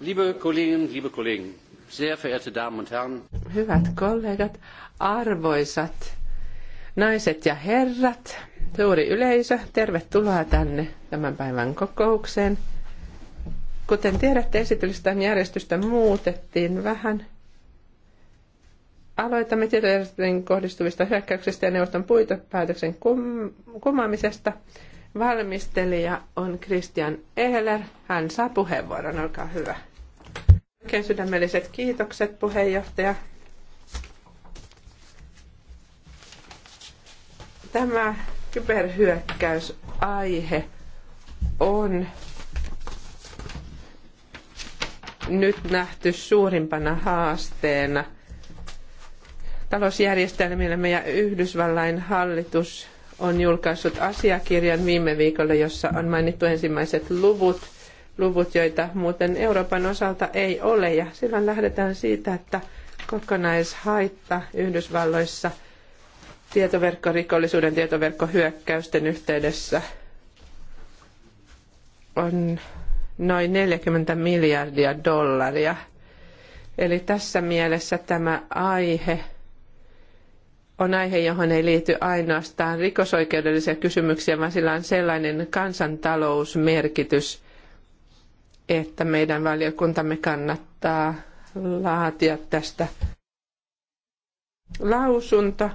Liebe Kolleginnen, liebe Kollegen, sehr verehrte Damen und Herren. Hyvät kollegat, arvoisat naiset ja herrat, suuri yleisö, tervetuloa tänne tämän päivän kokoukseen. Kuten tiedätte, esitellistään järjestystä muutettiin vähän. Aloitamme tietojärjestelmiin kohdistuvista hyökkäyksistä ja neuvoston puitepäätöksen kum- kumoamisesta. Valmistelija on Christian Ehler. Hän saa puheenvuoron. Olkaa hyvä. Oikein sydämelliset kiitokset puheenjohtaja. Tämä kyberhyökkäysaihe on nyt nähty suurimpana haasteena talousjärjestelmillemme ja Yhdysvallain hallitus on julkaissut asiakirjan viime viikolla, jossa on mainittu ensimmäiset luvut, luvut, joita muuten Euroopan osalta ei ole. Ja silloin lähdetään siitä, että kokonaishaitta Yhdysvalloissa tietoverkkorikollisuuden tietoverkkohyökkäysten yhteydessä on noin 40 miljardia dollaria. Eli tässä mielessä tämä aihe – on aihe, johon ei liity ainoastaan rikosoikeudellisia kysymyksiä, vaan sillä on sellainen kansantalousmerkitys, että meidän valiokuntamme kannattaa laatia tästä lausunto.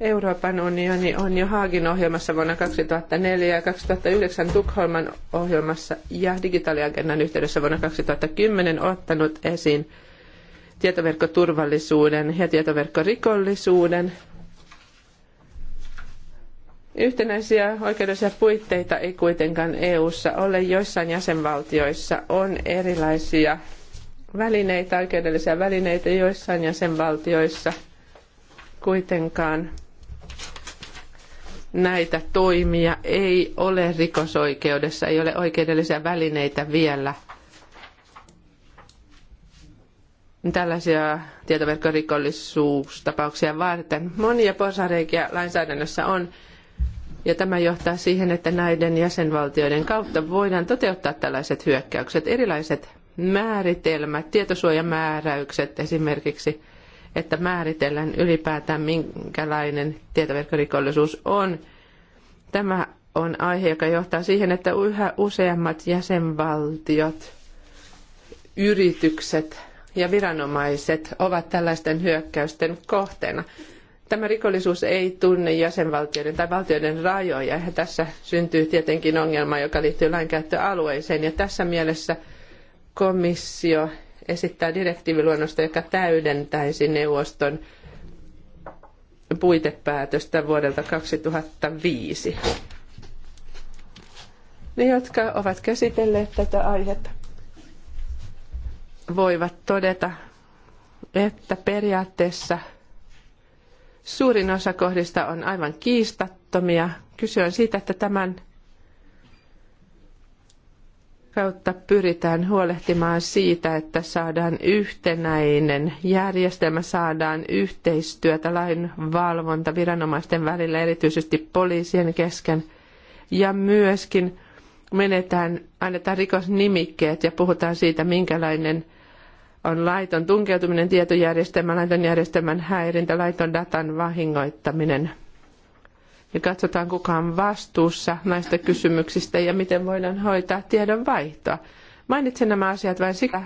Euroopan unioni on jo Haagin ohjelmassa vuonna 2004 ja 2009 Tukholman ohjelmassa ja digitaaliagendan yhteydessä vuonna 2010 ottanut esiin – tietoverkkoturvallisuuden ja tietoverkkorikollisuuden. Yhtenäisiä oikeudellisia puitteita ei kuitenkaan EU:ssa ole. Joissain jäsenvaltioissa on erilaisia välineitä, oikeudellisia välineitä joissain jäsenvaltioissa kuitenkaan näitä toimia ei ole rikosoikeudessa, ei ole oikeudellisia välineitä vielä – tällaisia tietoverkkorikollisuustapauksia varten. Monia porsareikiä lainsäädännössä on, ja tämä johtaa siihen, että näiden jäsenvaltioiden kautta voidaan toteuttaa tällaiset hyökkäykset, erilaiset määritelmät, tietosuojamääräykset esimerkiksi, että määritellään ylipäätään minkälainen tietoverkkorikollisuus on. Tämä on aihe, joka johtaa siihen, että yhä useammat jäsenvaltiot, yritykset ja viranomaiset ovat tällaisten hyökkäysten kohteena. Tämä rikollisuus ei tunne jäsenvaltioiden tai valtioiden rajoja ja tässä syntyy tietenkin ongelma, joka liittyy lainkäyttöalueeseen. Ja tässä mielessä komissio esittää direktiiviluonnosta, joka täydentäisi neuvoston puitepäätöstä vuodelta 2005. Ne, jotka ovat käsitelleet tätä aihetta, voivat todeta, että periaatteessa suurin osa kohdista on aivan kiistattomia. Kyse on siitä, että tämän kautta pyritään huolehtimaan siitä, että saadaan yhtenäinen järjestelmä, saadaan yhteistyötä lainvalvonta viranomaisten välillä, erityisesti poliisien kesken, ja myöskin menetään, annetaan rikosnimikkeet ja puhutaan siitä, minkälainen on laiton tunkeutuminen tietojärjestelmään, laiton järjestelmän häirintä, laiton datan vahingoittaminen. Ja katsotaan, kuka on vastuussa näistä kysymyksistä ja miten voidaan hoitaa tiedonvaihtoa. Mainitsen nämä asiat vain siksi,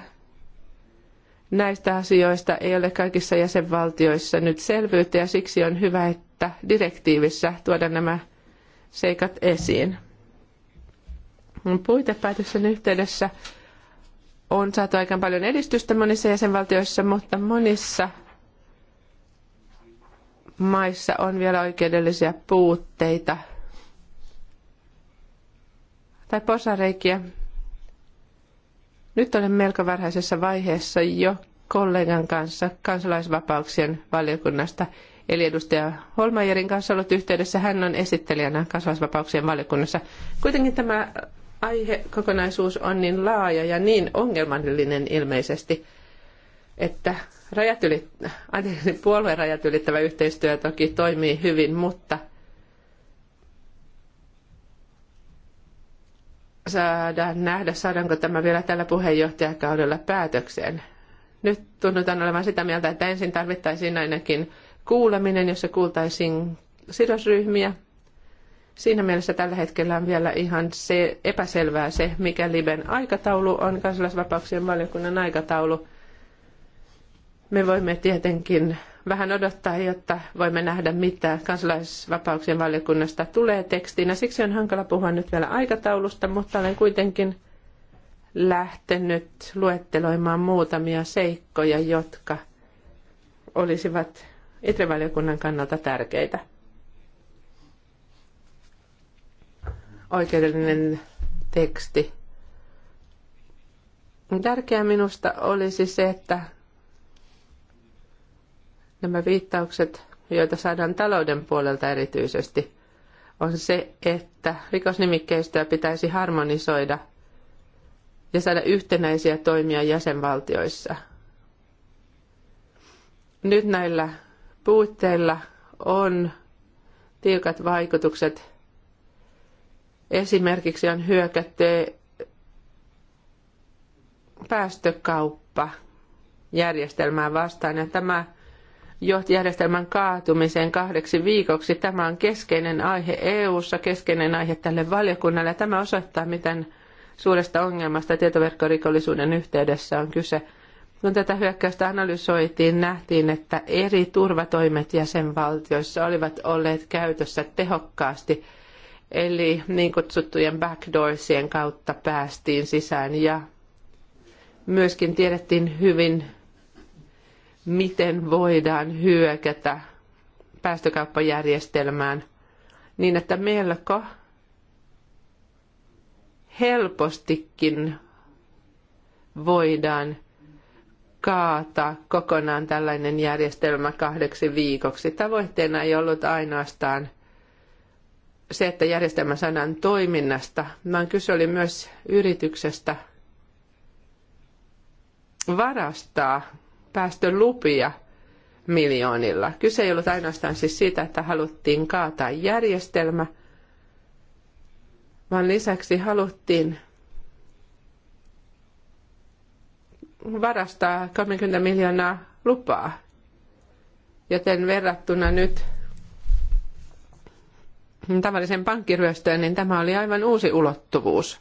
näistä asioista ei ole kaikissa jäsenvaltioissa nyt selvyyttä ja siksi on hyvä, että direktiivissä tuoda nämä seikat esiin puitepäätöksen yhteydessä on saatu aika paljon edistystä monissa jäsenvaltioissa, mutta monissa maissa on vielä oikeudellisia puutteita tai posareikiä. Nyt olen melko varhaisessa vaiheessa jo kollegan kanssa kansalaisvapauksien valiokunnasta, eli edustaja Holmajerin kanssa ollut yhteydessä. Hän on esittelijänä kansalaisvapauksien valiokunnassa. Kuitenkin tämä aihekokonaisuus on niin laaja ja niin ongelmallinen ilmeisesti, että rajat yli, puolueen rajat ylittävä yhteistyö toki toimii hyvin, mutta saadaan nähdä, saadaanko tämä vielä tällä puheenjohtajakaudella päätökseen. Nyt tunnutaan olevan sitä mieltä, että ensin tarvittaisiin ainakin kuuleminen, jossa kuultaisiin sidosryhmiä, Siinä mielessä tällä hetkellä on vielä ihan se epäselvää se, mikä Liben aikataulu on, kansalaisvapauksien valiokunnan aikataulu. Me voimme tietenkin vähän odottaa, jotta voimme nähdä, mitä kansalaisvapauksien valiokunnasta tulee tekstinä. Siksi on hankala puhua nyt vielä aikataulusta, mutta olen kuitenkin lähtenyt luetteloimaan muutamia seikkoja, jotka olisivat valiokunnan kannalta tärkeitä. oikeudellinen teksti. Tärkeää minusta olisi se, että nämä viittaukset, joita saadaan talouden puolelta erityisesti, on se, että rikosnimikkeistöä pitäisi harmonisoida ja saada yhtenäisiä toimia jäsenvaltioissa. Nyt näillä puutteilla on tiukat vaikutukset Esimerkiksi on hyökätty päästökauppajärjestelmää vastaan ja tämä johti järjestelmän kaatumiseen kahdeksi viikoksi. Tämä on keskeinen aihe EU:ssa, keskeinen aihe tälle valiokunnalle. Tämä osoittaa, miten suuresta ongelmasta tietoverkkorikollisuuden yhteydessä on kyse. Kun tätä hyökkäystä analysoitiin, nähtiin, että eri turvatoimet jäsenvaltioissa olivat olleet käytössä tehokkaasti Eli niin kutsuttujen backdoorsien kautta päästiin sisään ja myöskin tiedettiin hyvin, miten voidaan hyökätä päästökauppajärjestelmään niin, että melko helpostikin voidaan kaataa kokonaan tällainen järjestelmä kahdeksi viikoksi. Tavoitteena ei ollut ainoastaan se, että järjestelmä sanan toiminnasta, vaan kyse oli myös yrityksestä varastaa päästölupia miljoonilla. Kyse ei ollut ainoastaan siis siitä, että haluttiin kaataa järjestelmä, vaan lisäksi haluttiin varastaa 30 miljoonaa lupaa. Joten verrattuna nyt tavalliseen pankkiryöstöön, niin tämä oli aivan uusi ulottuvuus.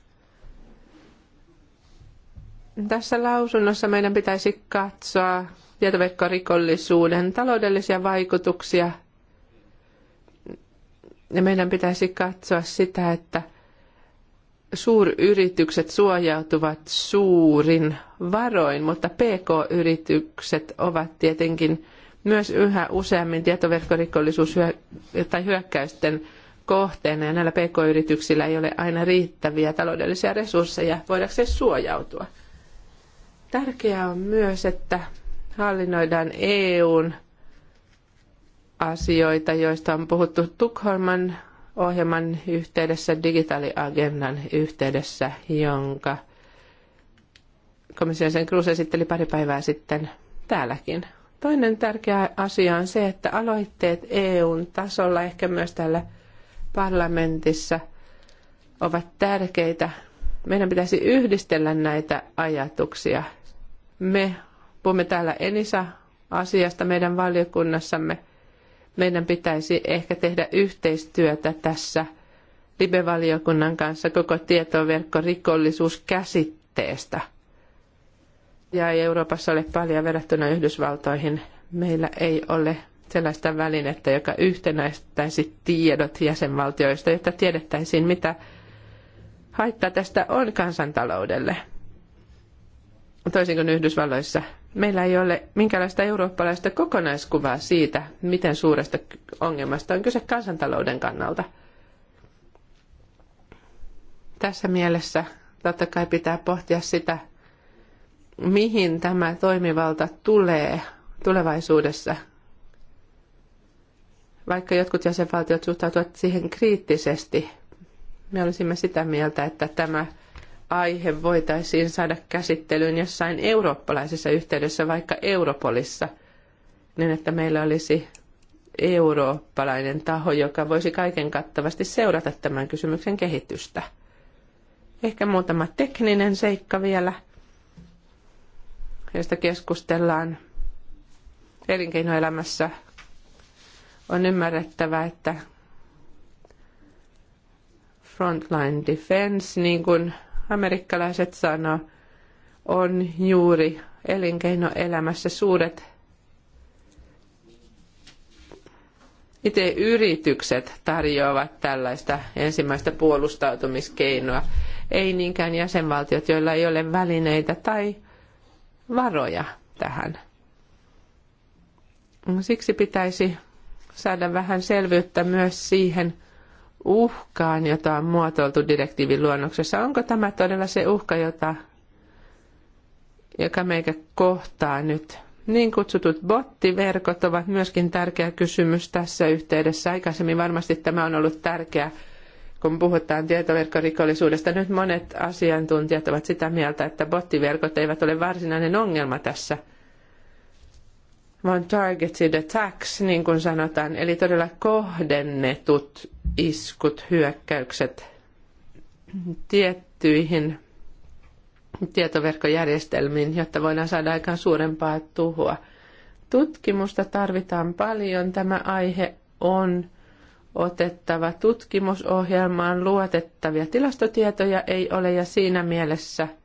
Tässä lausunnossa meidän pitäisi katsoa tietoverkkorikollisuuden taloudellisia vaikutuksia ja meidän pitäisi katsoa sitä, että suuryritykset suojautuvat suurin varoin, mutta PK-yritykset ovat tietenkin myös yhä useammin tietoverkkorikollisuus tai hyökkäysten kohteena ja näillä pk-yrityksillä ei ole aina riittäviä taloudellisia resursseja voidakseen suojautua. Tärkeää on myös, että hallinnoidaan EUn asioita, joista on puhuttu Tukholman ohjelman yhteydessä, digitaaliagendan yhteydessä, jonka komission sen Cruz esitteli pari päivää sitten täälläkin. Toinen tärkeä asia on se, että aloitteet EUn tasolla, ehkä myös täällä parlamentissa ovat tärkeitä. Meidän pitäisi yhdistellä näitä ajatuksia. Me puhumme täällä Enisa-asiasta meidän valiokunnassamme. Meidän pitäisi ehkä tehdä yhteistyötä tässä Libe-valiokunnan kanssa koko rikollisuuskäsitteestä. Ja ei Euroopassa ole paljon verrattuna Yhdysvaltoihin. Meillä ei ole sellaista välinettä, joka yhtenäistäisi tiedot jäsenvaltioista, jotta tiedettäisiin, mitä haittaa tästä on kansantaloudelle. Toisin kuin Yhdysvalloissa, meillä ei ole minkäänlaista eurooppalaista kokonaiskuvaa siitä, miten suuresta ongelmasta on kyse kansantalouden kannalta. Tässä mielessä totta kai pitää pohtia sitä, mihin tämä toimivalta tulee tulevaisuudessa vaikka jotkut jäsenvaltiot suhtautuvat siihen kriittisesti, me olisimme sitä mieltä, että tämä aihe voitaisiin saada käsittelyyn jossain eurooppalaisessa yhteydessä, vaikka Europolissa, niin että meillä olisi eurooppalainen taho, joka voisi kaiken kattavasti seurata tämän kysymyksen kehitystä. Ehkä muutama tekninen seikka vielä, josta keskustellaan elinkeinoelämässä on ymmärrettävä, että frontline defense, niin kuin amerikkalaiset sanoo, on juuri elinkeinoelämässä suuret itse yritykset tarjoavat tällaista ensimmäistä puolustautumiskeinoa, ei niinkään jäsenvaltiot, joilla ei ole välineitä tai varoja tähän. Siksi pitäisi saada vähän selvyyttä myös siihen uhkaan, jota on muotoiltu direktiivin luonnoksessa. Onko tämä todella se uhka, jota, joka meikä kohtaa nyt? Niin kutsutut bottiverkot ovat myöskin tärkeä kysymys tässä yhteydessä. Aikaisemmin varmasti tämä on ollut tärkeä, kun puhutaan tietoverkkorikollisuudesta. Nyt monet asiantuntijat ovat sitä mieltä, että bottiverkot eivät ole varsinainen ongelma tässä – vaan targeted attacks, niin kuin sanotaan, eli todella kohdennetut iskut, hyökkäykset tiettyihin tietoverkkojärjestelmiin, jotta voidaan saada aikaan suurempaa tuhoa. Tutkimusta tarvitaan paljon. Tämä aihe on otettava tutkimusohjelmaan luotettavia tilastotietoja ei ole ja siinä mielessä –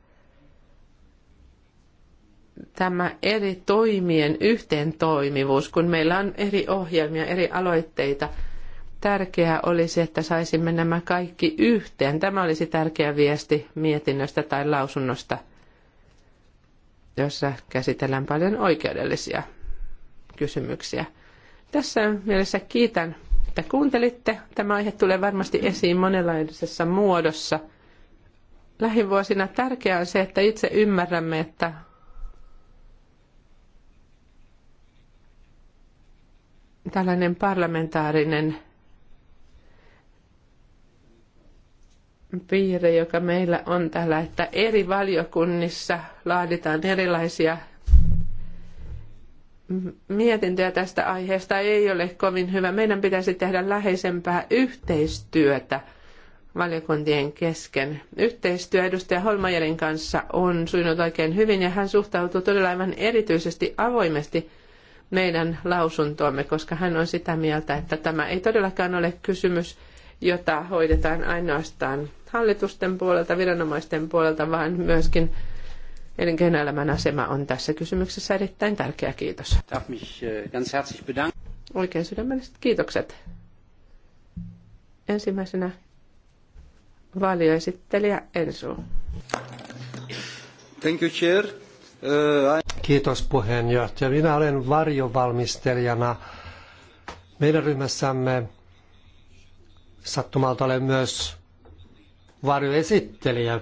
tämä eri toimien yhteen toimivuus, kun meillä on eri ohjelmia, eri aloitteita. Tärkeää olisi, että saisimme nämä kaikki yhteen. Tämä olisi tärkeä viesti mietinnöstä tai lausunnosta, jossa käsitellään paljon oikeudellisia kysymyksiä. Tässä mielessä kiitän, että kuuntelitte. Tämä aihe tulee varmasti esiin monenlaisessa muodossa. Lähivuosina tärkeää on se, että itse ymmärrämme, että tällainen parlamentaarinen piirre, joka meillä on täällä, että eri valiokunnissa laaditaan erilaisia mietintöjä tästä aiheesta ei ole kovin hyvä. Meidän pitäisi tehdä läheisempää yhteistyötä valiokuntien kesken. Yhteistyö edustaja Holmajerin kanssa on sujunut oikein hyvin ja hän suhtautuu todella aivan erityisesti avoimesti meidän lausuntoamme, koska hän on sitä mieltä, että tämä ei todellakaan ole kysymys, jota hoidetaan ainoastaan hallitusten puolelta, viranomaisten puolelta, vaan myöskin elinkeinoelämän asema on tässä kysymyksessä erittäin tärkeä. Kiitos. Äh, Oikein sydämelliset kiitokset. Ensimmäisenä valioesittelijä Ensu. Thank you, Chair. Kiitos puheenjohtaja. Minä olen varjovalmistelijana. Meidän ryhmässämme sattumalta olen myös varjoesittelijä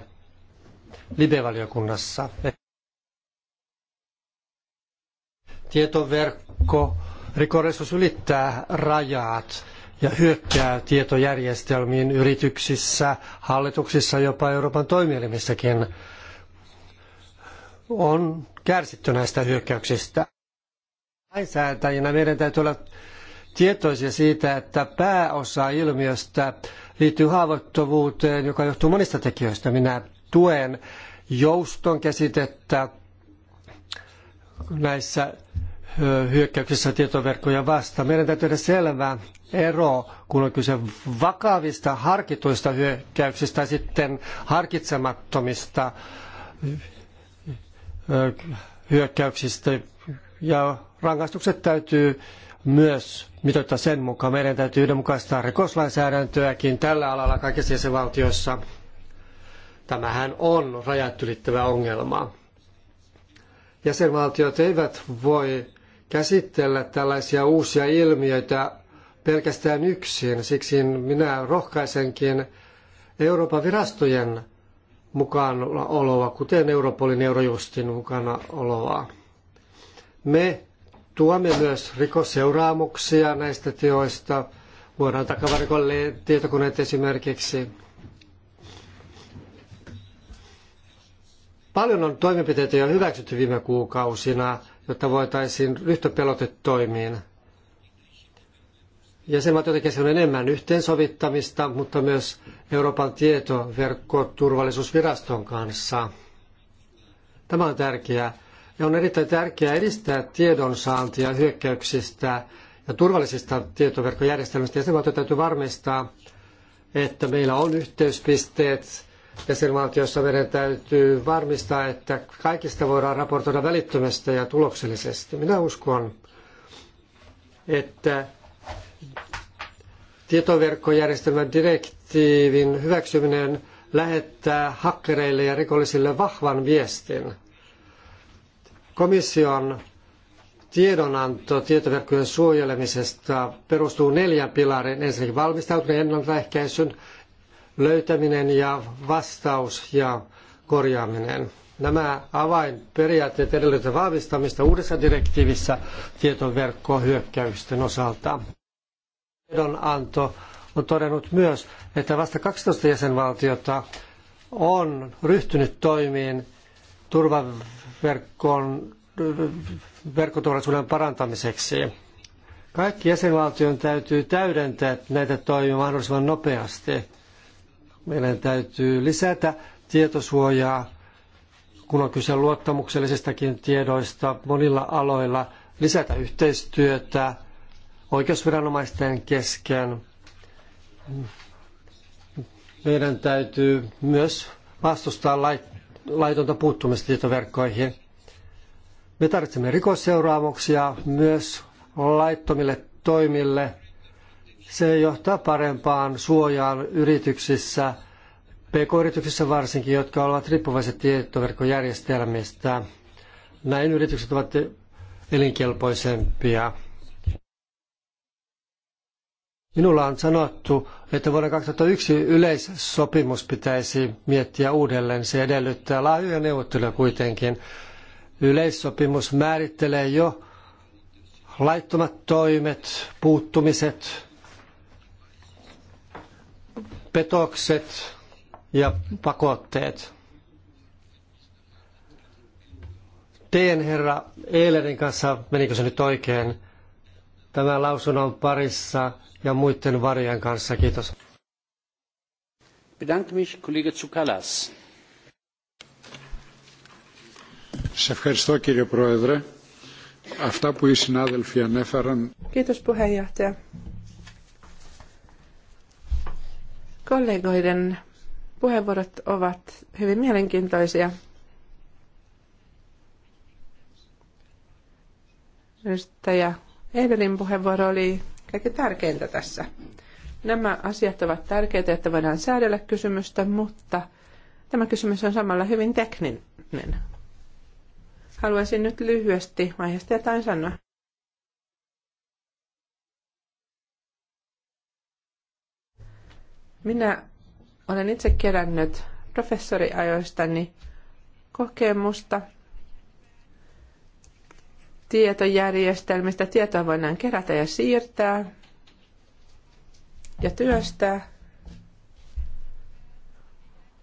live-valiokunnassa. Tietoverkko rikollisuus ylittää rajat ja hyökkää tietojärjestelmiin yrityksissä, hallituksissa, jopa Euroopan toimielimissäkin – on kärsitty näistä hyökkäyksistä. Lainsäätäjinä meidän täytyy olla tietoisia siitä, että pääosa ilmiöstä liittyy haavoittuvuuteen, joka johtuu monista tekijöistä. Minä tuen jouston käsitettä näissä hyökkäyksissä tietoverkkoja vastaan. Meidän täytyy tehdä selvä ero, kun on kyse vakavista harkituista hyökkäyksistä tai sitten harkitsemattomista hyökkäyksistä ja rangaistukset täytyy myös mitoittaa sen mukaan. Meidän täytyy yhdenmukaistaa rikoslainsäädäntöäkin tällä alalla kaikissa jäsenvaltioissa. Tämähän on rajat ylittävä ongelma. Jäsenvaltiot eivät voi käsitellä tällaisia uusia ilmiöitä pelkästään yksin. Siksi minä rohkaisenkin Euroopan virastojen mukana oloa, kuten Europolin Eurojustin mukana oloa. Me tuomme myös rikosseuraamuksia näistä teoista. Voidaan takavarikolle tietokoneet esimerkiksi. Paljon on toimenpiteitä jo hyväksytty viime kuukausina, jotta voitaisiin ryhtyä pelotetoimiin jäsenvaltioiden kesken on enemmän yhteensovittamista, mutta myös Euroopan tietoverkkoturvallisuusviraston kanssa. Tämä on tärkeää. Ja on erittäin tärkeää edistää tiedonsaantia hyökkäyksistä ja turvallisista tietoverkkojärjestelmistä. Jäsenvaltio täytyy varmistaa, että meillä on yhteyspisteet Jäsenvaltioissa Meidän täytyy varmistaa, että kaikista voidaan raportoida välittömästi ja tuloksellisesti. Minä uskon, että tietoverkkojärjestelmän direktiivin hyväksyminen lähettää hakkereille ja rikollisille vahvan viestin. Komission tiedonanto tietoverkkojen suojelemisesta perustuu neljän pilarin. Ensinnäkin valmistautuminen, ennaltaehkäisyn löytäminen ja vastaus ja korjaaminen. Nämä avainperiaatteet edellyttävät vahvistamista uudessa direktiivissä tietoverkkohyökkäysten osalta. Tiedonanto on todennut myös, että vasta 12 jäsenvaltiota on ryhtynyt toimiin turvaverkkoon verkkoturvallisuuden parantamiseksi. Kaikki jäsenvaltion täytyy täydentää näitä toimia mahdollisimman nopeasti. Meidän täytyy lisätä tietosuojaa, kun on kyse luottamuksellisistakin tiedoista monilla aloilla, lisätä yhteistyötä oikeusviranomaisten kesken. Meidän täytyy myös vastustaa laitonta puuttumista tietoverkkoihin. Me tarvitsemme rikosseuraamuksia myös laittomille toimille. Se johtaa parempaan suojaan yrityksissä, pk-yrityksissä varsinkin, jotka ovat riippuvaisia tietoverkkojärjestelmistä. Näin yritykset ovat elinkelpoisempia. Minulla on sanottu, että vuonna 2001 yleissopimus pitäisi miettiä uudelleen. Se edellyttää laajoja neuvotteluja kuitenkin. Yleissopimus määrittelee jo laittomat toimet, puuttumiset, petokset ja pakotteet. Teen herra Eilerin kanssa, menikö se nyt oikein, tämän lausunnon parissa ja muiden varjojen kanssa. Kiitos. Bedank mich, kollega Tsukalas. Σε ευχαριστώ κύριε Πρόεδρε. Αυτά που οι συνάδελφοι ανέφεραν... Kiitos puheenjohtaja. Kollegoiden puheenvuorot ovat hyvin mielenkiintoisia. Edustaja Evelin puheenvuoro oli kaikki tärkeintä tässä. Nämä asiat ovat tärkeitä, että voidaan säädellä kysymystä, mutta tämä kysymys on samalla hyvin tekninen. Haluaisin nyt lyhyesti aiheesta jotain sanoa. Minä olen itse kerännyt professoriajoistani kokemusta tietojärjestelmistä. Tietoa voidaan kerätä ja siirtää ja työstää.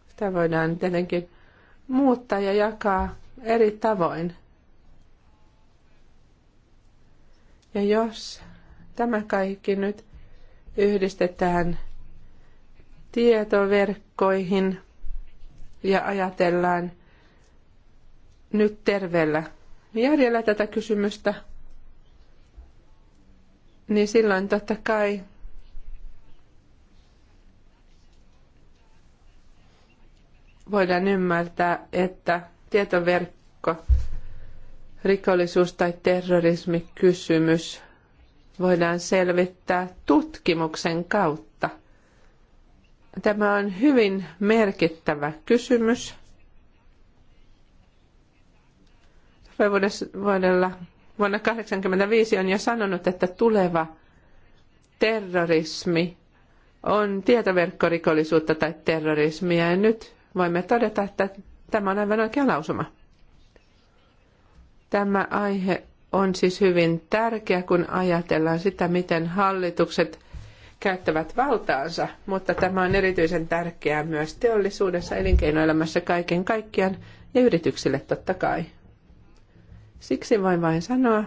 Sitä voidaan tietenkin muuttaa ja jakaa eri tavoin. Ja jos tämä kaikki nyt yhdistetään tietoverkkoihin ja ajatellaan nyt terveellä järjellä tätä kysymystä, niin silloin totta kai voidaan ymmärtää, että tietoverkko, rikollisuus tai terrorismikysymys voidaan selvittää tutkimuksen kautta. Tämä on hyvin merkittävä kysymys. vuodella, vuonna 1985 on jo sanonut, että tuleva terrorismi on tietoverkkorikollisuutta tai terrorismia. Ja nyt voimme todeta, että tämä on aivan oikea lausuma. Tämä aihe on siis hyvin tärkeä, kun ajatellaan sitä, miten hallitukset käyttävät valtaansa, mutta tämä on erityisen tärkeää myös teollisuudessa, elinkeinoelämässä kaiken kaikkiaan ja yrityksille totta kai. Siksi voin vain sanoa,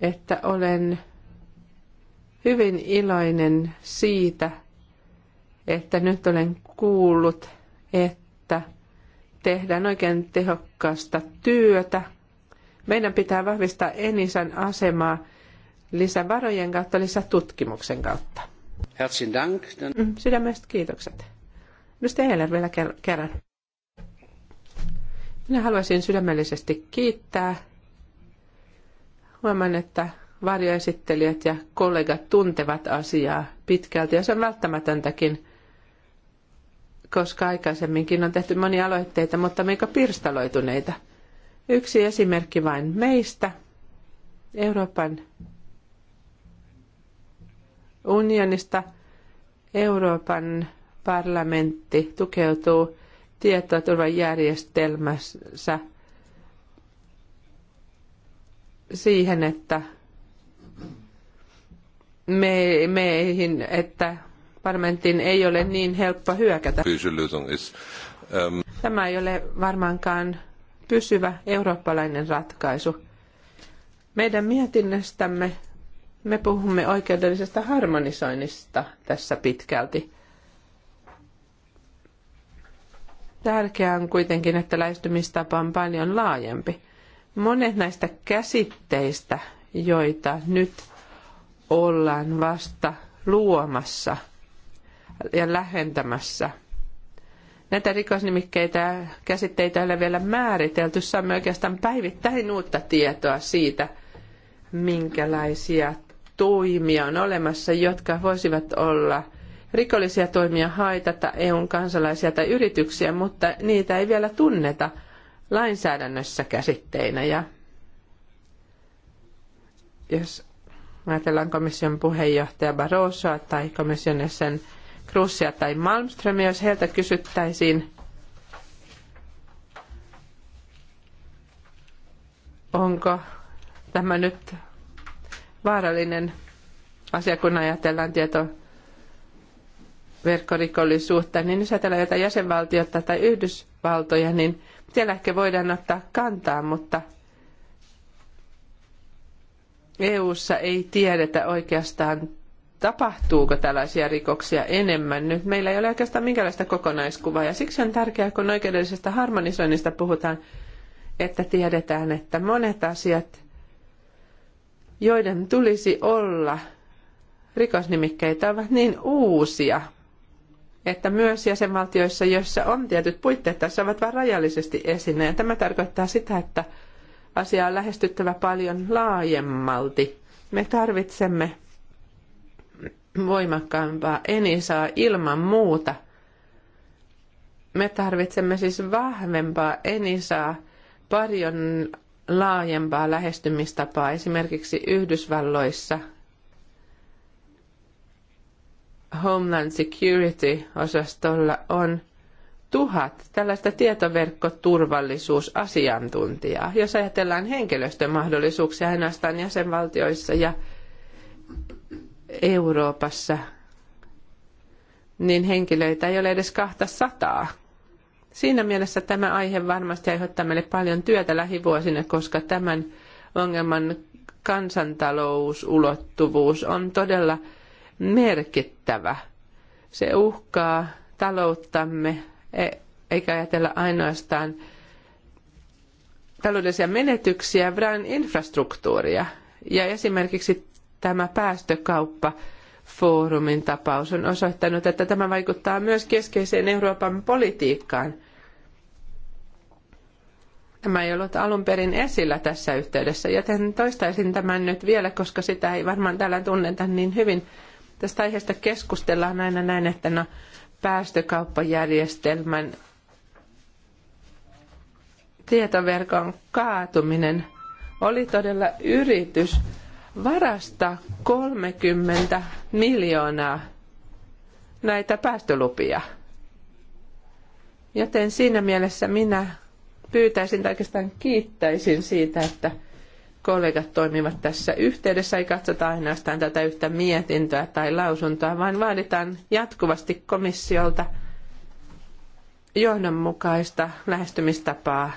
että olen hyvin iloinen siitä, että nyt olen kuullut, että tehdään oikein tehokkaasta työtä. Meidän pitää vahvistaa Enisan asemaa lisävarojen kautta, lisätutkimuksen kautta. Herzlichen Dank. Mm, sydämestä kiitokset. Mistä Heller vielä kerran. Minä haluaisin sydämellisesti kiittää. Huomaan, että varjoesittelijät ja kollegat tuntevat asiaa pitkälti ja se on välttämätöntäkin, koska aikaisemminkin on tehty monia aloitteita, mutta meikä pirstaloituneita. Yksi esimerkki vain meistä. Euroopan unionista Euroopan parlamentti tukeutuu tietoa siihen, että me, meihin, että parlamentin ei ole niin helppo hyökätä. Ähm, Tämä ei ole varmaankaan pysyvä eurooppalainen ratkaisu. Meidän mietinnästämme me puhumme oikeudellisesta harmonisoinnista tässä pitkälti. Tärkeää on kuitenkin, että lähestymistapa on paljon laajempi. Monet näistä käsitteistä, joita nyt ollaan vasta luomassa ja lähentämässä, näitä rikosnimikkeitä ja käsitteitä ei ole vielä määritelty. Saamme oikeastaan päivittäin uutta tietoa siitä, minkälaisia toimia on olemassa, jotka voisivat olla – rikollisia toimia haitata EUn kansalaisia tai yrityksiä, mutta niitä ei vielä tunneta lainsäädännössä käsitteinä. Ja jos ajatellaan komission puheenjohtaja Barrosoa tai komission jäsen Krussia tai Malmströmiä, jos heiltä kysyttäisiin, onko tämä nyt vaarallinen asia, kun ajatellaan tietoa verkkorikollisuutta, niin jos ajatellaan jotain jäsenvaltiota tai Yhdysvaltoja, niin siellä ehkä voidaan ottaa kantaa, mutta EU:ssa ei tiedetä oikeastaan, tapahtuuko tällaisia rikoksia enemmän nyt. Meillä ei ole oikeastaan minkäänlaista kokonaiskuvaa ja siksi on tärkeää, kun oikeudellisesta harmonisoinnista puhutaan, että tiedetään, että monet asiat, joiden tulisi olla rikosnimikkeitä, ovat niin uusia, että myös jäsenvaltioissa, joissa on tietyt puitteet, tässä ovat vain rajallisesti esine. Ja tämä tarkoittaa sitä, että asiaa on lähestyttävä paljon laajemmalti. Me tarvitsemme voimakkaampaa enisaa ilman muuta. Me tarvitsemme siis vahvempaa enisaa, paljon laajempaa lähestymistapaa esimerkiksi Yhdysvalloissa – Homeland Security-osastolla on tuhat tällaista tietoverkkoturvallisuusasiantuntijaa, jos ajatellaan henkilöstön mahdollisuuksia ainoastaan jäsenvaltioissa ja Euroopassa, niin henkilöitä ei ole edes kahta sataa. Siinä mielessä tämä aihe varmasti aiheuttaa meille paljon työtä lähivuosina, koska tämän ongelman kansantalousulottuvuus on todella – merkittävä. Se uhkaa talouttamme, e- eikä ajatella ainoastaan taloudellisia menetyksiä, vaan infrastruktuuria. Ja esimerkiksi tämä päästökauppa foorumin tapaus on osoittanut, että tämä vaikuttaa myös keskeiseen Euroopan politiikkaan. Tämä ei ollut alun perin esillä tässä yhteydessä, joten toistaisin tämän nyt vielä, koska sitä ei varmaan täällä tunneta niin hyvin. Tästä aiheesta keskustellaan aina näin, että no, päästökauppajärjestelmän tietoverkon kaatuminen oli todella yritys varastaa 30 miljoonaa näitä päästölupia. Joten siinä mielessä minä pyytäisin tai oikeastaan kiittäisin siitä, että kollegat toimivat tässä yhteydessä. Ei katsota ainoastaan tätä yhtä mietintöä tai lausuntoa, vaan vaaditaan jatkuvasti komissiolta johdonmukaista lähestymistapaa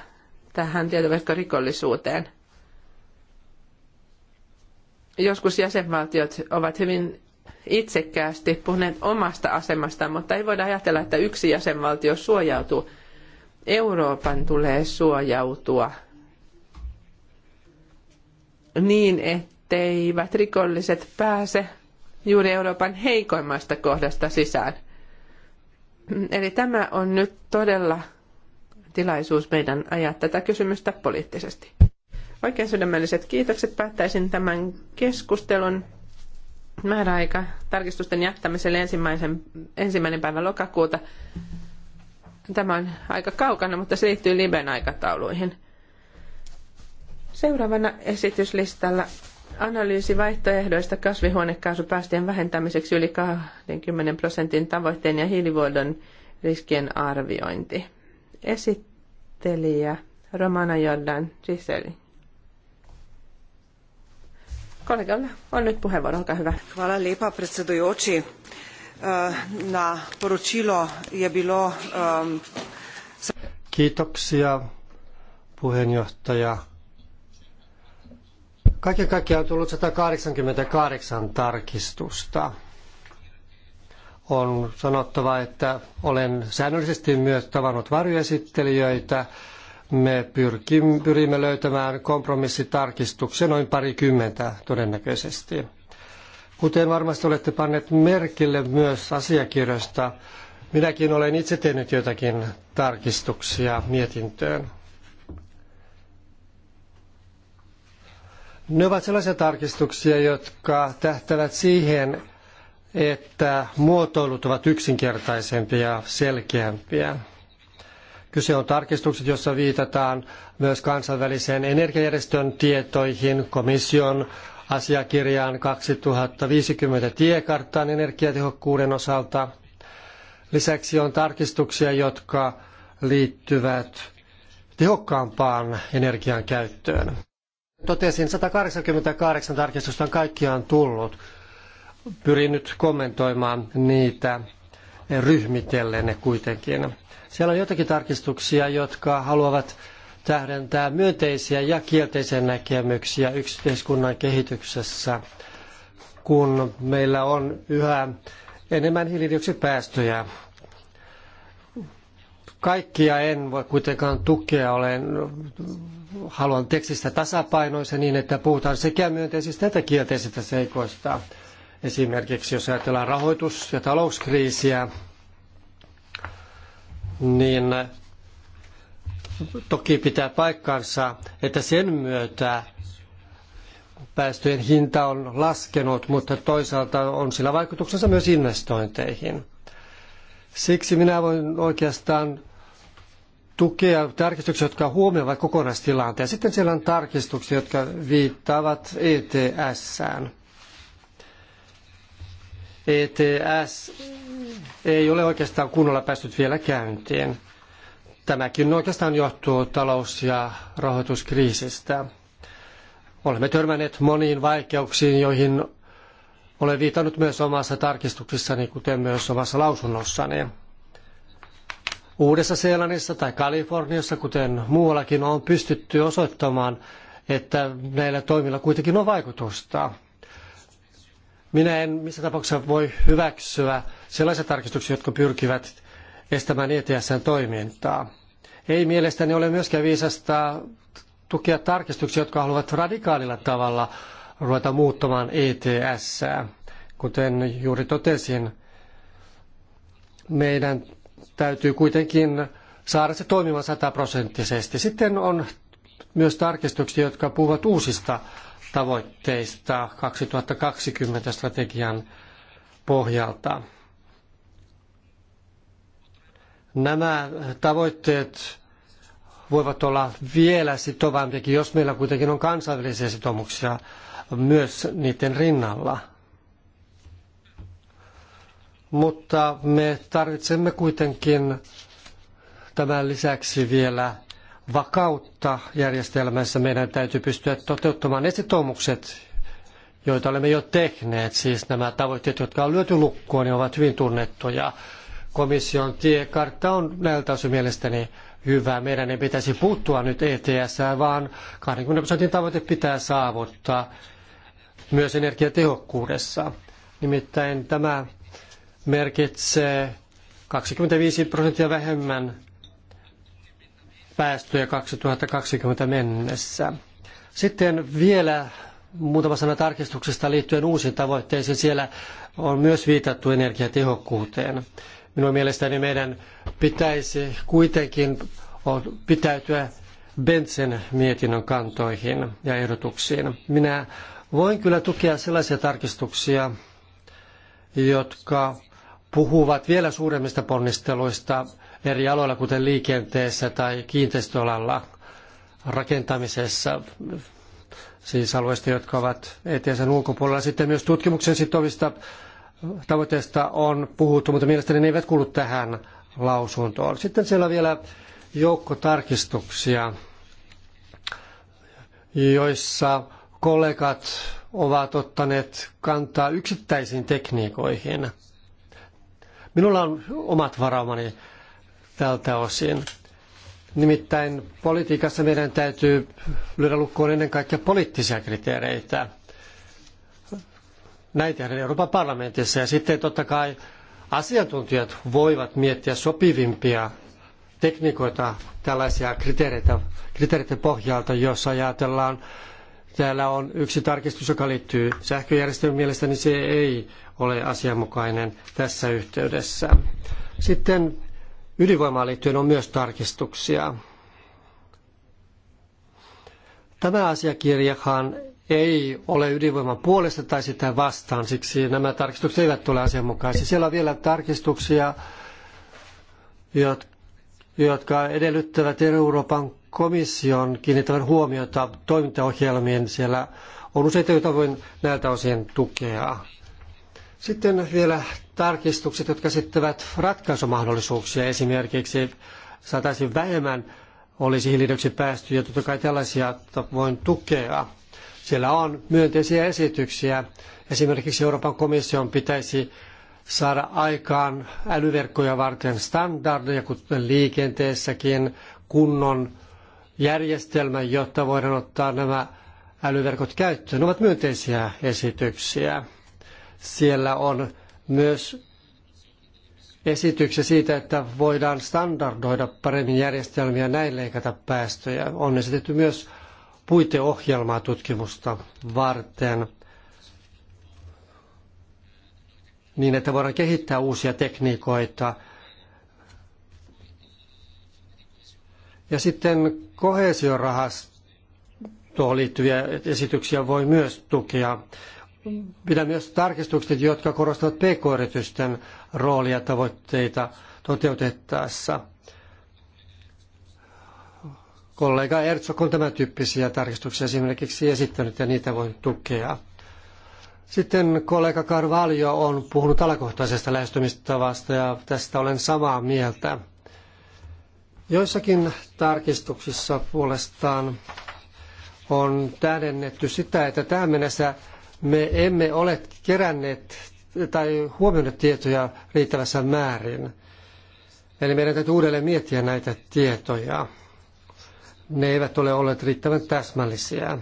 tähän tietoverkkorikollisuuteen. Joskus jäsenvaltiot ovat hyvin itsekkäästi puhuneet omasta asemastaan, mutta ei voida ajatella, että yksi jäsenvaltio suojautuu. Euroopan tulee suojautua – niin, etteivät rikolliset pääse juuri Euroopan heikoimmasta kohdasta sisään. Eli tämä on nyt todella tilaisuus meidän ajaa tätä kysymystä poliittisesti. Oikein sydämelliset kiitokset. Päättäisin tämän keskustelun määräaika tarkistusten jättämiselle ensimmäisen, ensimmäinen päivä lokakuuta. Tämä on aika kaukana, mutta se liittyy Liben aikatauluihin. Seuraavana esityslistalla analyysi vaihtoehdoista kasvihuonekaasupäästöjen vähentämiseksi yli 20 prosentin tavoitteen ja hiilivuodon riskien arviointi. Esittelijä Romana Jordan Giseli. Kollegalla on nyt puheenvuoro, olkaa hyvä. Hvala lepa, predsedujoči. Eh, na poručilo je bilo... Eh, Kiitoksia, puheenjohtaja. Kaiken kaikkiaan on tullut 188 tarkistusta. On sanottava, että olen säännöllisesti myös tavannut varjoesittelijöitä. Me pyrkim, pyrimme löytämään kompromissitarkistuksia noin parikymmentä todennäköisesti. Kuten varmasti olette panneet merkille myös asiakirjoista, minäkin olen itse tehnyt joitakin tarkistuksia mietintöön. Ne ovat sellaisia tarkistuksia, jotka tähtävät siihen, että muotoilut ovat yksinkertaisempia ja selkeämpiä. Kyse on tarkistukset, joissa viitataan myös kansainvälisen energiajärjestön tietoihin, komission asiakirjaan 2050 tiekarttaan energiatehokkuuden osalta. Lisäksi on tarkistuksia, jotka liittyvät tehokkaampaan energian käyttöön. Totesin, 188 tarkistusta on kaikkiaan tullut. Pyrin nyt kommentoimaan niitä ryhmitellen ne kuitenkin. Siellä on jotakin tarkistuksia, jotka haluavat tähdentää myönteisiä ja kielteisiä näkemyksiä yhteiskunnan kehityksessä, kun meillä on yhä enemmän hiilidioksidipäästöjä. Kaikkia en voi kuitenkaan tukea, olen haluan tekstistä tasapainoisen niin, että puhutaan sekä myönteisistä että kielteisistä seikoista. Esimerkiksi jos ajatellaan rahoitus- ja talouskriisiä, niin toki pitää paikkansa, että sen myötä päästöjen hinta on laskenut, mutta toisaalta on sillä vaikutuksensa myös investointeihin. Siksi minä voin oikeastaan tukea tarkistuksia, jotka huomioivat kokonaistilanteen. Sitten siellä on tarkistuksia, jotka viittaavat ETS-sään. ETS ei ole oikeastaan kunnolla päässyt vielä käyntiin. Tämäkin oikeastaan johtuu talous- ja rahoituskriisistä. Olemme törmänneet moniin vaikeuksiin, joihin olen viitannut myös omassa tarkistuksessani, kuten myös omassa lausunnossani. Uudessa Seelannissa tai Kaliforniassa, kuten muuallakin, on pystytty osoittamaan, että näillä toimilla kuitenkin on vaikutusta. Minä en missä tapauksessa voi hyväksyä sellaisia tarkistuksia, jotka pyrkivät estämään ETSn toimintaa. Ei mielestäni ole myöskään viisasta tukea tarkistuksia, jotka haluavat radikaalilla tavalla ruveta muuttamaan ETS. Kuten juuri totesin, meidän täytyy kuitenkin saada se toimimaan sataprosenttisesti. Sitten on myös tarkistuksia, jotka puhuvat uusista tavoitteista 2020 strategian pohjalta. Nämä tavoitteet voivat olla vielä sitovampiakin, jos meillä kuitenkin on kansainvälisiä sitoumuksia myös niiden rinnalla mutta me tarvitsemme kuitenkin tämän lisäksi vielä vakautta järjestelmässä. Meidän täytyy pystyä toteuttamaan ne sitoumukset, joita olemme jo tehneet. Siis nämä tavoitteet, jotka on lyöty lukkoon, niin ovat hyvin tunnettuja. Komission tiekartta on näiltä osin mielestäni hyvä. Meidän ei pitäisi puuttua nyt ETS, vaan 20 prosentin tavoite pitää saavuttaa myös energiatehokkuudessa. Nimittäin tämä merkitsee 25 prosenttia vähemmän päästöjä 2020 mennessä. Sitten vielä muutama sana tarkistuksesta liittyen uusiin tavoitteisiin. Siellä on myös viitattu energiatehokkuuteen. Minun mielestäni meidän pitäisi kuitenkin pitäytyä Bentsen mietinnön kantoihin ja ehdotuksiin. Minä voin kyllä tukea sellaisia tarkistuksia, jotka puhuvat vielä suuremmista ponnisteluista eri aloilla, kuten liikenteessä tai kiinteistöalalla rakentamisessa, siis alueista, jotka ovat ETSn ulkopuolella. Sitten myös tutkimuksen sitovista tavoitteista on puhuttu, mutta mielestäni ne eivät kuulu tähän lausuntoon. Sitten siellä on vielä joukko tarkistuksia, joissa kollegat ovat ottaneet kantaa yksittäisiin tekniikoihin – Minulla on omat varaumani tältä osin. Nimittäin politiikassa meidän täytyy lyödä lukkoon ennen kaikkea poliittisia kriteereitä. Näitä tehdään Euroopan parlamentissa ja sitten totta kai asiantuntijat voivat miettiä sopivimpia tekniikoita tällaisia kriteereitä, kriteereiden pohjalta, jos ajatellaan, täällä on yksi tarkistus, joka liittyy sähköjärjestelmän mielestäni niin se ei ole asianmukainen tässä yhteydessä. Sitten ydinvoimaan liittyen on myös tarkistuksia. Tämä asiakirjahan ei ole ydinvoiman puolesta tai sitä vastaan, siksi nämä tarkistukset eivät ole asianmukaisia. Siellä on vielä tarkistuksia, jotka edellyttävät Euroopan komission kiinnittävän huomiota toimintaohjelmiin. Siellä on useita, joita voin näiltä osin tukea. Sitten vielä tarkistukset, jotka esittävät ratkaisumahdollisuuksia. Esimerkiksi saataisiin vähemmän olisi ja Totta kai tällaisia voin tukea. Siellä on myönteisiä esityksiä. Esimerkiksi Euroopan komission pitäisi saada aikaan älyverkkoja varten standardeja, kuten liikenteessäkin, kunnon järjestelmä, jotta voidaan ottaa nämä älyverkot käyttöön. Ne ovat myönteisiä esityksiä. Siellä on myös esityksiä siitä, että voidaan standardoida paremmin järjestelmiä näin leikata päästöjä. On esitetty myös puiteohjelmaa tutkimusta varten niin, että voidaan kehittää uusia tekniikoita. Ja sitten kohesiorahastoon liittyviä esityksiä voi myös tukea pidän myös tarkistukset, jotka korostavat pk-yritysten roolia tavoitteita toteutettaessa. Kollega Erzog on tämän tyyppisiä tarkistuksia esimerkiksi esittänyt ja niitä voi tukea. Sitten kollega Carvalho on puhunut alakohtaisesta lähestymistavasta ja tästä olen samaa mieltä. Joissakin tarkistuksissa puolestaan on tähdennetty sitä, että tähän mennessä me emme ole keränneet tai huomioineet tietoja riittävässä määrin. Eli meidän täytyy uudelleen miettiä näitä tietoja. Ne eivät ole olleet riittävän täsmällisiä.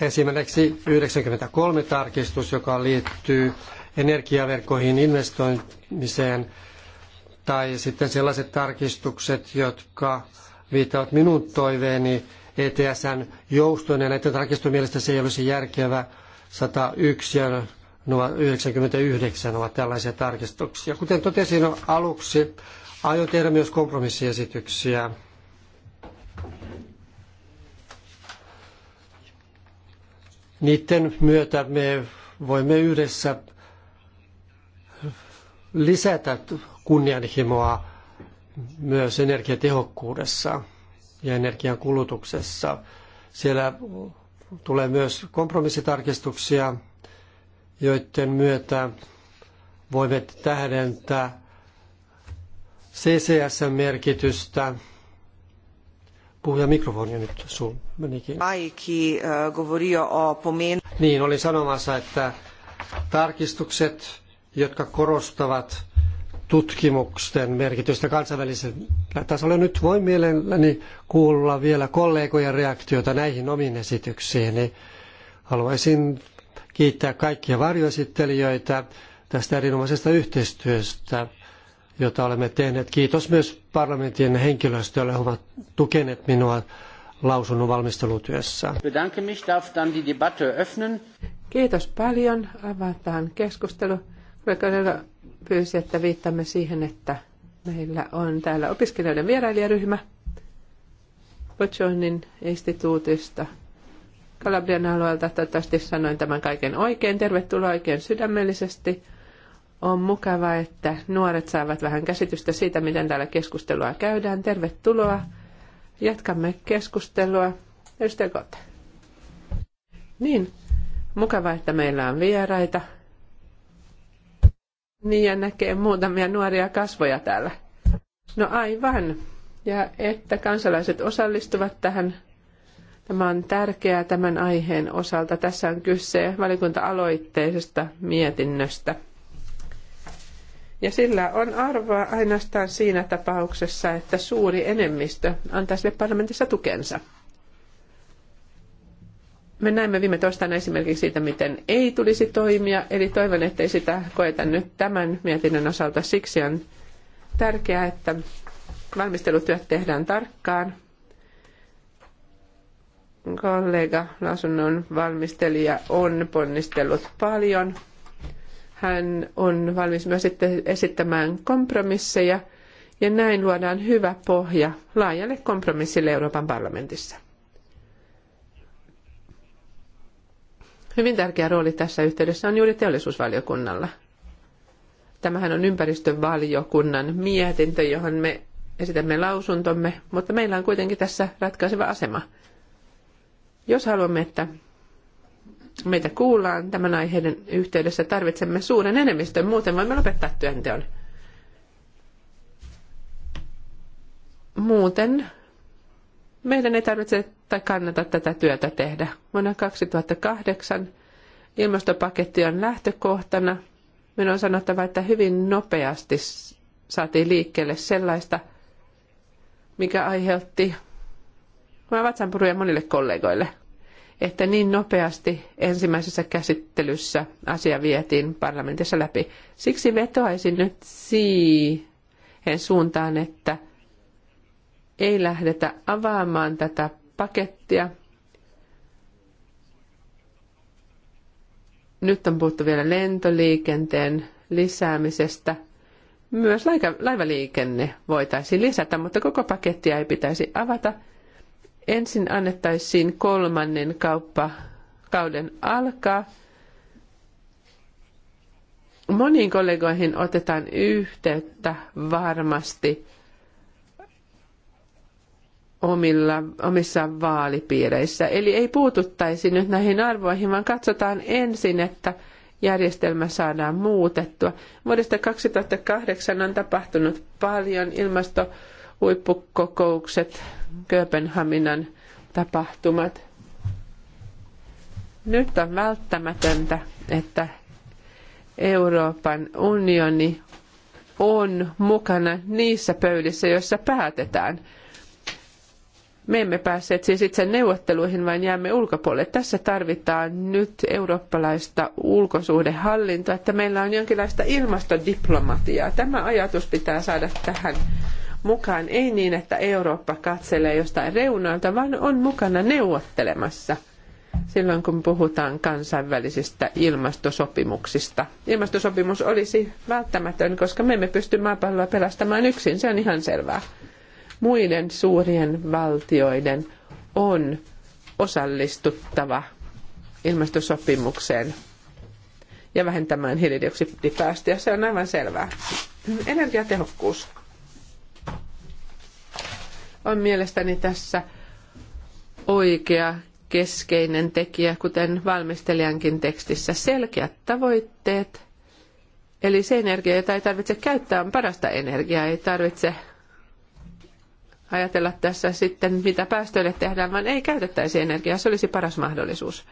Esimerkiksi 93 tarkistus, joka liittyy energiaverkkoihin investoimiseen, tai sitten sellaiset tarkistukset, jotka viittaavat minun toiveeni ETSn joustoon, ja näiden tarkistusten mielestä se ei olisi järkevä 101 ja 99 ovat tällaisia tarkistuksia. Kuten totesin aluksi, aion tehdä myös kompromissiesityksiä. Niiden myötä me voimme yhdessä lisätä kunnianhimoa myös energiatehokkuudessa ja energian kulutuksessa. Siellä tulee myös kompromissitarkistuksia, joiden myötä voimme tähdentää CCS-merkitystä. Puhuja mikrofoni nyt sun menikin. Aiki govorio o pomen... Niin, olin sanomassa, että tarkistukset, jotka korostavat tutkimusten merkitystä kansainvälisellä tasolla. Nyt voin mielelläni kuulla vielä kollegojen reaktioita näihin omiin esityksiini. Haluaisin kiittää kaikkia varjoesittelijöitä tästä erinomaisesta yhteistyöstä, jota olemme tehneet. Kiitos myös parlamentin henkilöstölle, jotka ovat tukeneet minua lausunnon valmistelutyössä. Kiitos paljon. Avataan keskustelu. Mekodella pyysi, että viittamme siihen, että meillä on täällä opiskelijoiden vierailijaryhmä Bocionin instituutista Kalabrian alueelta. Toivottavasti sanoin tämän kaiken oikein. Tervetuloa oikein sydämellisesti. On mukava, että nuoret saavat vähän käsitystä siitä, miten täällä keskustelua käydään. Tervetuloa. Jatkamme keskustelua. Edustaja Niin, mukava, että meillä on vieraita. Niin ja näkee muutamia nuoria kasvoja täällä. No aivan. Ja että kansalaiset osallistuvat tähän. Tämä on tärkeää tämän aiheen osalta. Tässä on kyse valikunta-aloitteisesta mietinnöstä. Ja sillä on arvoa ainoastaan siinä tapauksessa, että suuri enemmistö antaa sille parlamentissa tukensa me näimme viime torstaina esimerkiksi siitä, miten ei tulisi toimia, eli toivon, ettei sitä koeta nyt tämän mietinnön osalta. Siksi on tärkeää, että valmistelutyöt tehdään tarkkaan. Kollega lausunnon valmistelija on ponnistellut paljon. Hän on valmis myös esittämään kompromisseja ja näin luodaan hyvä pohja laajalle kompromissille Euroopan parlamentissa. Hyvin tärkeä rooli tässä yhteydessä on juuri teollisuusvaliokunnalla. Tämähän on ympäristövaliokunnan mietintö, johon me esitämme lausuntomme, mutta meillä on kuitenkin tässä ratkaiseva asema. Jos haluamme, että meitä kuullaan tämän aiheiden yhteydessä, tarvitsemme suuren enemmistön, muuten voimme lopettaa työnteon. Muuten meidän ei tarvitse tai kannata tätä työtä tehdä. Vuonna 2008 ilmastopaketti on lähtökohtana. Minun on sanottava, että hyvin nopeasti saatiin liikkeelle sellaista, mikä aiheutti Mä vatsanpuruja monille kollegoille, että niin nopeasti ensimmäisessä käsittelyssä asia vietiin parlamentissa läpi. Siksi vetoaisin nyt siihen suuntaan, että – ei lähdetä avaamaan tätä pakettia. Nyt on puhuttu vielä lentoliikenteen lisäämisestä. Myös laivaliikenne voitaisiin lisätä, mutta koko pakettia ei pitäisi avata. Ensin annettaisiin kolmannen kauppakauden alkaa. Moniin kollegoihin otetaan yhteyttä varmasti omilla, omissa vaalipiireissä. Eli ei puututtaisi nyt näihin arvoihin, vaan katsotaan ensin, että järjestelmä saadaan muutettua. Vuodesta 2008 on tapahtunut paljon ilmastohuippukokoukset, Kööpenhaminan tapahtumat. Nyt on välttämätöntä, että Euroopan unioni on mukana niissä pöydissä, joissa päätetään – me emme päässeet siis itse neuvotteluihin, vaan jäämme ulkopuolelle. Tässä tarvitaan nyt eurooppalaista ulkosuhdehallintoa, että meillä on jonkinlaista ilmastodiplomatiaa. Tämä ajatus pitää saada tähän mukaan. Ei niin, että Eurooppa katselee jostain reunoilta, vaan on mukana neuvottelemassa silloin, kun puhutaan kansainvälisistä ilmastosopimuksista. Ilmastosopimus olisi välttämätön, koska me emme pysty maapalloa pelastamaan yksin, se on ihan selvää muiden suurien valtioiden on osallistuttava ilmastosopimukseen ja vähentämään hiilidioksidipäästöjä. Se on aivan selvää. Energiatehokkuus on mielestäni tässä oikea keskeinen tekijä, kuten valmistelijankin tekstissä. Selkeät tavoitteet, eli se energia, jota ei tarvitse käyttää, on parasta energiaa, ei tarvitse ajatella tässä sitten, mitä päästöille tehdään, vaan ei käytettäisi energiaa. Se olisi paras mahdollisuus.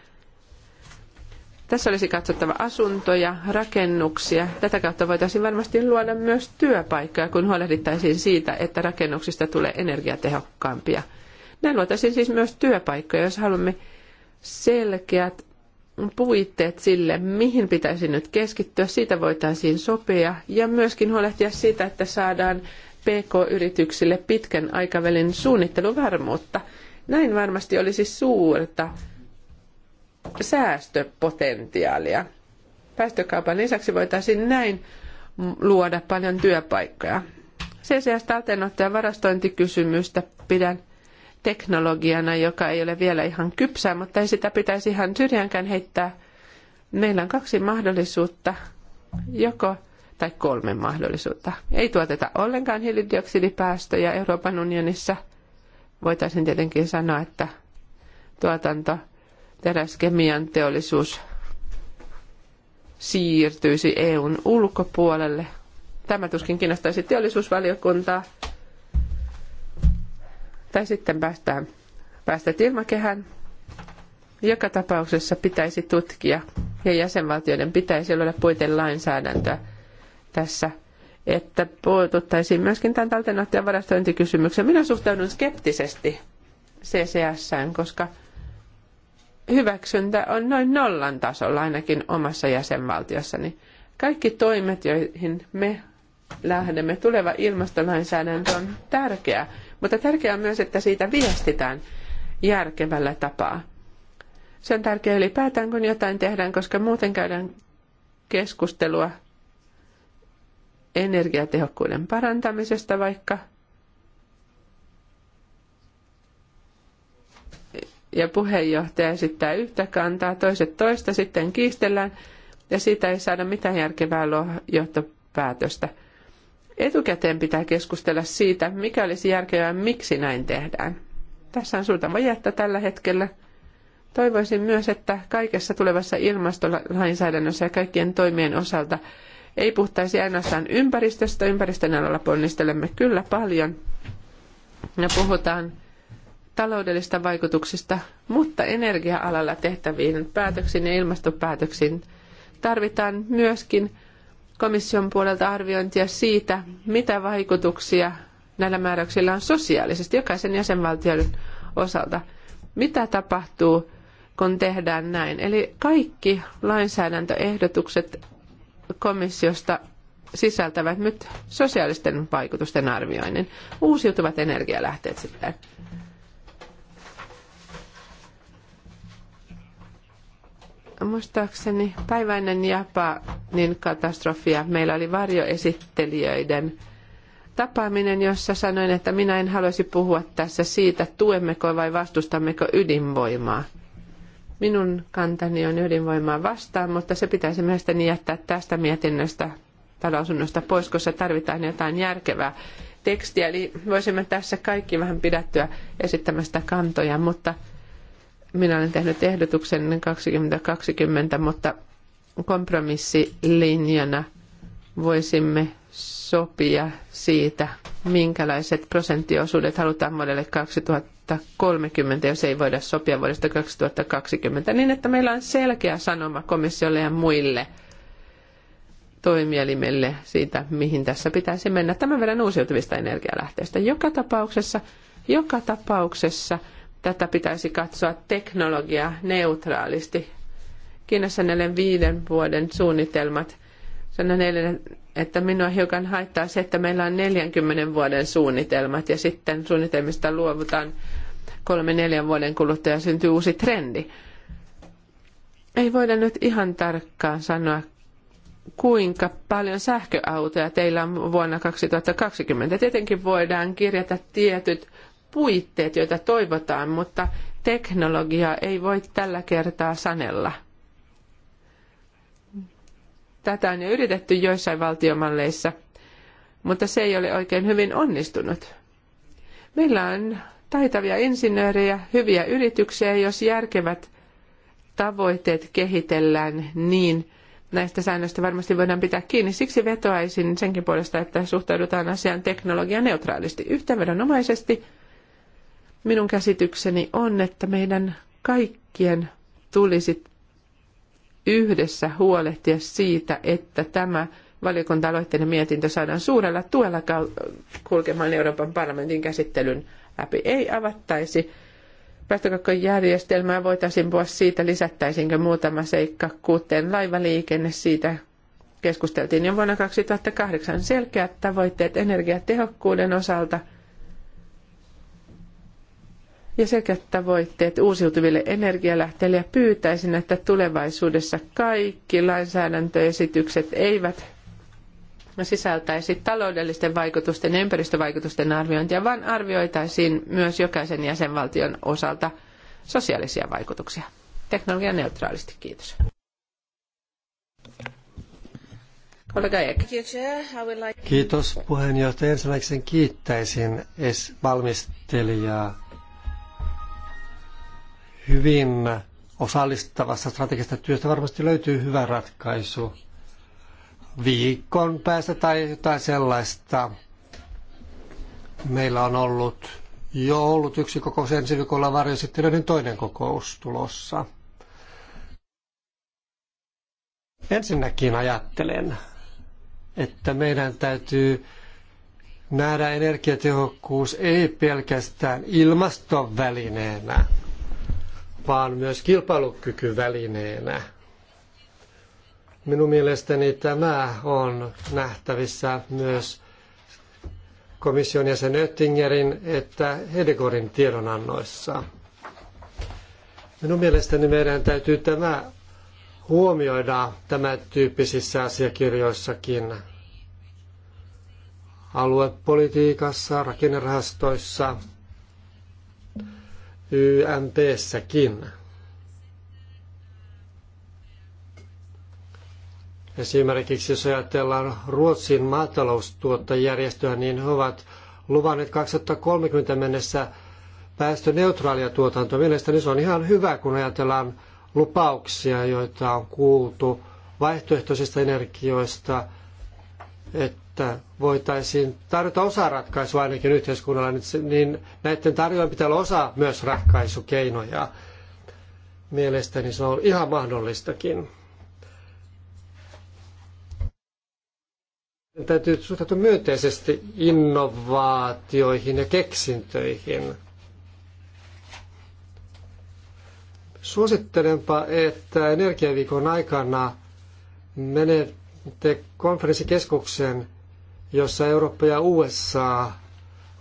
Tässä olisi katsottava asuntoja, rakennuksia. Tätä kautta voitaisiin varmasti luoda myös työpaikkaa, kun huolehdittaisiin siitä, että rakennuksista tulee energiatehokkaampia. Näin luotaisiin siis myös työpaikkoja, jos haluamme selkeät puitteet sille, mihin pitäisi nyt keskittyä. Siitä voitaisiin sopia ja myöskin huolehtia siitä, että saadaan PK-yrityksille pitkän aikavälin suunnitteluvarmuutta. Näin varmasti olisi suurta säästöpotentiaalia. Päästökaupan lisäksi voitaisiin näin luoda paljon työpaikkoja. CCS talteenotto- ja varastointikysymystä pidän teknologiana, joka ei ole vielä ihan kypsää, mutta ei sitä pitäisi ihan syrjäänkään heittää. Meillä on kaksi mahdollisuutta. Joko tai kolme mahdollisuutta. Ei tuoteta ollenkaan hiilidioksidipäästöjä Euroopan unionissa. Voitaisiin tietenkin sanoa, että tuotanto, teräskemian teollisuus siirtyisi EUn ulkopuolelle. Tämä tuskin kiinnostaisi teollisuusvaliokuntaa. Tai sitten päästään, päästät ilmakehään. Joka tapauksessa pitäisi tutkia ja jäsenvaltioiden pitäisi luoda puitelainsäädäntöä lainsäädäntöä tässä, että puututtaisiin myöskin tämän talteenotto- ja varastointikysymykseen. Minä suhtaudun skeptisesti CCS, koska hyväksyntä on noin nollan tasolla ainakin omassa jäsenvaltiossani. Kaikki toimet, joihin me lähdemme, tuleva ilmastolainsäädäntö on tärkeä, mutta tärkeää on myös, että siitä viestitään järkevällä tapaa. Se on tärkeää ylipäätään, kun jotain tehdään, koska muuten käydään keskustelua energiatehokkuuden parantamisesta vaikka. Ja puheenjohtaja esittää yhtä kantaa, toiset toista, sitten kiistellään ja siitä ei saada mitään järkevää johtopäätöstä. Etukäteen pitää keskustella siitä, mikä olisi järkevää, miksi näin tehdään. Tässä on suurta vajetta tällä hetkellä. Toivoisin myös, että kaikessa tulevassa ilmastolainsäädännössä ja kaikkien toimien osalta – ei puhtaisi ainoastaan ympäristöstä. Ympäristön alalla ponnistelemme kyllä paljon. Ja puhutaan taloudellista vaikutuksista, mutta energia-alalla tehtäviin päätöksiin ja ilmastopäätöksiin tarvitaan myöskin komission puolelta arviointia siitä, mitä vaikutuksia näillä määräyksillä on sosiaalisesti jokaisen jäsenvaltion osalta. Mitä tapahtuu, kun tehdään näin? Eli kaikki lainsäädäntöehdotukset komissiosta sisältävät nyt sosiaalisten vaikutusten arvioinnin. Uusiutuvat energialähteet sitten. muistaakseni päiväinen Japanin katastrofia. Meillä oli varjoesittelijöiden tapaaminen, jossa sanoin, että minä en haluaisi puhua tässä siitä, tuemmeko vai vastustammeko ydinvoimaa. Minun kantani on ydinvoimaa vastaan, mutta se pitäisi mielestäni jättää tästä mietinnöstä tai lausunnosta pois, koska tarvitaan jotain järkevää tekstiä. Eli voisimme tässä kaikki vähän pidättyä esittämästä kantoja, mutta minä olen tehnyt ehdotuksen 2020, mutta kompromissilinjana voisimme sopia siitä, minkälaiset prosenttiosuudet halutaan vuodelle 2030, jos ei voida sopia vuodesta 2020, niin että meillä on selkeä sanoma komissiolle ja muille toimielimille siitä, mihin tässä pitäisi mennä. Tämän verran uusiutuvista energialähteistä. Joka tapauksessa, joka tapauksessa tätä pitäisi katsoa teknologiaa neutraalisti. Kiinassa 4-5 vuoden suunnitelmat Sanoin eilen, että minua hiukan haittaa se, että meillä on 40 vuoden suunnitelmat ja sitten suunnitelmista luovutaan kolme neljän vuoden kuluttua ja syntyy uusi trendi. Ei voida nyt ihan tarkkaan sanoa, kuinka paljon sähköautoja teillä on vuonna 2020. Tietenkin voidaan kirjata tietyt puitteet, joita toivotaan, mutta teknologiaa ei voi tällä kertaa sanella. Tätä on jo yritetty joissain valtiomalleissa, mutta se ei ole oikein hyvin onnistunut. Meillä on taitavia insinöörejä, hyviä yrityksiä, jos järkevät tavoitteet kehitellään niin, näistä säännöistä varmasti voidaan pitää kiinni. Siksi vetoaisin senkin puolesta, että suhtaudutaan asiaan teknologianeutraalisti. Yhteenvedonomaisesti minun käsitykseni on, että meidän kaikkien tulisi yhdessä huolehtia siitä, että tämä valiokunta-aloitteinen mietintö saadaan suurella tuella kulkemaan Euroopan parlamentin käsittelyn läpi. Ei avattaisi päästökauppajärjestelmää, voitaisiin puhua siitä, lisättäisiinkö muutama seikka, kuten laivaliikenne siitä, keskusteltiin jo vuonna 2008 selkeät tavoitteet energiatehokkuuden osalta – ja sekä tavoitteet uusiutuville energialähteille ja pyytäisin, että tulevaisuudessa kaikki lainsäädäntöesitykset eivät sisältäisi taloudellisten vaikutusten ja ympäristövaikutusten arviointia, vaan arvioitaisiin myös jokaisen jäsenvaltion osalta sosiaalisia vaikutuksia. Teknologian neutraalisti, kiitos. Kollega Ek. Kiitos puheenjohtaja. Ensimmäiseksi kiittäisin valmistelijaa hyvin osallistavasta strategisesta työstä varmasti löytyy hyvä ratkaisu viikon päästä tai jotain sellaista. Meillä on ollut jo ollut yksi kokous ensi viikolla varjosittelijöiden toinen kokous tulossa. Ensinnäkin ajattelen, että meidän täytyy nähdä energiatehokkuus ei pelkästään ilmastovälineenä, vaan myös kilpailukykyvälineenä. Minun mielestäni tämä on nähtävissä myös komission jäsen Oettingerin että Hedegorin tiedonannoissa. Minun mielestäni meidän täytyy tämä huomioida tämän tyyppisissä asiakirjoissakin aluepolitiikassa, rakennerahastoissa – YMPssäkin. Esimerkiksi jos ajatellaan Ruotsin maataloustuottajärjestöä, niin he ovat luvanneet 2030 mennessä päästöneutraalia tuotantoa. Mielestäni se on ihan hyvä, kun ajatellaan lupauksia, joita on kuultu vaihtoehtoisista energioista, että että voitaisiin tarjota osa ratkaisua ainakin yhteiskunnalle, niin, niin näiden tarjoajien pitää olla osa myös ratkaisukeinoja. Mielestäni se on ihan mahdollistakin. Täytyy suhtautua myönteisesti innovaatioihin ja keksintöihin. Suosittelenpa, että energiaviikon aikana menette konferenssikeskukseen – jossa Eurooppa ja USA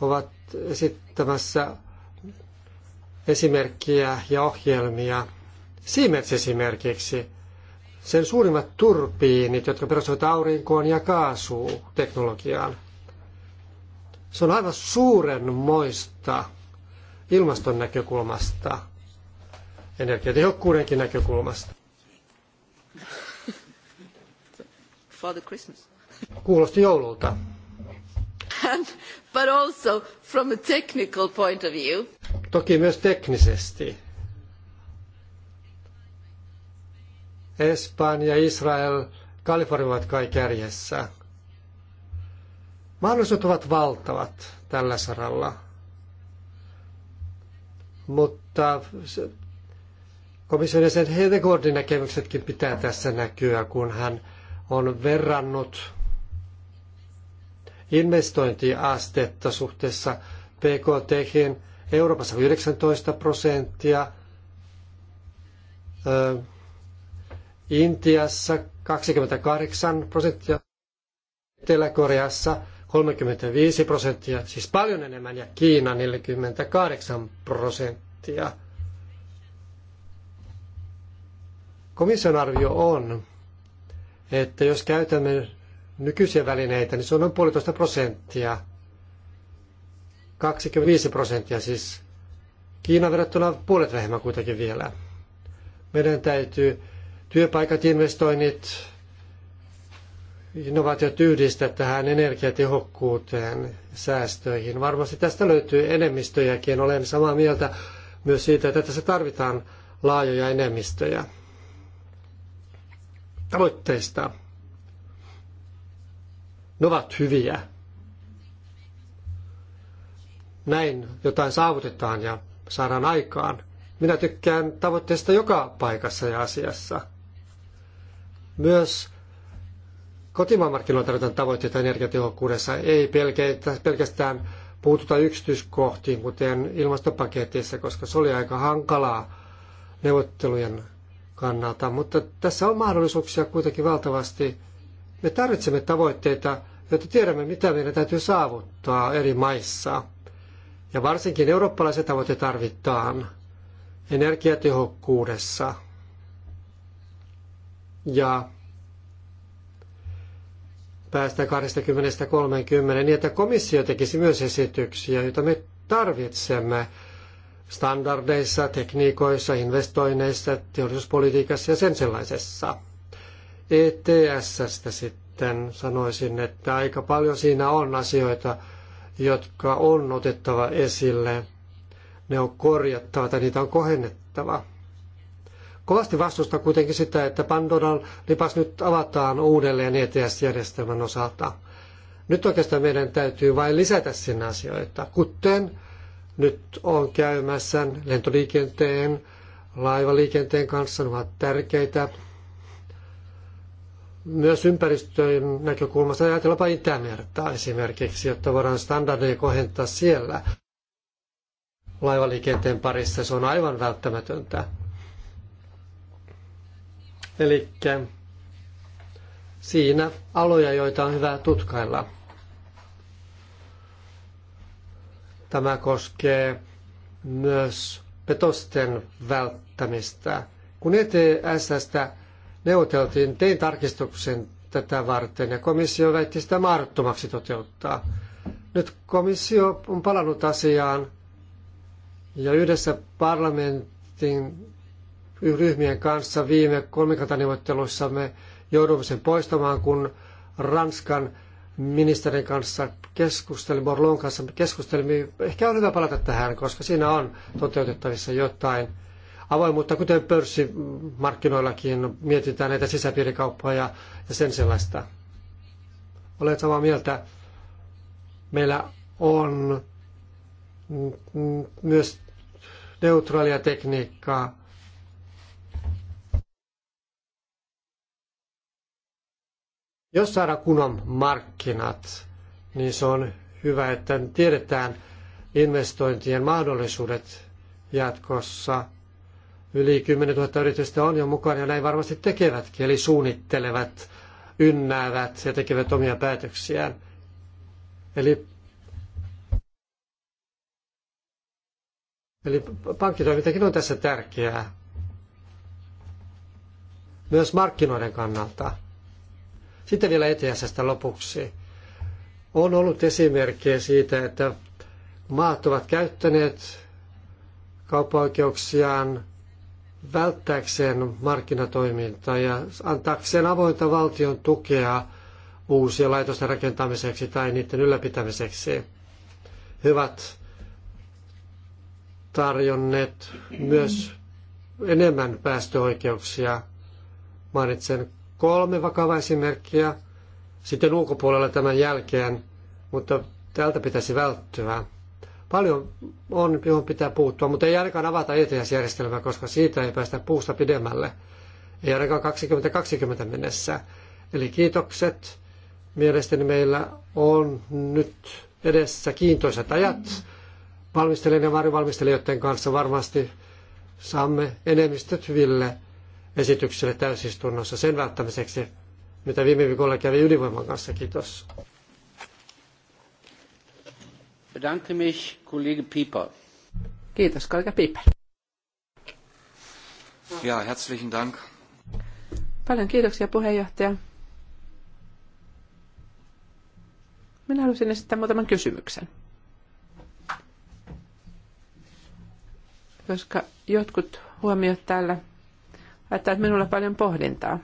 ovat esittämässä esimerkkiä ja ohjelmia. Siemens esimerkiksi, sen suurimmat turbiinit, jotka perustuvat aurinkoon ja kaasuteknologiaan. Se on aivan suuren moista ilmaston näkökulmasta, energiatehokkuudenkin näkökulmasta. Father Christmas. Kuulosti joululta. And, but also from a technical point of view. Toki myös teknisesti. Espanja, Israel, Kalifornia ovat kai kärjessä. Mahdollisuudet ovat valtavat tällä saralla. Mutta komission jäsen Hedegordin näkemyksetkin pitää tässä näkyä, kun hän on verrannut investointiastetta suhteessa PKT. Euroopassa 19 prosenttia, Intiassa 28 prosenttia, Etelä-Koreassa 35 prosenttia, siis paljon enemmän, ja Kiina 48 prosenttia. Komission arvio on, että jos käytämme nykyisiä välineitä, niin se on noin puolitoista prosenttia. 25 prosenttia siis. Kiinan verrattuna puolet vähemmän kuitenkin vielä. Meidän täytyy työpaikat, investoinnit, innovaatiot yhdistää tähän energiatehokkuuteen, säästöihin. Varmasti tästä löytyy enemmistöjäkin. Olen samaa mieltä myös siitä, että tässä tarvitaan laajoja enemmistöjä. Tavoitteista ne ovat hyviä. Näin jotain saavutetaan ja saadaan aikaan. Minä tykkään tavoitteesta joka paikassa ja asiassa. Myös kotimaan markkinoilla tarvitaan tavoitteita energiatehokkuudessa, ei pelkästään puututa yksityiskohtiin, kuten ilmastopaketissa, koska se oli aika hankalaa neuvottelujen kannalta. Mutta tässä on mahdollisuuksia kuitenkin valtavasti. Me tarvitsemme tavoitteita, jotta tiedämme, mitä meidän täytyy saavuttaa eri maissa. Ja varsinkin eurooppalaiset tavoite tarvitaan energiatehokkuudessa ja päästä 20-30 niin, että komissio tekisi myös esityksiä, joita me tarvitsemme standardeissa, tekniikoissa, investoinneissa, teollisuuspolitiikassa ja sen sellaisessa. ETS sitten sitten sanoisin, että aika paljon siinä on asioita, jotka on otettava esille. Ne on korjattava tai niitä on kohennettava. Kovasti vastusta kuitenkin sitä, että Pandoran lipas nyt avataan uudelleen ETS-järjestelmän osalta. Nyt oikeastaan meidän täytyy vain lisätä sinne asioita, kuten nyt on käymässä lentoliikenteen, laivaliikenteen kanssa, ne ovat tärkeitä myös ympäristön näkökulmasta. Ajatellaanpa Itämerta esimerkiksi, jotta voidaan standardeja kohentaa siellä laivaliikenteen parissa. Se on aivan välttämätöntä. Eli siinä aloja, joita on hyvä tutkailla. Tämä koskee myös petosten välttämistä. Kun ETSstä neuvoteltiin, tein tarkistuksen tätä varten ja komissio väitti sitä mahdottomaksi toteuttaa. Nyt komissio on palannut asiaan ja yhdessä parlamentin ryhmien kanssa viime kolmikantaneuvotteluissa me joudumme sen poistamaan, kun Ranskan ministerin kanssa keskustelimme, Borlon kanssa keskustelimme. Ehkä on hyvä palata tähän, koska siinä on toteutettavissa jotain avoimuutta, kuten pörssimarkkinoillakin mietitään näitä sisäpiirikauppoja ja, ja sen sellaista. Olen samaa mieltä. Meillä on myös neutraalia tekniikkaa. Jos saadaan kunnon markkinat, niin se on hyvä, että tiedetään investointien mahdollisuudet jatkossa – Yli 10 000 yritystä on jo mukana ja näin varmasti tekevätkin, eli suunnittelevat, ynnäävät ja tekevät omia päätöksiään. Eli, eli pankkitoimintakin on tässä tärkeää myös markkinoiden kannalta. Sitten vielä ETSstä lopuksi. On ollut esimerkkejä siitä, että maat ovat käyttäneet kauppaoikeuksiaan välttääkseen markkinatoimintaa ja antaakseen avointa valtion tukea uusien laitosten rakentamiseksi tai niiden ylläpitämiseksi. He ovat tarjonneet myös enemmän päästöoikeuksia. Mainitsen kolme vakavaa esimerkkiä, sitten ulkopuolella tämän jälkeen, mutta tältä pitäisi välttyä. Paljon on, johon pitää puuttua, mutta ei ainakaan avata ETS-järjestelmää, koska siitä ei päästä puusta pidemmälle. Ei ainakaan 2020 mennessä. Eli kiitokset. Mielestäni meillä on nyt edessä kiintoiset ajat. Valmistelijan ja varjovalmistelijoiden kanssa varmasti saamme enemmistöt hyville esityksille täysistunnossa sen välttämiseksi, mitä viime viikolla kävi ydinvoiman kanssa. Kiitos. Bedanke mich, Kollege Pieper. Kiitos, kollega Pieper. Ja, herzlichen Dank. Paljon kiitoksia, puheenjohtaja. Minä haluaisin esittää muutaman kysymyksen. Koska jotkut huomiot täällä laittavat minulla paljon pohdintaa.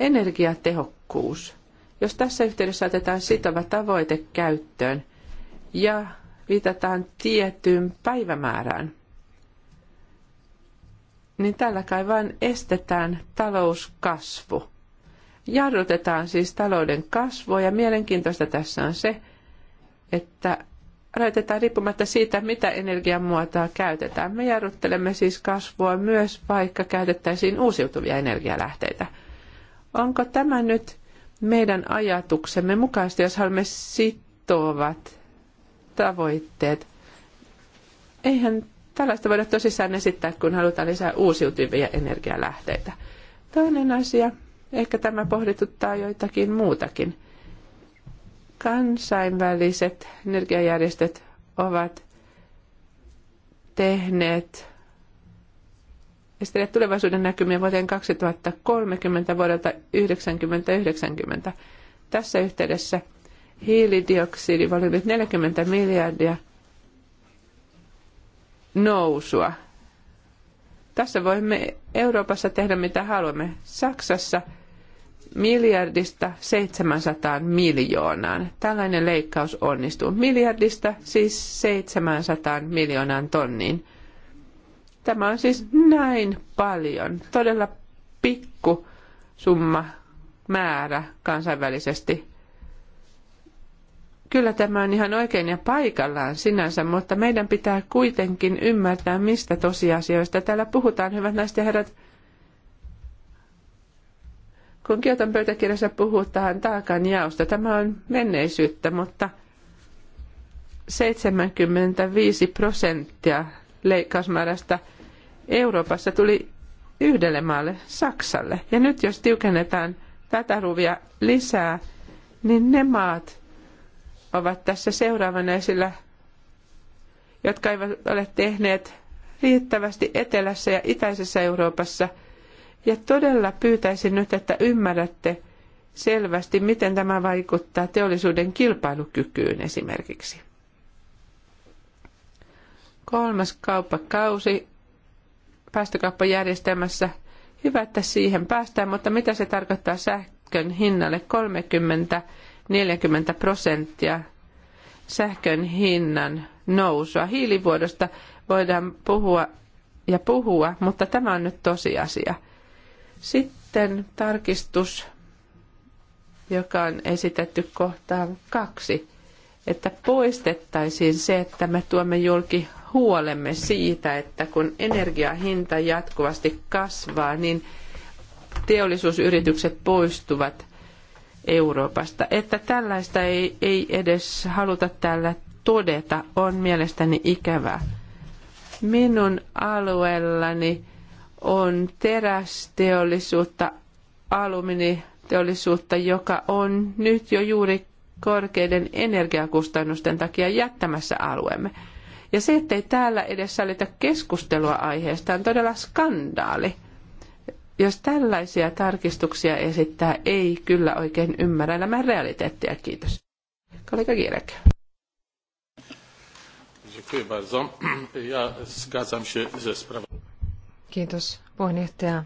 Energiatehokkuus. Jos tässä yhteydessä otetaan sitova tavoite käyttöön – ja viitataan tiettyyn päivämäärään, niin tällä kai vain estetään talouskasvu. Jarrutetaan siis talouden kasvua ja mielenkiintoista tässä on se, että rajoitetaan riippumatta siitä, mitä energiamuotoa käytetään. Me jarruttelemme siis kasvua myös, vaikka käytettäisiin uusiutuvia energialähteitä. Onko tämä nyt meidän ajatuksemme mukaista, jos haluamme sitovat tavoitteet. Eihän tällaista voida tosissaan esittää, kun halutaan lisää uusiutuvia energialähteitä. Toinen asia, ehkä tämä pohdituttaa joitakin muutakin. Kansainväliset energiajärjestöt ovat tehneet esitelleet tulevaisuuden näkymiä vuoteen 2030 vuodelta 1990 Tässä yhteydessä hiilidioksidivolyymiset 40 miljardia nousua. Tässä voimme Euroopassa tehdä mitä haluamme. Saksassa miljardista 700 miljoonaan. Tällainen leikkaus onnistuu. Miljardista siis 700 miljoonaan tonniin. Tämä on siis näin paljon. Todella pikku summa määrä kansainvälisesti Kyllä tämä on ihan oikein ja paikallaan sinänsä, mutta meidän pitää kuitenkin ymmärtää, mistä tosiasioista täällä puhutaan, hyvät naiset ja herrat. Kun Kioton pöytäkirjassa puhutaan taakan jaosta, tämä on menneisyyttä, mutta 75 prosenttia leikkausmäärästä Euroopassa tuli yhdelle maalle, Saksalle. Ja nyt jos tiukennetaan tätä ruvia lisää, niin ne maat, ovat tässä seuraavana esillä, jotka eivät ole tehneet riittävästi etelässä ja itäisessä Euroopassa. Ja todella pyytäisin nyt, että ymmärrätte selvästi, miten tämä vaikuttaa teollisuuden kilpailukykyyn esimerkiksi. Kolmas kauppakausi päästökauppajärjestelmässä. Hyvä, että siihen päästään, mutta mitä se tarkoittaa sähkön hinnalle? 30 40 prosenttia sähkön hinnan nousua. Hiilivuodosta voidaan puhua ja puhua, mutta tämä on nyt tosiasia. Sitten tarkistus, joka on esitetty kohtaan kaksi, että poistettaisiin se, että me tuomme julki huolemme siitä, että kun energiahinta jatkuvasti kasvaa, niin teollisuusyritykset poistuvat Euroopasta. Että tällaista ei, ei edes haluta täällä todeta, on mielestäni ikävää. Minun alueellani on terästeollisuutta, alumiiniteollisuutta, joka on nyt jo juuri korkeiden energiakustannusten takia jättämässä alueemme. Ja se, ettei täällä edes sallita keskustelua aiheesta, on todella skandaali. Jos tällaisia tarkistuksia esittää, ei kyllä oikein ymmärrä elämän realiteettia. Kiitos. Kollega Gierek. Kiitos puheenjohtaja.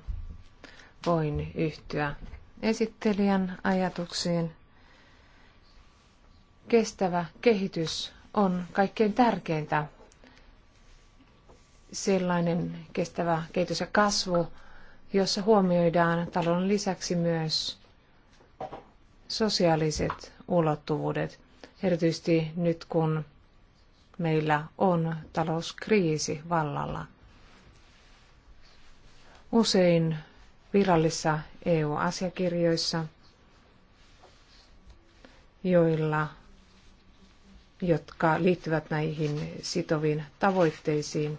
Voin yhtyä esittelijän ajatuksiin. Kestävä kehitys on kaikkein tärkeintä. Sellainen kestävä kehitys ja kasvu, jossa huomioidaan talon lisäksi myös sosiaaliset ulottuvuudet, erityisesti nyt kun meillä on talouskriisi vallalla. Usein virallisissa EU-asiakirjoissa, joilla, jotka liittyvät näihin sitoviin tavoitteisiin,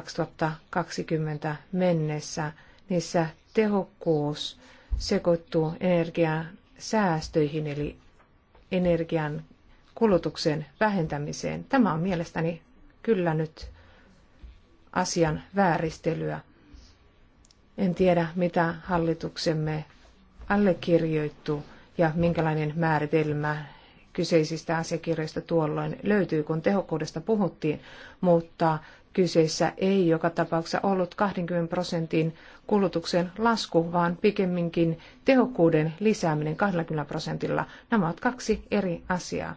2020 mennessä. Niissä tehokkuus sekoittuu energian säästöihin eli energian kulutuksen vähentämiseen. Tämä on mielestäni kyllä nyt asian vääristelyä. En tiedä, mitä hallituksemme allekirjoittu ja minkälainen määritelmä kyseisistä asiakirjoista tuolloin löytyy, kun tehokkuudesta puhuttiin, mutta kyseessä ei joka tapauksessa ollut 20 prosentin kulutuksen lasku, vaan pikemminkin tehokkuuden lisääminen 20 prosentilla. Nämä ovat kaksi eri asiaa.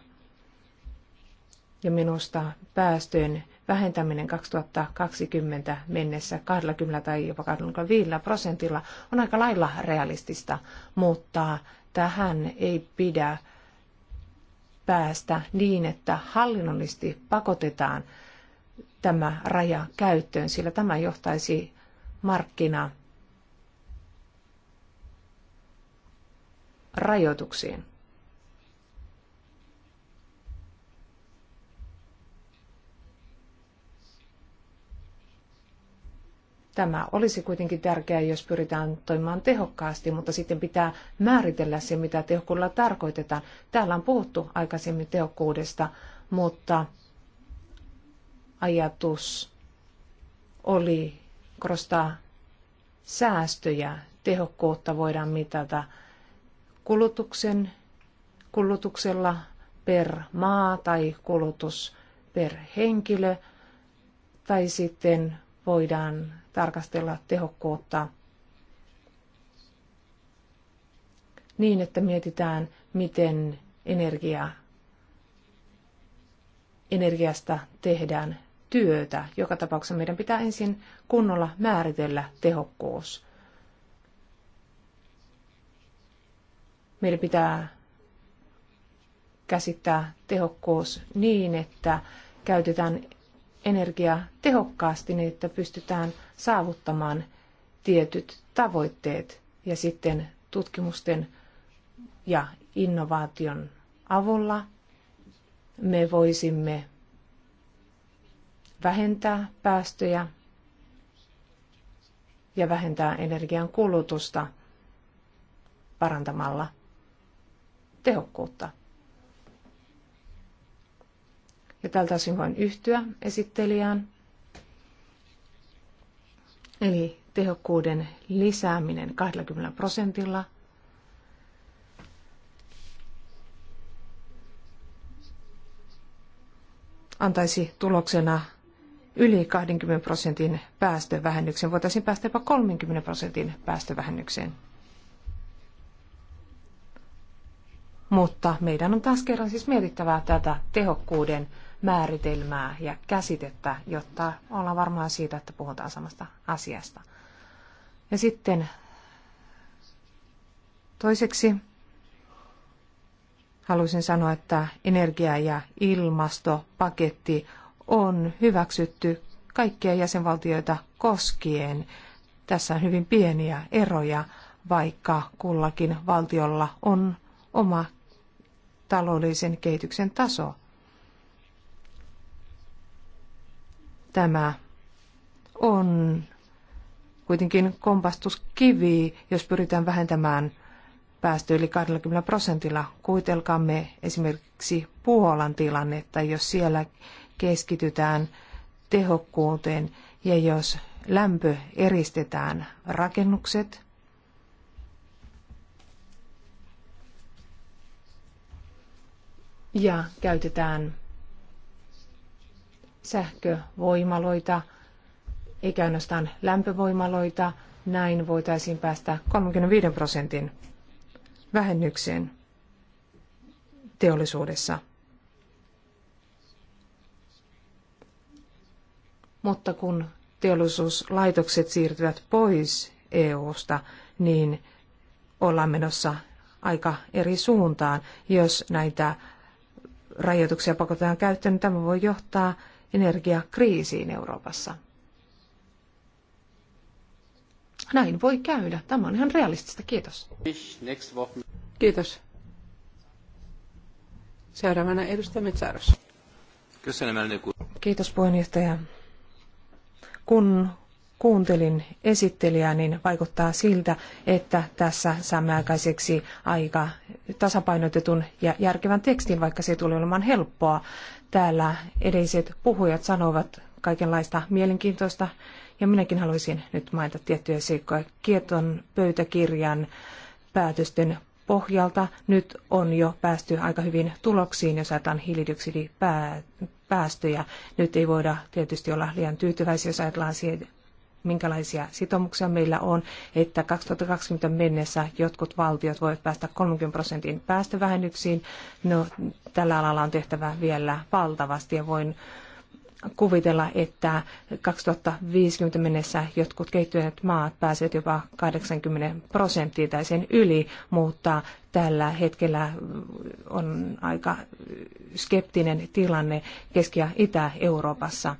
Ja minusta päästöjen vähentäminen 2020 mennessä 20 tai jopa 25 prosentilla on aika lailla realistista, mutta tähän ei pidä päästä niin, että hallinnollisesti pakotetaan tämä raja käyttöön, sillä tämä johtaisi markkina rajoituksiin. Tämä olisi kuitenkin tärkeää, jos pyritään toimimaan tehokkaasti, mutta sitten pitää määritellä se, mitä tehokkuudella tarkoitetaan. Täällä on puhuttu aikaisemmin tehokkuudesta, mutta ajatus oli korostaa säästöjä. Tehokkuutta voidaan mitata kulutuksen, kulutuksella per maa tai kulutus per henkilö, tai sitten voidaan tarkastella tehokkuutta niin, että mietitään, miten energia, energiasta tehdään työtä. Joka tapauksessa meidän pitää ensin kunnolla määritellä tehokkuus. Meidän pitää käsittää tehokkuus niin, että käytetään energiaa tehokkaasti niin, että pystytään saavuttamaan tietyt tavoitteet ja sitten tutkimusten ja innovaation avulla me voisimme vähentää päästöjä ja vähentää energian kulutusta parantamalla tehokkuutta. Ja tältä osin voin yhtyä esittelijään. Eli tehokkuuden lisääminen 20 prosentilla antaisi tuloksena yli 20 prosentin päästövähennykseen. Voitaisiin päästä jopa 30 prosentin päästövähennykseen. Mutta meidän on taas kerran siis mietittävää tätä tehokkuuden määritelmää ja käsitettä, jotta ollaan varmaan siitä, että puhutaan samasta asiasta. Ja sitten toiseksi haluaisin sanoa, että energia- ja ilmastopaketti on hyväksytty kaikkia jäsenvaltioita koskien. Tässä on hyvin pieniä eroja, vaikka kullakin valtiolla on oma taloudellisen kehityksen taso. Tämä on kuitenkin kompastuskivi, jos pyritään vähentämään päästy yli 20 prosentilla. Kuitelkaamme esimerkiksi Puolan tilannetta, jos siellä keskitytään tehokkuuteen ja jos lämpö eristetään rakennukset, ja käytetään sähkövoimaloita, eikä ainoastaan lämpövoimaloita, näin voitaisiin päästä 35 prosentin vähennykseen teollisuudessa. mutta kun teollisuuslaitokset siirtyvät pois EU-sta, niin ollaan menossa aika eri suuntaan. Jos näitä rajoituksia pakotetaan käyttöön, niin tämä voi johtaa energiakriisiin Euroopassa. Näin voi käydä. Tämä on ihan realistista. Kiitos. Kiitos. Seuraavana edustaja Metsäros. Kiitos puheenjohtaja kun kuuntelin esittelijää, niin vaikuttaa siltä, että tässä saamme aikaiseksi aika tasapainotetun ja järkevän tekstin, vaikka se tuli olemaan helppoa. Täällä edelliset puhujat sanovat kaikenlaista mielenkiintoista, ja minäkin haluaisin nyt mainita tiettyjä seikkoja. Kieton pöytäkirjan päätösten pohjalta nyt on jo päästy aika hyvin tuloksiin, jos ajatellaan hiilidioksidipäästöjä. Nyt ei voida tietysti olla liian tyytyväisiä, jos ajatellaan siihen, minkälaisia sitoumuksia meillä on, että 2020 mennessä jotkut valtiot voivat päästä 30 prosentin päästövähennyksiin. No, tällä alalla on tehtävä vielä valtavasti ja voin kuvitella, että 2050 mennessä jotkut kehittyneet maat pääsevät jopa 80 prosenttia tai sen yli, mutta tällä hetkellä on aika skeptinen tilanne Keski- ja Itä-Euroopassa.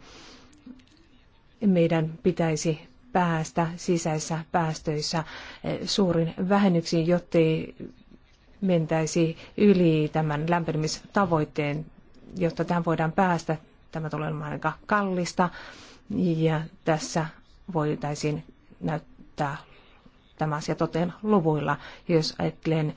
Meidän pitäisi päästä sisäisissä päästöissä eh, suurin vähennyksiin, jottei mentäisi yli tämän lämpenemistavoitteen jotta tähän voidaan päästä, Tämä tulee olemaan aika kallista ja tässä voitaisiin näyttää tämä asia toteen luvuilla. Jos ajattelen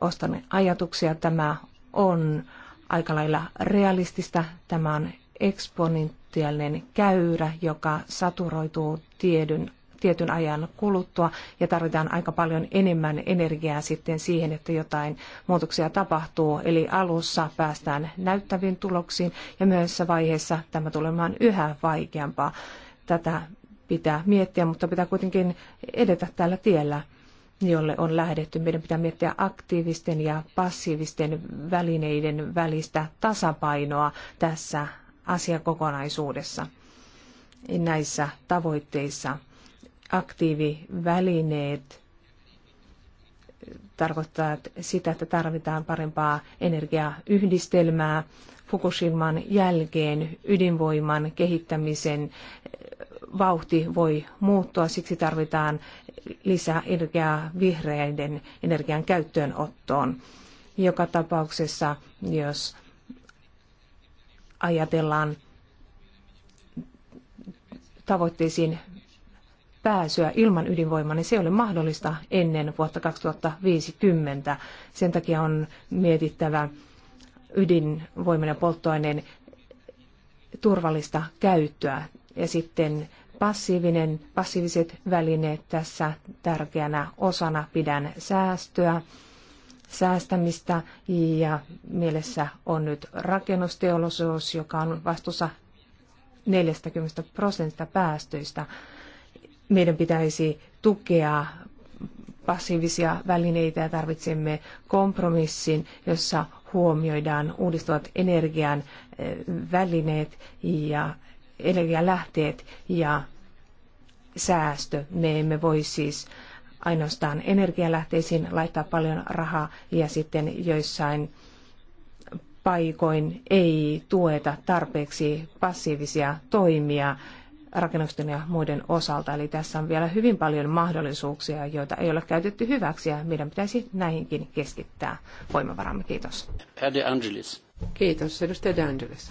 ostan ajatuksia, tämä on aika lailla realistista. Tämä on eksponentiaalinen käyrä, joka saturoituu tiedyn tietyn ajan kuluttua ja tarvitaan aika paljon enemmän energiaa sitten siihen, että jotain muutoksia tapahtuu. Eli alussa päästään näyttäviin tuloksiin ja myöhässä vaiheessa tämä tulemaan yhä vaikeampaa. Tätä pitää miettiä, mutta pitää kuitenkin edetä tällä tiellä jolle on lähdetty. Meidän pitää miettiä aktiivisten ja passiivisten välineiden välistä tasapainoa tässä asiakokonaisuudessa näissä tavoitteissa aktiivivälineet tarkoittaa sitä, että tarvitaan parempaa energiayhdistelmää Fukushiman jälkeen ydinvoiman kehittämisen vauhti voi muuttua, siksi tarvitaan lisää energiaa vihreiden energian käyttöönottoon. Joka tapauksessa, jos ajatellaan tavoitteisiin pääsyä ilman ydinvoimaa, niin se ei ole mahdollista ennen vuotta 2050. Sen takia on mietittävä ydinvoiman ja polttoaineen turvallista käyttöä ja sitten passiivinen, passiiviset välineet tässä tärkeänä osana pidän säästöä, säästämistä ja mielessä on nyt rakennusteollisuus, joka on vastuussa 40 prosenttia päästöistä meidän pitäisi tukea passiivisia välineitä ja tarvitsemme kompromissin, jossa huomioidaan uudistuvat energian eh, välineet ja energialähteet ja säästö. Me emme voi siis ainoastaan energialähteisiin laittaa paljon rahaa ja sitten joissain paikoin ei tueta tarpeeksi passiivisia toimia rakennusten ja muiden osalta. Eli tässä on vielä hyvin paljon mahdollisuuksia, joita ei ole käytetty hyväksi ja meidän pitäisi näihinkin keskittää voimavaramme. Kiitos. De Angelis. Kiitos, edustaja De Angelis.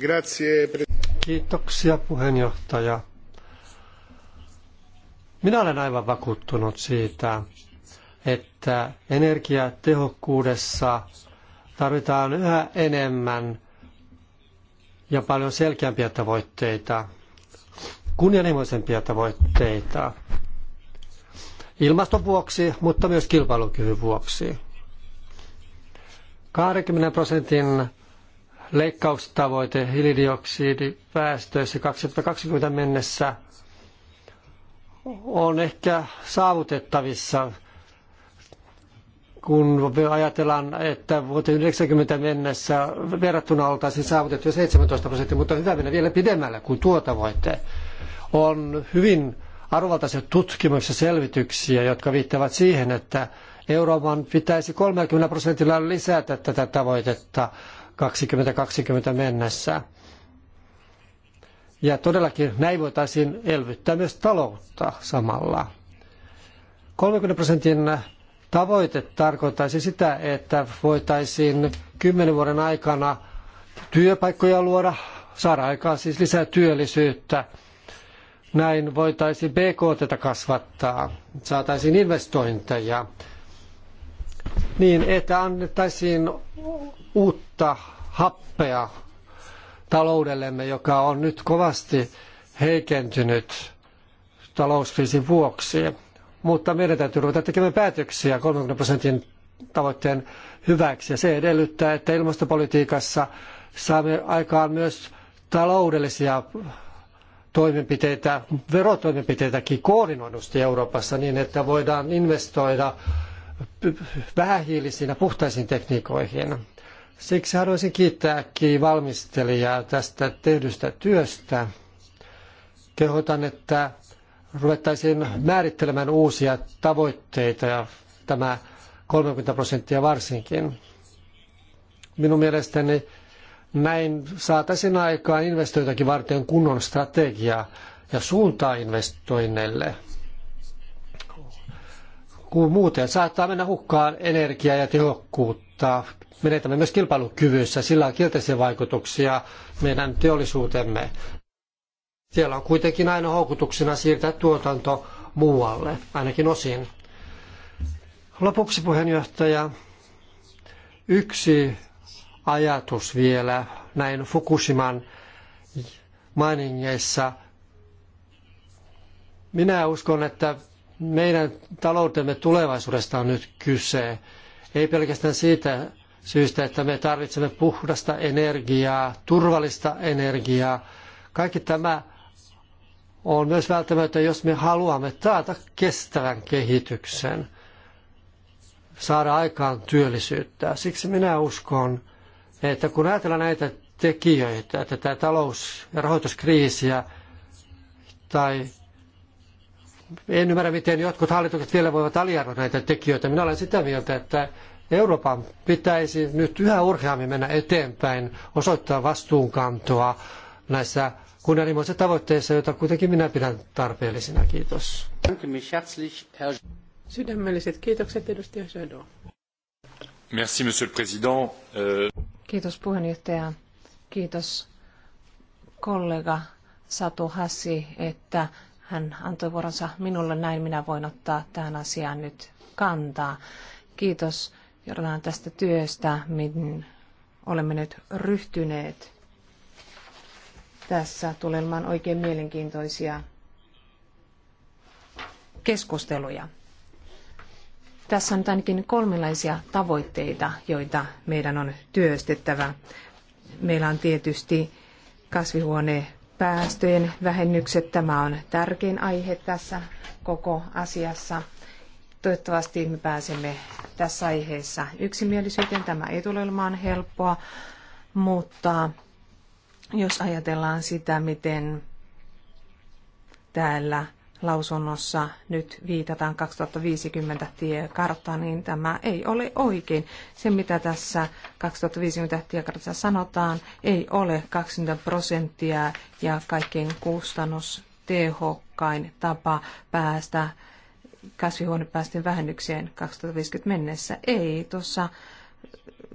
Grazie. Kiitoksia puheenjohtaja. Minä olen aivan vakuuttunut siitä, että energiatehokkuudessa tarvitaan yhä enemmän ja paljon selkeämpiä tavoitteita kunnianhimoisempia tavoitteita ilmaston vuoksi, mutta myös kilpailukyvyn vuoksi. 20 prosentin leikkaustavoite hiilidioksidipäästöissä 2020 mennessä on ehkä saavutettavissa, kun ajatellaan, että vuoteen 90 mennessä verrattuna oltaisiin saavutettu jo 17 prosenttia, mutta on hyvä mennä vielä pidemmälle kuin tuo tavoite on hyvin arvovaltaisia tutkimuksia selvityksiä, jotka viittavat siihen, että Euroopan pitäisi 30 prosentilla lisätä tätä tavoitetta 2020 mennessä. Ja todellakin näin voitaisiin elvyttää myös taloutta samalla. 30 prosentin tavoite tarkoittaisi sitä, että voitaisiin kymmenen vuoden aikana työpaikkoja luoda, saada aikaan siis lisää työllisyyttä – näin voitaisiin BKT kasvattaa, saataisiin investointeja niin, että annettaisiin uutta happea taloudellemme, joka on nyt kovasti heikentynyt talouskriisin vuoksi. Mutta meidän täytyy ruveta tekemään päätöksiä 30 prosentin tavoitteen hyväksi. Ja se edellyttää, että ilmastopolitiikassa saamme aikaan myös taloudellisia toimenpiteitä, verotoimenpiteitäkin koordinoidusti Euroopassa niin, että voidaan investoida vähähiilisiin ja puhtaisiin tekniikoihin. Siksi haluaisin kiittääkin valmistelijaa tästä tehdystä työstä. Kehotan, että ruvettaisiin määrittelemään uusia tavoitteita ja tämä 30 prosenttia varsinkin. Minun mielestäni näin saataisiin aikaan investoitakin varten kunnon strategia ja suuntaa investoinneille. Kun muuten saattaa mennä hukkaan energiaa ja tehokkuutta. Menetämme myös kilpailukyvyssä. Sillä on kielteisiä vaikutuksia meidän teollisuutemme. Siellä on kuitenkin aina houkutuksena siirtää tuotanto muualle, ainakin osin. Lopuksi puheenjohtaja, yksi ajatus vielä näin Fukushiman mainingeissa. Minä uskon, että meidän taloutemme tulevaisuudesta on nyt kyse. Ei pelkästään siitä syystä, että me tarvitsemme puhdasta energiaa, turvallista energiaa. Kaikki tämä on myös välttämätöntä, jos me haluamme taata kestävän kehityksen, saada aikaan työllisyyttä. Siksi minä uskon, että kun ajatellaan näitä tekijöitä, tätä talous- ja rahoituskriisiä, tai en ymmärrä, miten jotkut hallitukset vielä voivat aliarvoida näitä tekijöitä. Minä olen sitä mieltä, että Euroopan pitäisi nyt yhä urheammin mennä eteenpäin, osoittaa vastuunkantoa näissä kunnianhimoisissa tavoitteissa, joita kuitenkin minä pidän tarpeellisina. Kiitos. Sydämelliset kiitokset, edustaja Jadot. Merci, monsieur le président. Euh, Kiitos puheenjohtaja. Kiitos kollega Satu Hassi, että hän antoi vuoronsa minulle. Näin minä voin ottaa tähän asiaan nyt kantaa. Kiitos Jordan tästä työstä, mihin olemme nyt ryhtyneet. Tässä tulee olemaan oikein mielenkiintoisia keskusteluja. Tässä on ainakin kolmenlaisia tavoitteita, joita meidän on työstettävä. Meillä on tietysti kasvihuonepäästöjen vähennykset. Tämä on tärkein aihe tässä koko asiassa. Toivottavasti me pääsemme tässä aiheessa yksimielisyyteen. Tämä ei tule olemaan helppoa, mutta jos ajatellaan sitä, miten täällä – lausunnossa nyt viitataan 2050 tiekartta, niin tämä ei ole oikein. Se, mitä tässä 2050 tiekartassa sanotaan, ei ole 20 prosenttia ja kaikkein kustannustehokkain tapa päästä kasvihuonepäästöjen vähennykseen 2050 mennessä. Ei, tuossa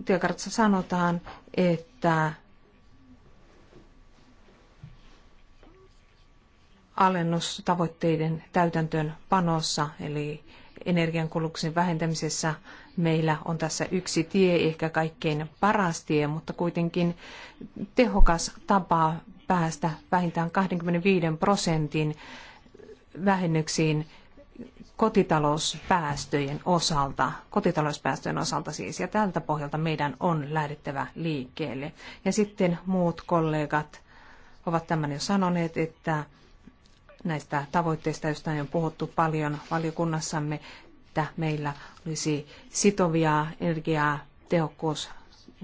tiekartassa sanotaan, että alennustavoitteiden täytäntöön panossa, eli energiankuluksen vähentämisessä meillä on tässä yksi tie, ehkä kaikkein paras tie, mutta kuitenkin tehokas tapa päästä vähintään 25 prosentin vähennyksiin kotitalouspäästöjen osalta, kotitalouspäästöjen osalta siis, ja tältä pohjalta meidän on lähdettävä liikkeelle. Ja sitten muut kollegat ovat tämän jo sanoneet, että näistä tavoitteista, joista on puhuttu paljon valiokunnassamme, että meillä olisi sitovia energiaa, tehokkuus,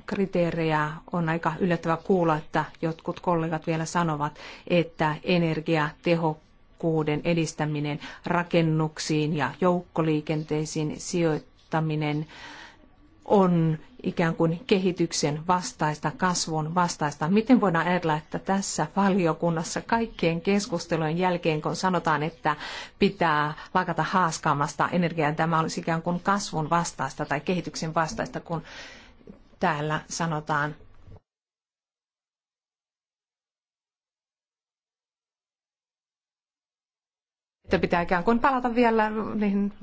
kriteerejä. On aika yllättävä kuulla, että jotkut kollegat vielä sanovat, että energiatehokkuuden edistäminen rakennuksiin ja joukkoliikenteisiin sijoittaminen on ikään kuin kehityksen vastaista, kasvun vastaista. Miten voidaan ajatella, että tässä valiokunnassa kaikkien keskustelujen jälkeen, kun sanotaan, että pitää lakata haaskaamasta energiaa, tämä olisi ikään kuin kasvun vastaista tai kehityksen vastaista, kun täällä sanotaan sitten pitää ikään kuin palata vielä niihin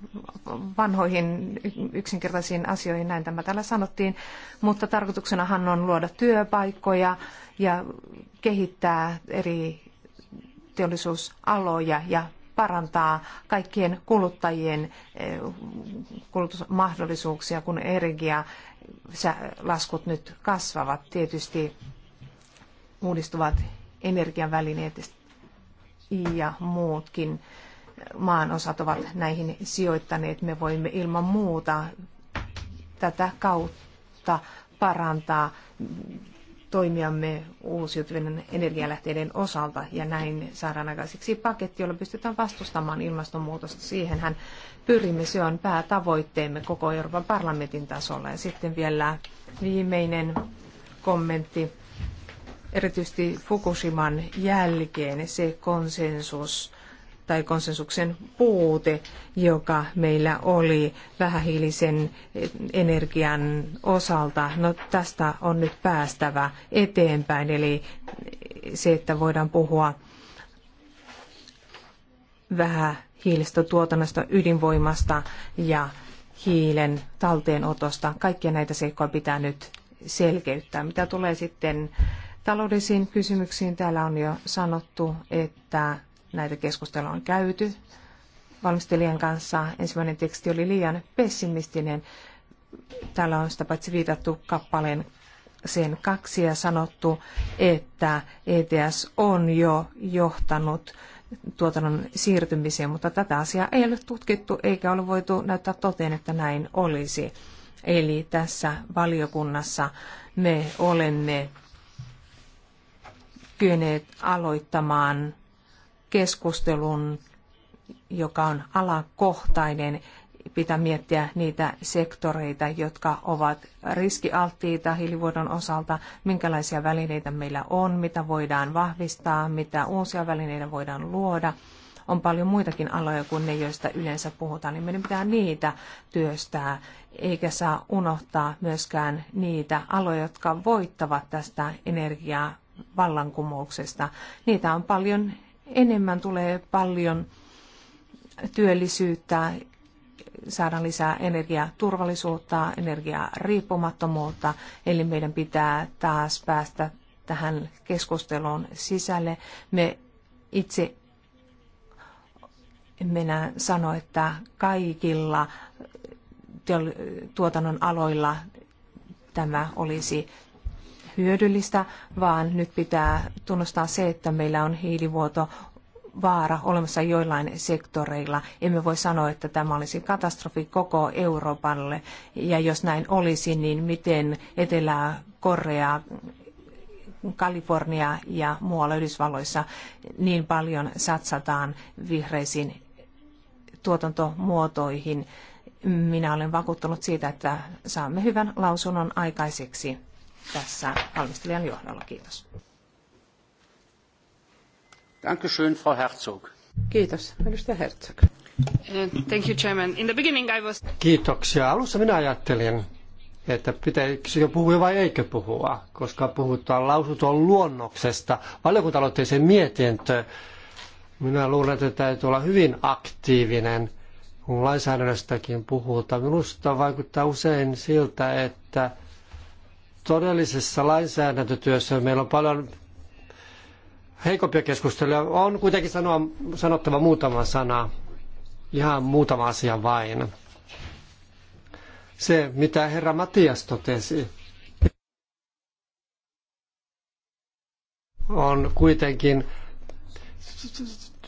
vanhoihin yksinkertaisiin asioihin, näin tämä täällä sanottiin, mutta tarkoituksenahan on luoda työpaikkoja ja kehittää eri teollisuusaloja ja parantaa kaikkien kuluttajien eh, kulutusmahdollisuuksia, kun energialaskut nyt kasvavat. Tietysti uudistuvat energian välineet ja muutkin maanosat ovat näihin sijoittaneet. Me voimme ilman muuta tätä kautta parantaa toimiamme uusiutuvien energialähteiden osalta ja näin saadaan aikaiseksi paketti, jolla pystytään vastustamaan ilmastonmuutosta. Siihenhän pyrimme, se on päätavoitteemme koko Euroopan parlamentin tasolla. Ja sitten vielä viimeinen kommentti, erityisesti Fukushiman jälkeen se konsensus, tai konsensuksen puute, joka meillä oli vähähiilisen energian osalta. No tästä on nyt päästävä eteenpäin, eli se, että voidaan puhua vähähiilestä tuotannosta, ydinvoimasta ja hiilen talteenotosta. Kaikkia näitä seikkoja pitää nyt selkeyttää. Mitä tulee sitten taloudellisiin kysymyksiin, täällä on jo sanottu, että Näitä keskusteluja on käyty valmistelijan kanssa. Ensimmäinen teksti oli liian pessimistinen. Täällä on sitä paitsi viitattu kappaleen sen kaksi ja sanottu, että ETS on jo johtanut tuotannon siirtymiseen, mutta tätä asiaa ei ole tutkittu eikä ole voitu näyttää toteen, että näin olisi. Eli tässä valiokunnassa me olemme kyenneet aloittamaan keskustelun, joka on alakohtainen. Pitää miettiä niitä sektoreita, jotka ovat riskialttiita hiilivuodon osalta, minkälaisia välineitä meillä on, mitä voidaan vahvistaa, mitä uusia välineitä voidaan luoda. On paljon muitakin aloja kuin ne, joista yleensä puhutaan, niin meidän pitää niitä työstää, eikä saa unohtaa myöskään niitä aloja, jotka voittavat tästä energiaa vallankumouksesta. Niitä on paljon enemmän tulee paljon työllisyyttä, saadaan lisää energiaturvallisuutta, energiariippumattomuutta, eli meidän pitää taas päästä tähän keskusteluun sisälle. Me itse minä sano, että kaikilla tuotannon aloilla tämä olisi hyödyllistä, vaan nyt pitää tunnustaa se, että meillä on hiilivuoto vaara olemassa joillain sektoreilla. Emme voi sanoa, että tämä olisi katastrofi koko Euroopalle. Ja jos näin olisi, niin miten Etelä-Korea, Kalifornia ja muualla Yhdysvalloissa niin paljon satsataan vihreisiin tuotantomuotoihin. Minä olen vakuuttunut siitä, että saamme hyvän lausunnon aikaiseksi tässä valmistelijan johdolla. Kiitos. Dankeschön, Frau Herzog. Kiitos, edustaja Herzog. Eh, thank you, Chairman. In the beginning I was... Kiitoksia. Alussa minä ajattelin, että pitäisikö puhua vai eikö puhua, koska puhutaan lausuntoon luonnoksesta, valiokunta sen mietintö. Minä luulen, että täytyy olla hyvin aktiivinen, kun lainsäädännöstäkin puhutaan. Minusta vaikuttaa usein siltä, että todellisessa lainsäädäntötyössä meillä on paljon heikompia keskusteluja. On kuitenkin sanoa, sanottava muutama sana, ihan muutama asia vain. Se, mitä herra Matias totesi, on kuitenkin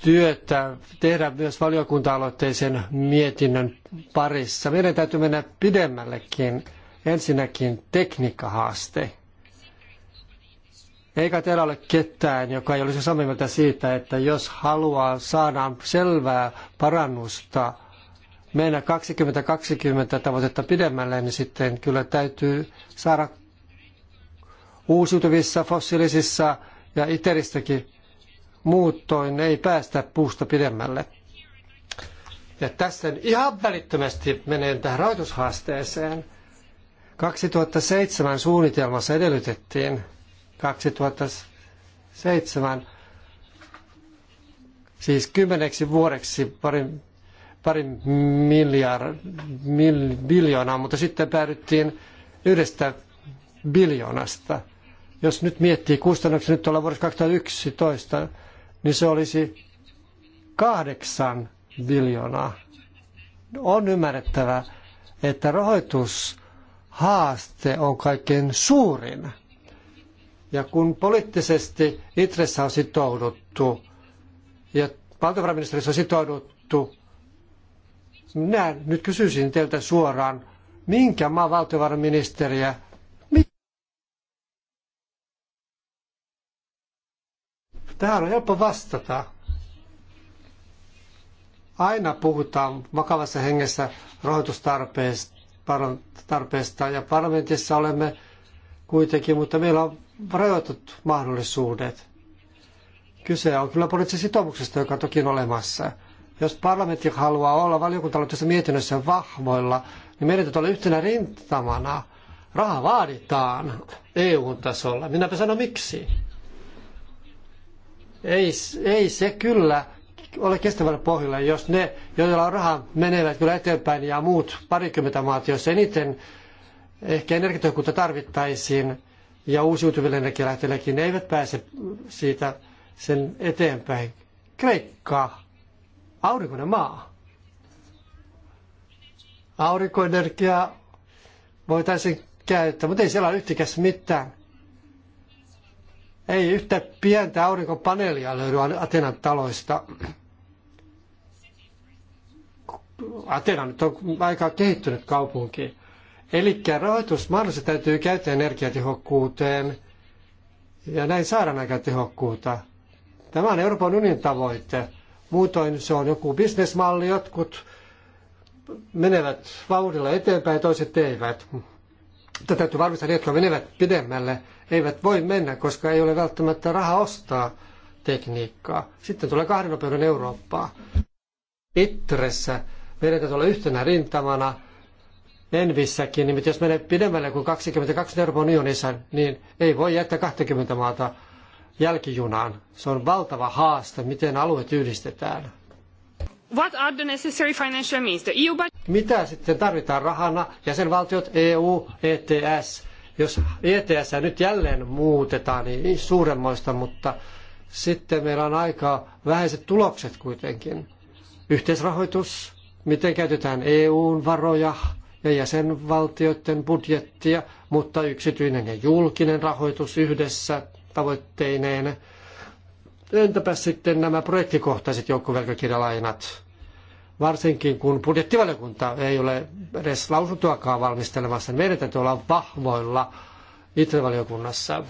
työtä tehdä myös valiokunta-aloitteisen mietinnön parissa. Meidän täytyy mennä pidemmällekin Ensinnäkin tekniikkahaaste. Eikä teillä ole ketään, joka ei olisi samaa mieltä siitä, että jos haluaa saada selvää parannusta mennä 2020 tavoitetta pidemmälle, niin sitten kyllä täytyy saada uusiutuvissa, fossiilisissa ja iteristäkin muutoin ei päästä puusta pidemmälle. Ja tässä ihan välittömästi menen tähän rahoitushaasteeseen – 2007 suunnitelmassa edellytettiin 2007 siis kymmeneksi vuodeksi parin, parin miljard, mil, biljoonaa, mutta sitten päädyttiin yhdestä biljoonasta. Jos nyt miettii kustannuksia, nyt ollaan vuodessa 2011, niin se olisi kahdeksan biljoonaa. On ymmärrettävä, että rahoitus haaste on kaikkein suurin. Ja kun poliittisesti Itressä on sitouduttu ja valtiovarainministeriössä on sitouduttu, minä nyt kysyisin teiltä suoraan, minkä maan valtiovarainministeriä Tähän on helppo vastata. Aina puhutaan vakavassa hengessä rahoitustarpeesta tarpeesta ja parlamentissa olemme kuitenkin, mutta meillä on rajoitut mahdollisuudet. Kyse on kyllä poliittisesta sitoumuksesta, joka toki on olemassa. Jos parlamentti haluaa olla valiokuntaloitteessa mietinnössä vahvoilla, niin meidän täytyy olla yhtenä rintamana. Raha vaaditaan EU-tasolla. Minäpä sanon miksi. Ei, ei se kyllä ole kestävällä pohjalla, jos ne, joilla on rahaa, menevät kyllä eteenpäin ja muut parikymmentä maat, joissa eniten ehkä energiatehokkuutta tarvittaisiin ja uusiutuville energialähteillekin, ne eivät pääse siitä sen eteenpäin. Kreikka, aurinkoinen maa. Aurinkoenergiaa voitaisiin käyttää, mutta ei siellä ole yhtikäs mitään ei yhtä pientä aurinkopaneelia löydy Atenan taloista. Atena nyt on aika kehittynyt kaupunki. Eli rahoitusmahdollisuus täytyy käyttää energiatehokkuuteen ja näin saadaan aika tehokkuutta. Tämä on Euroopan unionin tavoite. Muutoin se on joku bisnesmalli, jotkut menevät vauhdilla eteenpäin, toiset eivät. Mutta täytyy varmistaa, että ne, jotka menevät pidemmälle, eivät voi mennä, koska ei ole välttämättä rahaa ostaa tekniikkaa. Sitten tulee kahden nopeuden Eurooppaa. Ittressä meidän täytyy olla yhtenä rintamana Envissäkin, niin jos menee pidemmälle kuin 22 Euroopan unionissa, niin ei voi jättää 20 maata jälkijunaan. Se on valtava haaste, miten alueet yhdistetään. What are the necessary financial means? The EU budget... Mitä sitten tarvitaan rahana? Jäsenvaltiot, EU, ETS. Jos ETS nyt jälleen muutetaan, niin suuremmoista, mutta sitten meillä on aika vähäiset tulokset kuitenkin. Yhteisrahoitus, miten käytetään EUn varoja ja jäsenvaltioiden budjettia, mutta yksityinen ja julkinen rahoitus yhdessä tavoitteineen – Entäpä sitten nämä projektikohtaiset joukkovelkakirjalainat, varsinkin kun budjettivaliokunta ei ole edes lausuntoakaan valmistelemassa. Niin meidän täytyy olla vahvoilla itsevaliokunnassa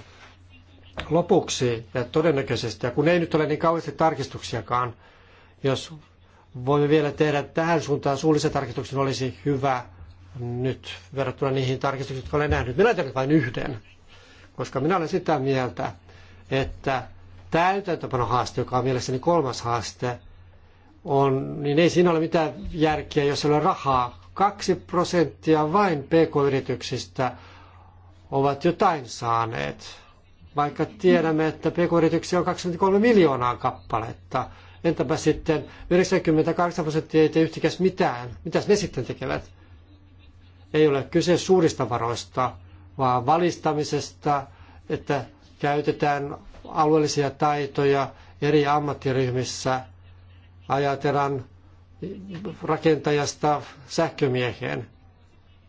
lopuksi ja todennäköisesti, ja kun ei nyt ole niin kauheasti tarkistuksiakaan, jos voimme vielä tehdä tähän suuntaan suullisen tarkistuksen, olisi hyvä nyt verrattuna niihin tarkistuksiin, jotka olen nähnyt. Minä teen vain yhden, koska minä olen sitä mieltä, että täytäntöpanohaaste, joka on mielestäni kolmas haaste, on, niin ei siinä ole mitään järkeä, jos ei ole rahaa. Kaksi prosenttia vain pk-yrityksistä ovat jotain saaneet, vaikka tiedämme, että pk-yrityksiä on 23 miljoonaa kappaletta. Entäpä sitten 98 prosenttia ei tee yhtikäs mitään. Mitäs ne sitten tekevät? Ei ole kyse suurista varoista, vaan valistamisesta, että käytetään alueellisia taitoja eri ammattiryhmissä. Ajatellaan rakentajasta sähkömieheen.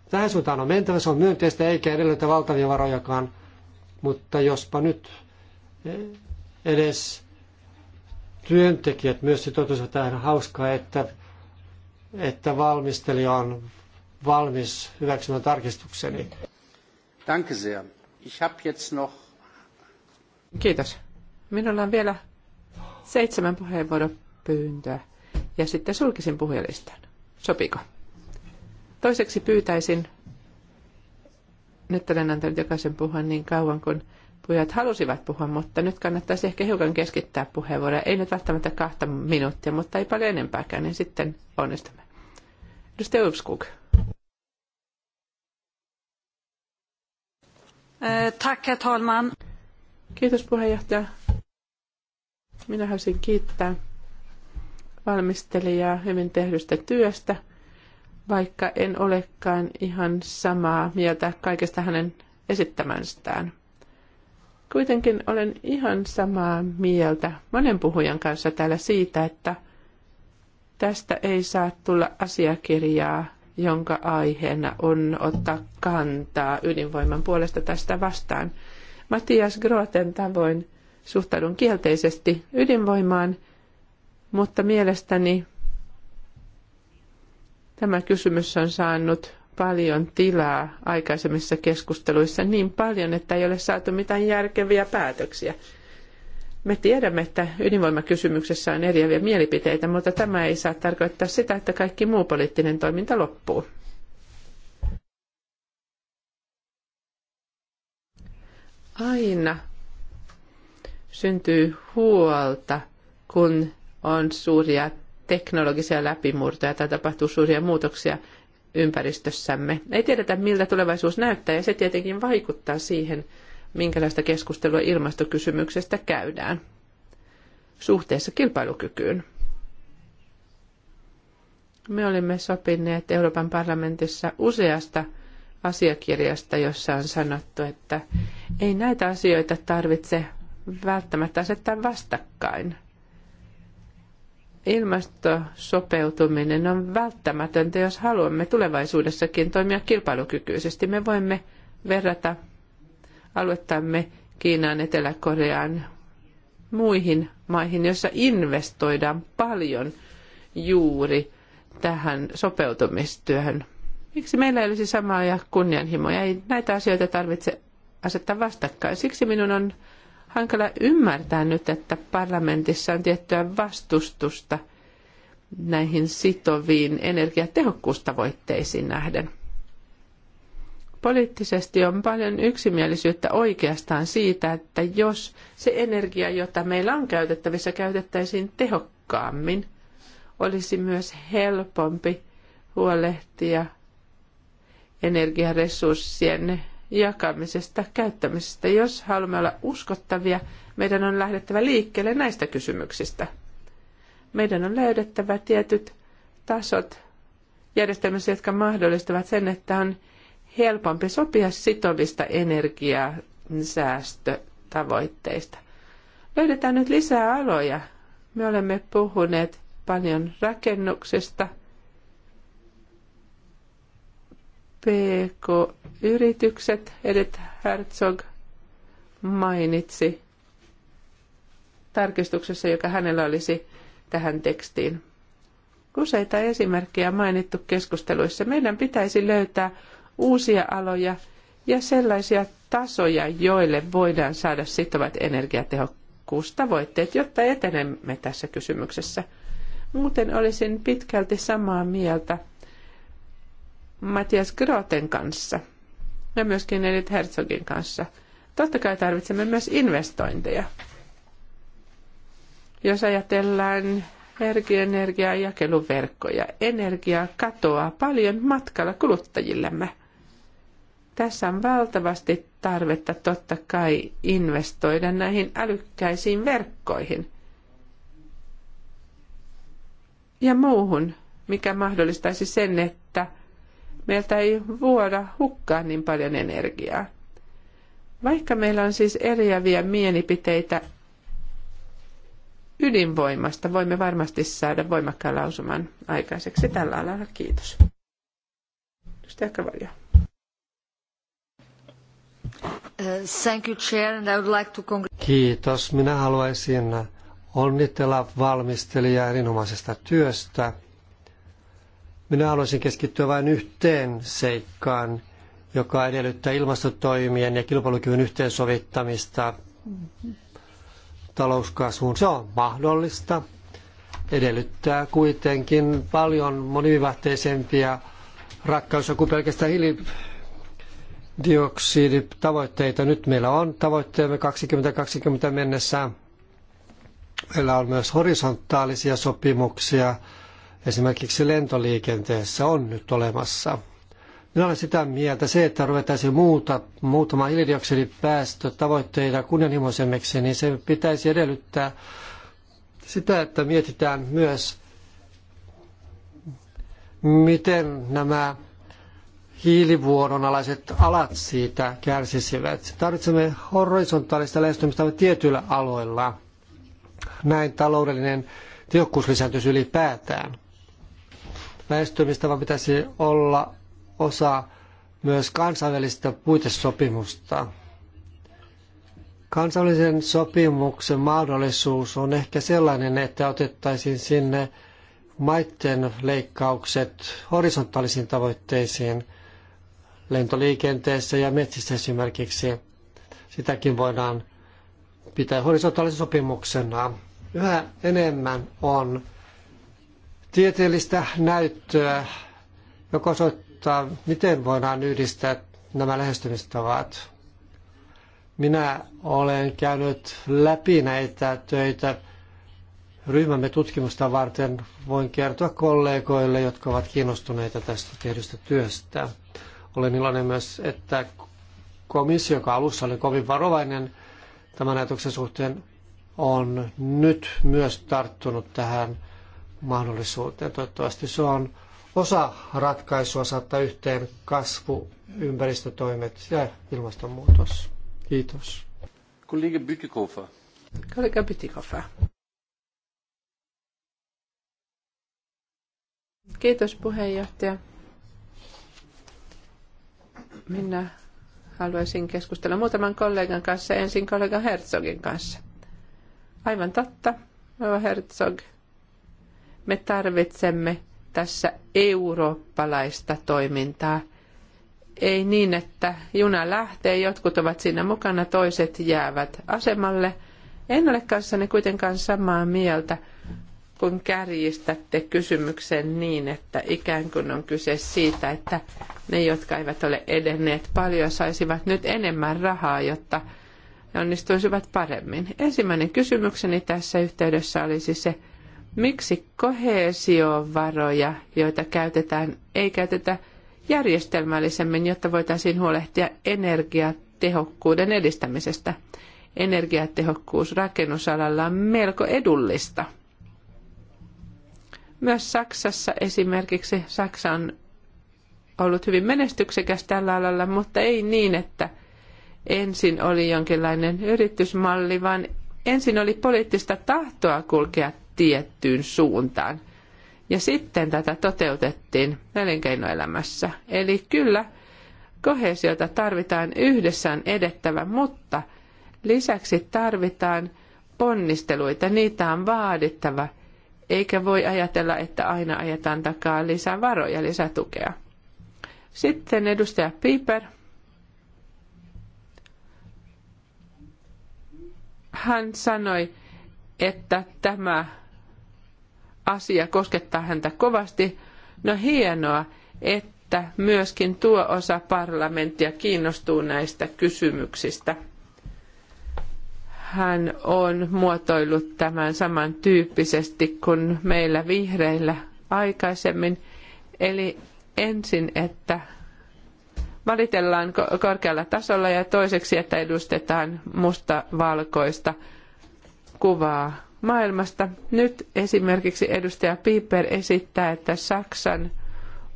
Tähän suuntaan on mentävä, se on myönteistä eikä edellytä valtavia varojakaan, mutta jospa nyt e, edes työntekijät myös sitoutuisivat tähän hauskaa, että, että valmistelija on valmis hyväksymään tarkistukseni. Danke sehr. Ich habe jetzt noch Kiitos. Minulla on vielä seitsemän puheenvuoropyyntöä ja sitten sulkisin puhujalistan. Sopiiko? Toiseksi pyytäisin, nyt olen antanut jokaisen puhua niin kauan kuin puhujat halusivat puhua, mutta nyt kannattaisi ehkä hiukan keskittää puheenvuoroja. Ei nyt välttämättä kahta minuuttia, mutta ei paljon enempääkään, niin sitten onnistumme. Edustaja Ulfskog. Eh, tack, herr talman. Kiitos puheenjohtaja. Minä haluaisin kiittää valmistelijaa hyvin tehdystä työstä, vaikka en olekaan ihan samaa mieltä kaikesta hänen esittämänstään. Kuitenkin olen ihan samaa mieltä monen puhujan kanssa täällä siitä, että tästä ei saa tulla asiakirjaa, jonka aiheena on ottaa kantaa ydinvoiman puolesta tästä vastaan. Matias Groten tavoin suhtaudun kielteisesti ydinvoimaan, mutta mielestäni tämä kysymys on saanut paljon tilaa aikaisemmissa keskusteluissa niin paljon, että ei ole saatu mitään järkeviä päätöksiä. Me tiedämme, että ydinvoimakysymyksessä on eriäviä mielipiteitä, mutta tämä ei saa tarkoittaa sitä, että kaikki muu poliittinen toiminta loppuu. aina syntyy huolta, kun on suuria teknologisia läpimurtoja tai tapahtuu suuria muutoksia ympäristössämme. Ei tiedetä, miltä tulevaisuus näyttää, ja se tietenkin vaikuttaa siihen, minkälaista keskustelua ilmastokysymyksestä käydään suhteessa kilpailukykyyn. Me olimme sopineet Euroopan parlamentissa useasta – asiakirjasta, jossa on sanottu, että ei näitä asioita tarvitse välttämättä asettaa vastakkain. Ilmastosopeutuminen on välttämätöntä, jos haluamme tulevaisuudessakin toimia kilpailukykyisesti. Me voimme verrata aluettamme Kiinaan, Etelä-Koreaan, muihin maihin, joissa investoidaan paljon juuri tähän sopeutumistyöhön – Miksi meillä ei olisi samaa ja kunnianhimoja? Ei näitä asioita tarvitse asettaa vastakkain. Siksi minun on hankala ymmärtää nyt, että parlamentissa on tiettyä vastustusta näihin sitoviin energiatehokkuustavoitteisiin nähden. Poliittisesti on paljon yksimielisyyttä oikeastaan siitä, että jos se energia, jota meillä on käytettävissä, käytettäisiin tehokkaammin, olisi myös helpompi huolehtia – energiaresurssien jakamisesta, käyttämisestä. Jos haluamme olla uskottavia, meidän on lähdettävä liikkeelle näistä kysymyksistä. Meidän on löydettävä tietyt tasot järjestelmissä, jotka mahdollistavat sen, että on helpompi sopia sitovista energiansäästötavoitteista. Löydetään nyt lisää aloja. Me olemme puhuneet paljon rakennuksesta – PK-yritykset, Edith Herzog mainitsi tarkistuksessa, joka hänellä olisi tähän tekstiin. Useita esimerkkejä mainittu keskusteluissa. Meidän pitäisi löytää uusia aloja ja sellaisia tasoja, joille voidaan saada sitovat energiatehokkuustavoitteet, jotta etenemme tässä kysymyksessä. Muuten olisin pitkälti samaa mieltä Matias Groten kanssa ja myöskin Edith Herzogin kanssa. Totta kai tarvitsemme myös investointeja. Jos ajatellaan energiaenergiaa ja jakeluverkkoja, energiaa katoaa paljon matkalla kuluttajillemme. Tässä on valtavasti tarvetta totta kai investoida näihin älykkäisiin verkkoihin ja muuhun, mikä mahdollistaisi sen, että meiltä ei vuoda hukkaan niin paljon energiaa. Vaikka meillä on siis eriäviä mielipiteitä ydinvoimasta, voimme varmasti saada voimakkaan lausuman aikaiseksi tällä alalla. Kiitos. Thank you, Chair, and I would like to Kiitos. Minä haluaisin onnitella valmistelijaa erinomaisesta työstä. Minä haluaisin keskittyä vain yhteen seikkaan, joka edellyttää ilmastotoimien ja kilpailukyvyn yhteensovittamista talouskasvuun. Se on mahdollista. Edellyttää kuitenkin paljon monivivahteisempia ratkaisuja kuin pelkästään hiilidioksiditavoitteita. Nyt meillä on tavoitteemme 2020 mennessä. Meillä on myös horisontaalisia sopimuksia – esimerkiksi lentoliikenteessä on nyt olemassa. Minä olen sitä mieltä, se, että ruvettaisiin muuta, muutamaan hiilidioksidipäästötavoitteita kunnianhimoisemmiksi, niin se pitäisi edellyttää sitä, että mietitään myös, miten nämä hiilivuodon alaiset alat siitä kärsisivät. Tarvitsemme horisontaalista lähestymistä tietyillä aloilla. Näin taloudellinen tehokkuus lisääntyisi ylipäätään lähestymistä, vaan pitäisi olla osa myös kansainvälistä puitesopimusta. Kansainvälisen sopimuksen mahdollisuus on ehkä sellainen, että otettaisiin sinne maiden leikkaukset horisontaalisiin tavoitteisiin lentoliikenteessä ja metsissä esimerkiksi. Sitäkin voidaan pitää horisontaalisen sopimuksena. Yhä enemmän on tieteellistä näyttöä, joka osoittaa, miten voidaan yhdistää nämä lähestymistavat. Minä olen käynyt läpi näitä töitä ryhmämme tutkimusta varten. Voin kertoa kollegoille, jotka ovat kiinnostuneita tästä tehdystä työstä. Olen iloinen myös, että komissio, joka alussa oli kovin varovainen tämän ajatuksen suhteen, on nyt myös tarttunut tähän mahdollisuuteen. Toivottavasti se on osa ratkaisua saattaa yhteen kasvu, ympäristötoimet ja ilmastonmuutos. Kiitos. Kollega Bytikofer. Kollega Bytikofer. Kiitos puheenjohtaja. Minä haluaisin keskustella muutaman kollegan kanssa, ensin kollega Herzogin kanssa. Aivan totta, Herzog me tarvitsemme tässä eurooppalaista toimintaa. Ei niin, että juna lähtee, jotkut ovat siinä mukana, toiset jäävät asemalle. En ole kanssanne kuitenkaan samaa mieltä, kun kärjistätte kysymyksen niin, että ikään kuin on kyse siitä, että ne, jotka eivät ole edenneet paljon, saisivat nyt enemmän rahaa, jotta ne onnistuisivat paremmin. Ensimmäinen kysymykseni tässä yhteydessä olisi se, Miksi kohesiovaroja, joita käytetään, ei käytetä järjestelmällisemmin, jotta voitaisiin huolehtia energiatehokkuuden edistämisestä? Energiatehokkuus rakennusalalla on melko edullista. Myös Saksassa esimerkiksi Saksa on ollut hyvin menestyksekäs tällä alalla, mutta ei niin, että ensin oli jonkinlainen yritysmalli, vaan ensin oli poliittista tahtoa kulkea tiettyyn suuntaan. Ja sitten tätä toteutettiin elinkeinoelämässä. Eli kyllä, kohesiota tarvitaan yhdessä on edettävä, mutta lisäksi tarvitaan ponnisteluita, niitä on vaadittava, eikä voi ajatella, että aina ajetaan takaa lisää varoja, lisätukea. Sitten edustaja Piper. Hän sanoi, että tämä asia koskettaa häntä kovasti. No hienoa, että myöskin tuo osa parlamenttia kiinnostuu näistä kysymyksistä. Hän on muotoillut tämän samantyyppisesti kuin meillä vihreillä aikaisemmin. Eli ensin, että valitellaan korkealla tasolla ja toiseksi, että edustetaan mustavalkoista kuvaa maailmasta. Nyt esimerkiksi edustaja Piper esittää, että Saksan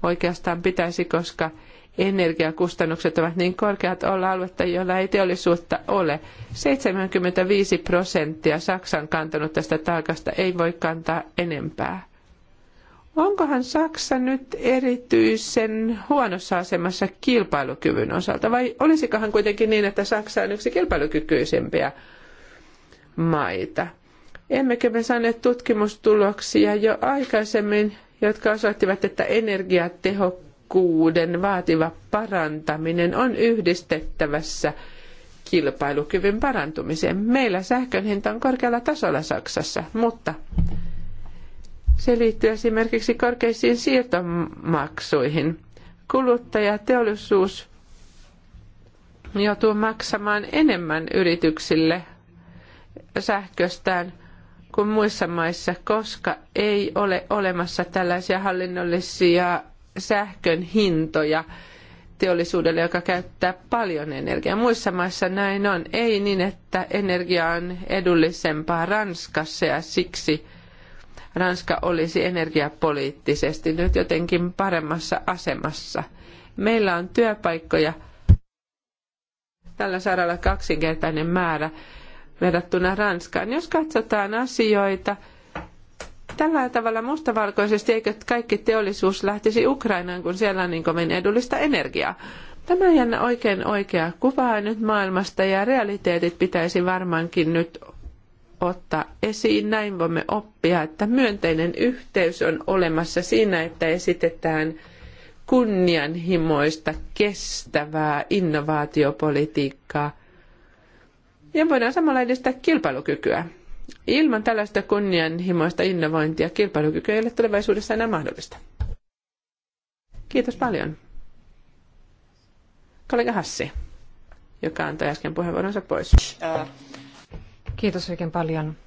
oikeastaan pitäisi, koska energiakustannukset ovat niin korkeat olla aluetta, jolla ei teollisuutta ole. 75 prosenttia Saksan kantanut tästä taakasta ei voi kantaa enempää. Onkohan Saksa nyt erityisen huonossa asemassa kilpailukyvyn osalta vai olisikohan kuitenkin niin, että Saksa on yksi kilpailukykyisimpiä maita? Emmekä me saaneet tutkimustuloksia jo aikaisemmin, jotka osoittivat, että energiatehokkuuden vaativa parantaminen on yhdistettävässä kilpailukyvyn parantumiseen. Meillä sähkön hinta on korkealla tasolla Saksassa, mutta se liittyy esimerkiksi korkeisiin siirtomaksuihin. Kuluttaja teollisuus joutuu maksamaan enemmän yrityksille sähköstään kuin muissa maissa, koska ei ole olemassa tällaisia hallinnollisia sähkön hintoja teollisuudelle, joka käyttää paljon energiaa. Muissa maissa näin on. Ei niin, että energia on edullisempaa Ranskassa ja siksi Ranska olisi energiapoliittisesti nyt jotenkin paremmassa asemassa. Meillä on työpaikkoja tällä saralla kaksinkertainen määrä verrattuna Ranskaan. Jos katsotaan asioita tällä tavalla mustavalkoisesti, eikö kaikki teollisuus lähtisi Ukrainaan, kun siellä on niin kovin edullista energiaa. Tämä ei anna oikein oikea kuvaa nyt maailmasta ja realiteetit pitäisi varmaankin nyt ottaa esiin. Näin voimme oppia, että myönteinen yhteys on olemassa siinä, että esitetään kunnianhimoista, kestävää innovaatiopolitiikkaa – ja voidaan samalla edistää kilpailukykyä. Ilman tällaista kunnianhimoista innovointia kilpailukyky ei ole tulevaisuudessa enää mahdollista. Kiitos paljon. Kollega Hassi, joka antoi äsken puheenvuoronsa pois. Kiitos oikein paljon.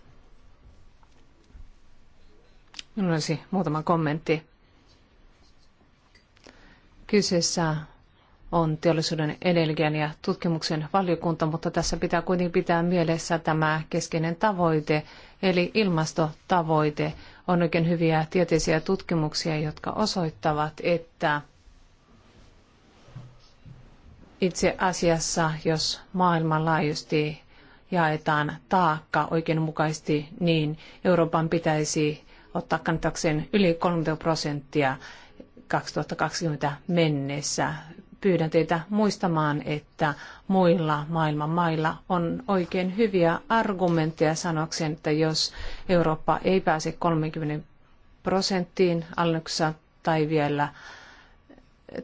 Minulla olisi muutama kommentti. Kyseessä on teollisuuden energian ja tutkimuksen valiokunta, mutta tässä pitää kuitenkin pitää mielessä tämä keskeinen tavoite, eli ilmastotavoite. On oikein hyviä tieteellisiä tutkimuksia, jotka osoittavat, että itse asiassa, jos maailmanlaajuisesti jaetaan taakka oikeudenmukaisesti, niin Euroopan pitäisi ottaa kantakseen yli 30 prosenttia 2020 mennessä pyydän teitä muistamaan, että muilla maailman mailla on oikein hyviä argumentteja sanoksen, että jos Eurooppa ei pääse 30 prosenttiin alennuksessa tai vielä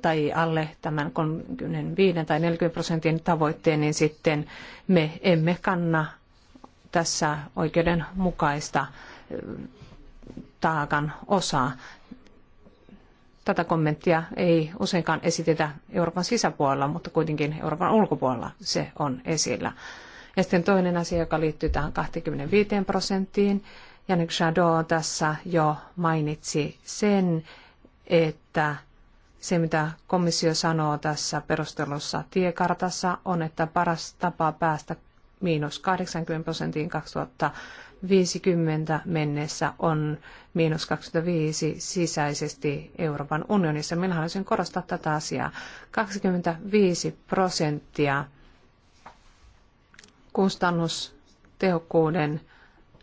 tai alle tämän 35 tai 40 prosentin tavoitteen, niin sitten me emme kanna tässä oikeudenmukaista äh, taakan osaa. Tätä kommenttia ei useinkaan esitetä Euroopan sisäpuolella, mutta kuitenkin Euroopan ulkopuolella se on esillä. Ja sitten toinen asia, joka liittyy tähän 25 prosenttiin. Janik Shadow tässä jo mainitsi sen, että se, mitä komissio sanoo tässä perustelussa tiekartassa, on, että paras tapa päästä miinus 80 prosenttiin 50 mennessä on miinus 25 sisäisesti Euroopan unionissa. Minä haluaisin korostaa tätä asiaa. 25 prosenttia kustannustehokkuuden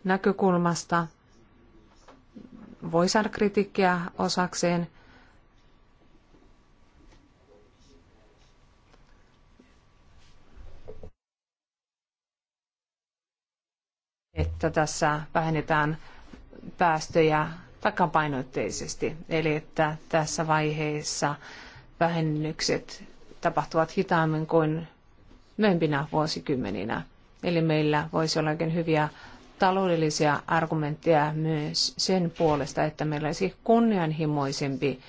näkökulmasta voi saada kritiikkiä osakseen – että tässä vähennetään päästöjä takapainotteisesti, eli että tässä vaiheessa vähennykset tapahtuvat hitaammin kuin myöhempinä vuosikymmeninä. Eli meillä voisi olla hyviä taloudellisia argumentteja myös sen puolesta, että meillä olisi kunnianhimoisempi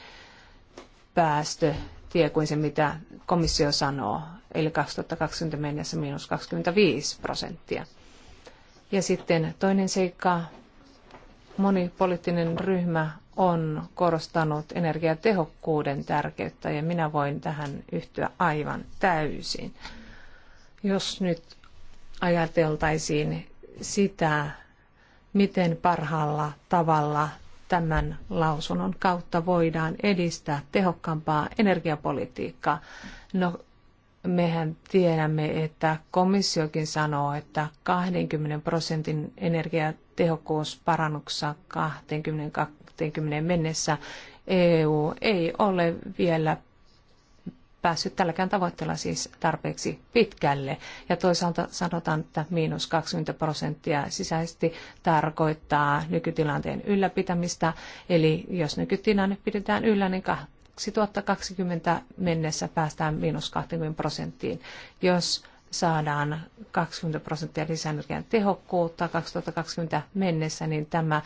päästötie kuin se, mitä komissio sanoo, eli 2020 mennessä miinus 25 prosenttia. Ja sitten toinen seikka, moni poliittinen ryhmä on korostanut energiatehokkuuden tärkeyttä ja minä voin tähän yhtyä aivan täysin. Jos nyt ajateltaisiin sitä, miten parhaalla tavalla tämän lausunnon kautta voidaan edistää tehokkaampaa energiapolitiikkaa. No, mehän tiedämme, että komissiokin sanoo, että 20 prosentin energiatehokkuusparannuksessa 2020 mennessä EU ei ole vielä päässyt tälläkään tavoitteella siis tarpeeksi pitkälle. Ja toisaalta sanotaan, että miinus 20 prosenttia sisäisesti tarkoittaa nykytilanteen ylläpitämistä. Eli jos nykytilanne pidetään yllä, niin 2020 mennessä päästään miinus 20 prosenttiin, jos saadaan 20 prosenttia lisäenergian tehokkuutta 2020 mennessä, niin tämä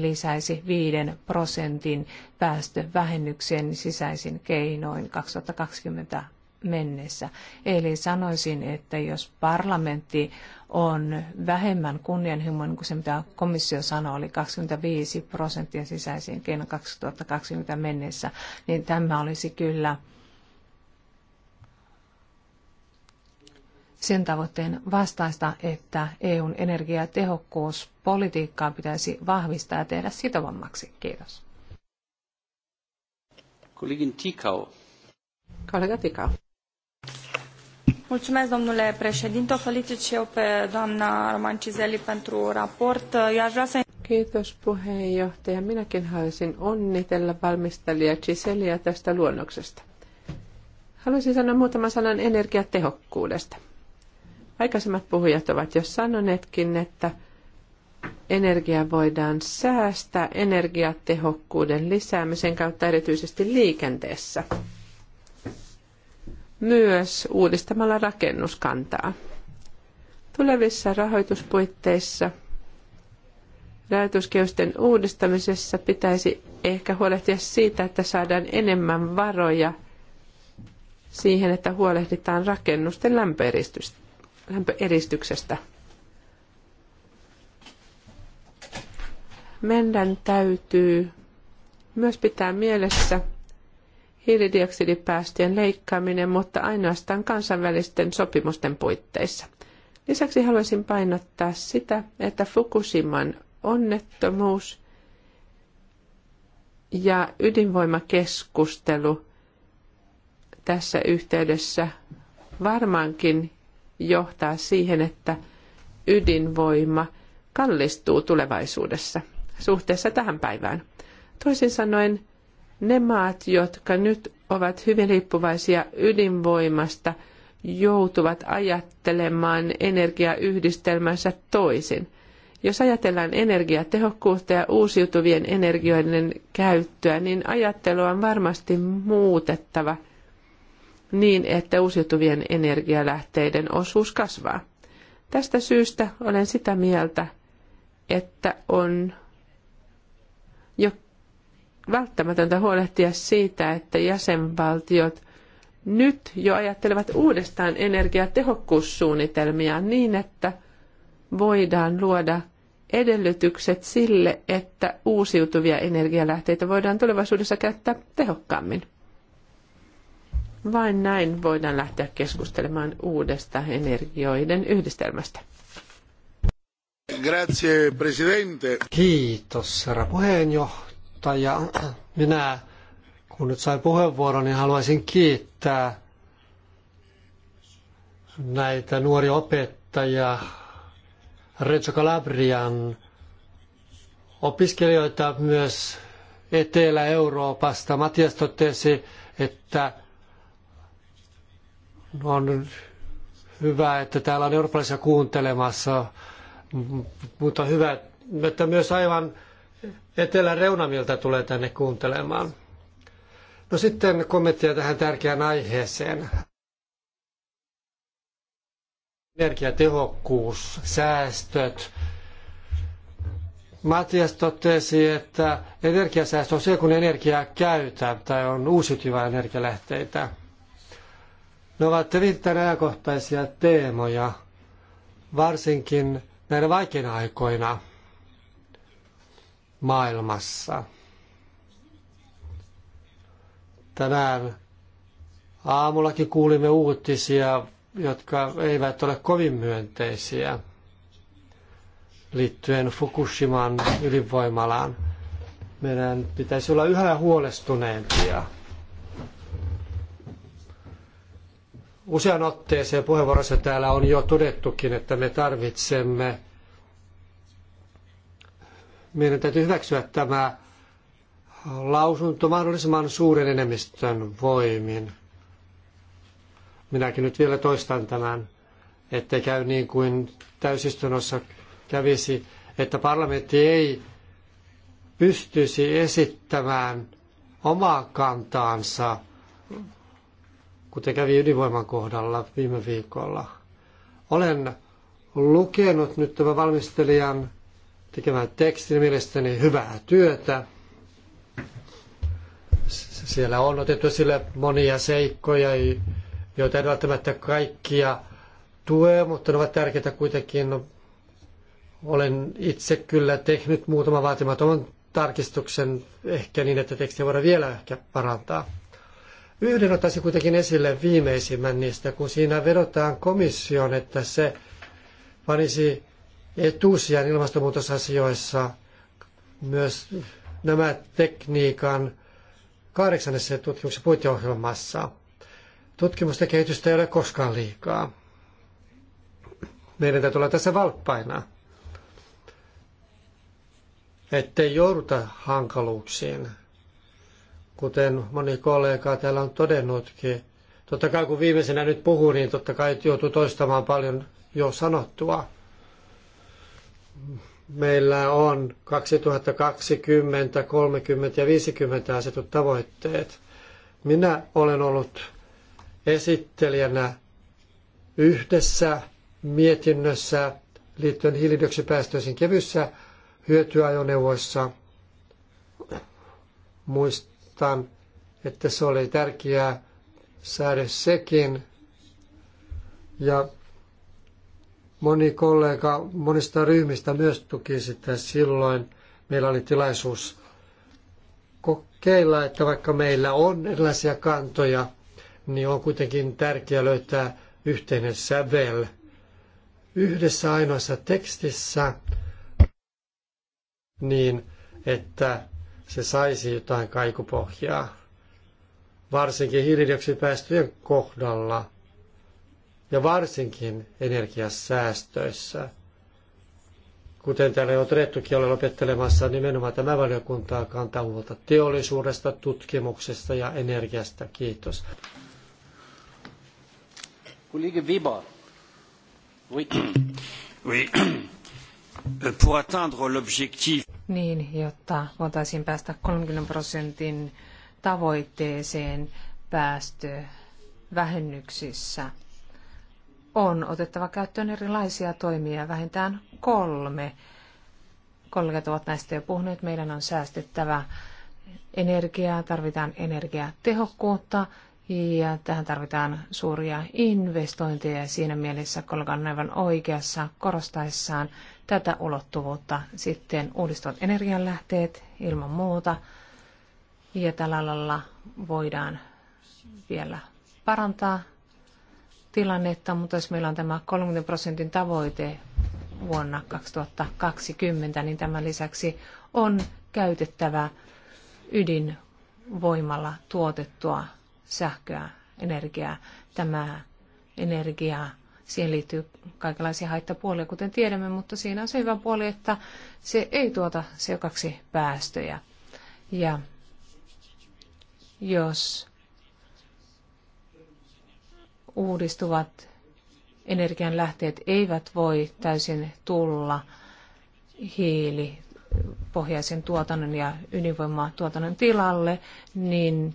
lisäisi 5 prosentin päästövähennyksen sisäisin keinoin 2020 mennessä. Eli sanoisin, että jos parlamentti on vähemmän kunnianhimoinen kuin se, mitä komissio sanoi, oli 25 prosenttia sisäisiin keino 2020 mennessä, niin tämä olisi kyllä sen tavoitteen vastaista, että EUn energiatehokkuuspolitiikkaa pitäisi vahvistaa ja tehdä sitovammaksi. Kiitos. Kollegin Tikau. Kollega Tikau. Mulțumesc, domnule președinte. O felicit și eu pe doamna pentru raport. Eu aș vrea să... Kiitos puheenjohtaja. Minäkin haluaisin onnitella valmistelija Giseliä tästä luonnoksesta. Haluaisin sanoa muutaman sanan energiatehokkuudesta. Aikaisemmat puhujat ovat jo sanoneetkin, että energia voidaan säästää energiatehokkuuden lisäämisen kautta erityisesti liikenteessä myös uudistamalla rakennuskantaa. Tulevissa rahoituspuitteissa rahoituskeusten uudistamisessa pitäisi ehkä huolehtia siitä, että saadaan enemmän varoja siihen, että huolehditaan rakennusten lämpöeristyksestä. Meidän täytyy myös pitää mielessä – hiilidioksidipäästöjen leikkaaminen, mutta ainoastaan kansainvälisten sopimusten puitteissa. Lisäksi haluaisin painottaa sitä, että Fukushiman onnettomuus ja ydinvoimakeskustelu tässä yhteydessä varmaankin johtaa siihen, että ydinvoima kallistuu tulevaisuudessa suhteessa tähän päivään. Toisin sanoen ne maat, jotka nyt ovat hyvin riippuvaisia ydinvoimasta, joutuvat ajattelemaan energiayhdistelmänsä toisin. Jos ajatellaan energiatehokkuutta ja uusiutuvien energioiden käyttöä, niin ajattelua on varmasti muutettava niin, että uusiutuvien energialähteiden osuus kasvaa. Tästä syystä olen sitä mieltä, että on jo välttämätöntä huolehtia siitä, että jäsenvaltiot nyt jo ajattelevat uudestaan energiatehokkuussuunnitelmia niin, että voidaan luoda edellytykset sille, että uusiutuvia energialähteitä voidaan tulevaisuudessa käyttää tehokkaammin. Vain näin voidaan lähteä keskustelemaan uudesta energioiden yhdistelmästä. Grazie, presidente. Kiitos, herra puheenjohtaja ja Minä, kun nyt sain puheenvuoron, niin haluaisin kiittää näitä nuoria opettajia, Reggio Calabrian opiskelijoita myös Etelä-Euroopasta. Matias totesi, että on hyvä, että täällä on eurooppalaisia kuuntelemassa, mutta hyvä, että myös aivan etelän reunamilta tulee tänne kuuntelemaan. No sitten kommenttia tähän tärkeään aiheeseen. Energiatehokkuus, säästöt. Matias totesi, että energiasäästö on se, kun energiaa käytetään tai on uusiutuvia energialähteitä. Ne ovat erittäin ajankohtaisia teemoja, varsinkin näinä vaikeina aikoina – maailmassa. Tänään aamullakin kuulimme uutisia, jotka eivät ole kovin myönteisiä liittyen Fukushiman ydinvoimalaan. Meidän pitäisi olla yhä huolestuneempia. Usean otteeseen puheenvuorossa täällä on jo todettukin, että me tarvitsemme meidän täytyy hyväksyä tämä lausunto mahdollisimman suuren enemmistön voimin. Minäkin nyt vielä toistan tämän, ettei käy niin kuin täysistunnossa kävisi, että parlamentti ei pystyisi esittämään omaa kantaansa, kuten kävi ydinvoiman kohdalla viime viikolla. Olen lukenut nyt tämän valmistelijan tekemään tekstin mielestäni hyvää työtä. Siellä on otettu sille monia seikkoja, joita ei välttämättä kaikkia tue, mutta ne ovat tärkeitä kuitenkin. Olen itse kyllä tehnyt muutama vaatimaton tarkistuksen ehkä niin, että tekstiä voidaan vielä ehkä parantaa. Yhden ottaisin kuitenkin esille viimeisimmän niistä, kun siinä vedotaan komission, että se panisi etusijan ilmastonmuutosasioissa myös nämä tekniikan kahdeksannessa tutkimuksen puiteohjelmassa. Tutkimusta ja kehitystä ei ole koskaan liikaa. Meidän täytyy olla tässä valppaina, ettei jouduta hankaluuksiin. Kuten moni kollega täällä on todennutkin, totta kai kun viimeisenä nyt puhuu, niin totta kai joutuu toistamaan paljon jo sanottua meillä on 2020, 30 ja 50 asetut tavoitteet. Minä olen ollut esittelijänä yhdessä mietinnössä liittyen hiilidioksipäästöisiin kevyssä hyötyajoneuvoissa. Muistan, että se oli tärkeää säädös sekin. Ja Moni kollega monista ryhmistä myös tuki sitä silloin. Meillä oli tilaisuus kokeilla, että vaikka meillä on erilaisia kantoja, niin on kuitenkin tärkeää löytää yhteinen sävel. Yhdessä ainoassa tekstissä niin, että se saisi jotain kaikupohjaa, varsinkin hiilidioksidipäästöjen kohdalla ja varsinkin energiasäästöissä. Kuten täällä jo todettukin, olen lopettelemassa nimenomaan tämä valiokuntaa kantaa huolta teollisuudesta, tutkimuksesta ja energiasta. Kiitos. Kollega Weber. Oui. oui. Euh, pour atteindre l'objectif. Niin, jotta voitaisiin päästä 30 prosentin tavoitteeseen päästövähennyksissä on otettava käyttöön erilaisia toimia, vähintään kolme. Kollegat ovat näistä jo puhuneet, meidän on säästettävä energiaa, tarvitaan energiatehokkuutta ja tähän tarvitaan suuria investointeja ja siinä mielessä kollega on aivan oikeassa korostaessaan tätä ulottuvuutta. Sitten uudistuvat energianlähteet ilman muuta ja tällä alalla voidaan vielä parantaa tilannetta, mutta jos meillä on tämä 30 prosentin tavoite vuonna 2020, niin tämän lisäksi on käytettävä ydinvoimalla tuotettua sähköä, energiaa. Tämä energia, siihen liittyy kaikenlaisia haittapuolia, kuten tiedämme, mutta siinä on se hyvä puoli, että se ei tuota CO2-päästöjä. Ja jos uudistuvat energianlähteet eivät voi täysin tulla hiilipohjaisen tuotannon ja ydinvoimatuotannon tilalle, niin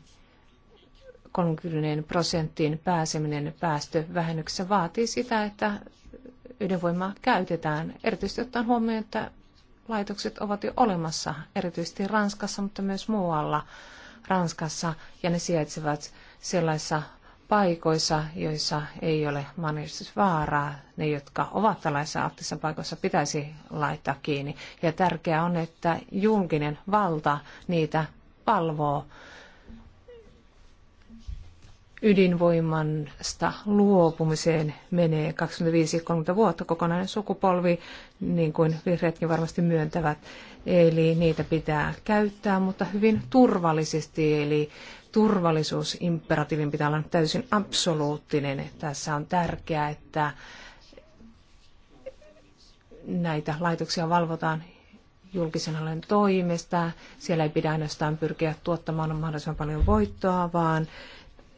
30 prosenttiin pääseminen päästövähennyksessä vaatii sitä, että ydinvoimaa käytetään, erityisesti ottaen huomioon, että laitokset ovat jo olemassa, erityisesti Ranskassa, mutta myös muualla Ranskassa, ja ne sijaitsevat sellaisissa paikoissa, joissa ei ole maanjäristysvaaraa, ne, jotka ovat tällaisissa alttiissa paikoissa, pitäisi laittaa kiinni. Ja tärkeää on, että julkinen valta niitä valvoo ydinvoimasta luopumiseen menee 25-30 vuotta kokonainen sukupolvi, niin kuin vihreätkin varmasti myöntävät. Eli niitä pitää käyttää, mutta hyvin turvallisesti, eli turvallisuusimperatiivin pitää olla täysin absoluuttinen. Tässä on tärkeää, että näitä laitoksia valvotaan julkisen hallinnon toimesta. Siellä ei pidä ainoastaan pyrkiä tuottamaan mahdollisimman paljon voittoa, vaan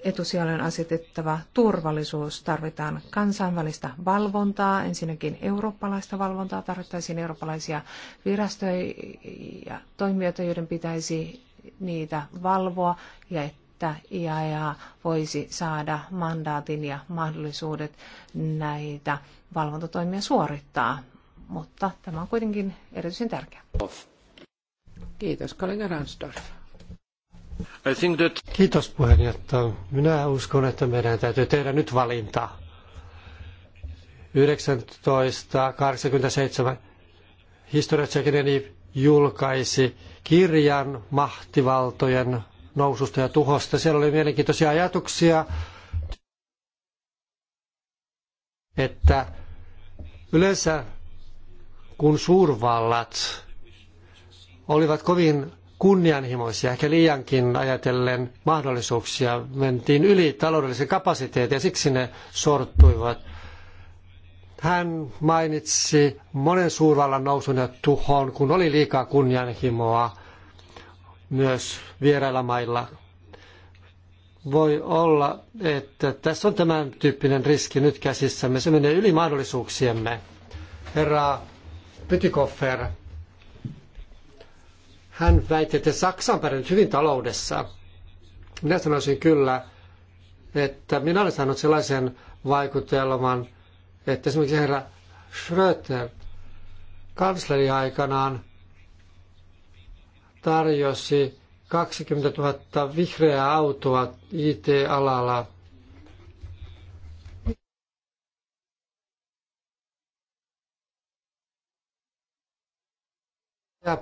etusijalle on asetettava turvallisuus. Tarvitaan kansainvälistä valvontaa, ensinnäkin eurooppalaista valvontaa. Tarvittaisiin eurooppalaisia virastoja ja toimijoita, joiden pitäisi niitä valvoa ja että IAEA e voisi saada mandaatin ja mahdollisuudet näitä valvontatoimia suorittaa. Mutta tämä on kuitenkin erityisen tärkeä. Kiitos, kollega Ransdorf. I think that... Kiitos puheenjohtaja. Minä uskon, että meidän täytyy tehdä nyt valinta. 1987 historiassa tsekineni julkaisi kirjan mahtivaltojen noususta ja tuhosta. Siellä oli mielenkiintoisia ajatuksia, että yleensä kun suurvallat olivat kovin kunnianhimoisia, ehkä liiankin ajatellen mahdollisuuksia, mentiin yli taloudellisen kapasiteetin ja siksi ne sortuivat. Hän mainitsi monen suurvallan nousun ja tuhon, kun oli liikaa kunnianhimoa myös vierailla mailla. Voi olla, että tässä on tämän tyyppinen riski nyt käsissämme. Se menee yli mahdollisuuksiemme. Herra Pytikoffer, hän väitti, että Saksa on pärjännyt hyvin taloudessa. Minä sanoisin kyllä, että minä olen saanut sellaisen vaikutelman, että esimerkiksi herra Schröter kansleri aikanaan tarjosi 20 000 vihreää autoa IT-alalla. Ja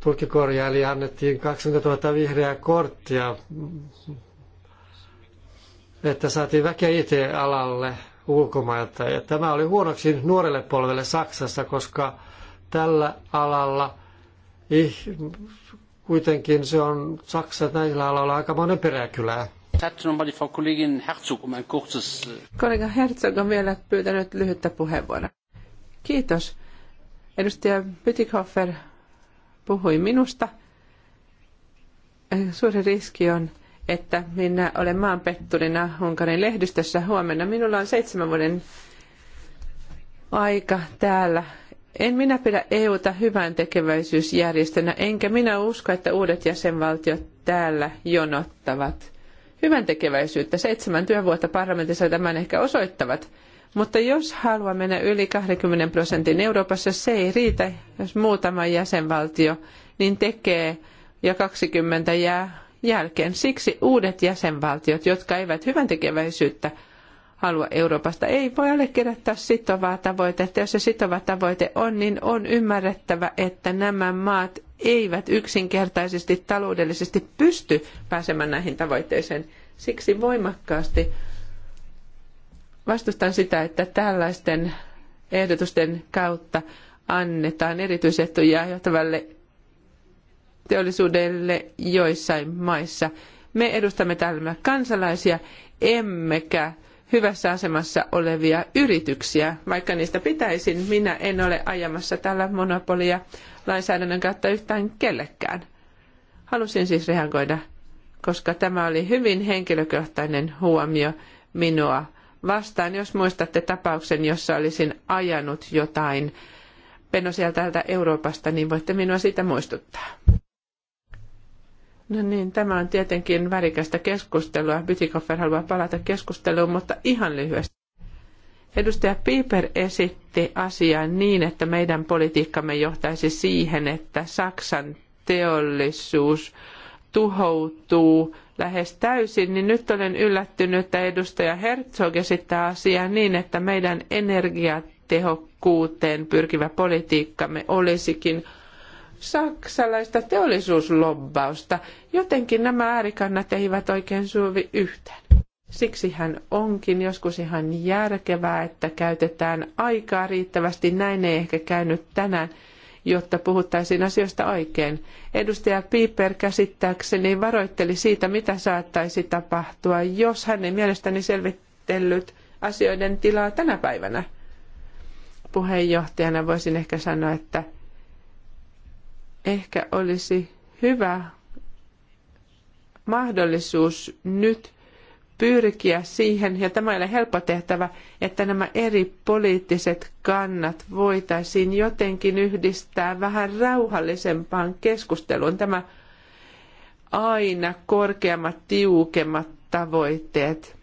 tulkikorjaili annettiin 20 000 vihreää korttia, että saatiin väkeä IT-alalle ulkomailta. Ja tämä oli huonoksi nuorelle polvelle Saksassa, koska tällä alalla kuitenkin se on Saksa näillä aloilla aika monen peräkylää. Kollega Herzog on vielä pyytänyt lyhyttä puheenvuoroa. Kiitos. Edustaja Pytikhofer puhui minusta. Suuri riski on että minä olen maanpetturina Unkarin lehdistössä huomenna. Minulla on seitsemän vuoden aika täällä. En minä pidä EUta hyvän tekeväisyysjärjestönä, enkä minä usko, että uudet jäsenvaltiot täällä jonottavat hyvän tekeväisyyttä. Seitsemän työvuotta parlamentissa tämän ehkä osoittavat. Mutta jos haluaa mennä yli 20 prosentin Euroopassa, se ei riitä, jos muutama jäsenvaltio niin tekee ja 20 jää jälkeen. Siksi uudet jäsenvaltiot, jotka eivät hyvän tekeväisyyttä halua Euroopasta, ei voi allekirjoittaa sitovaa tavoitetta. Jos se sitova tavoite on, niin on ymmärrettävä, että nämä maat eivät yksinkertaisesti taloudellisesti pysty pääsemään näihin tavoitteisiin. Siksi voimakkaasti vastustan sitä, että tällaisten ehdotusten kautta annetaan erityisetuja johtavalle teollisuudelle joissain maissa. Me edustamme täällä kansalaisia, emmekä hyvässä asemassa olevia yrityksiä, vaikka niistä pitäisin. Minä en ole ajamassa tällä monopolia lainsäädännön kautta yhtään kellekään. Halusin siis reagoida, koska tämä oli hyvin henkilökohtainen huomio minua vastaan. Jos muistatte tapauksen, jossa olisin ajanut jotain penosia täältä Euroopasta, niin voitte minua siitä muistuttaa. No niin, tämä on tietenkin värikästä keskustelua. Bytikoffer haluaa palata keskusteluun, mutta ihan lyhyesti. Edustaja Piper esitti asiaa niin, että meidän politiikkamme johtaisi siihen, että Saksan teollisuus tuhoutuu lähes täysin, niin nyt olen yllättynyt, että edustaja Herzog esittää asiaa niin, että meidän energiatehokkuuteen pyrkivä politiikkamme olisikin saksalaista teollisuuslobbausta. Jotenkin nämä äärikannat eivät oikein suovi yhteen. Siksi hän onkin joskus ihan järkevää, että käytetään aikaa riittävästi. Näin ei ehkä käynyt tänään, jotta puhuttaisiin asioista oikein. Edustaja Piper käsittääkseni varoitteli siitä, mitä saattaisi tapahtua, jos hän ei mielestäni selvitellyt asioiden tilaa tänä päivänä. Puheenjohtajana voisin ehkä sanoa, että ehkä olisi hyvä mahdollisuus nyt pyrkiä siihen, ja tämä ei ole helppo tehtävä, että nämä eri poliittiset kannat voitaisiin jotenkin yhdistää vähän rauhallisempaan keskusteluun. Tämä aina korkeammat, tiukemmat tavoitteet.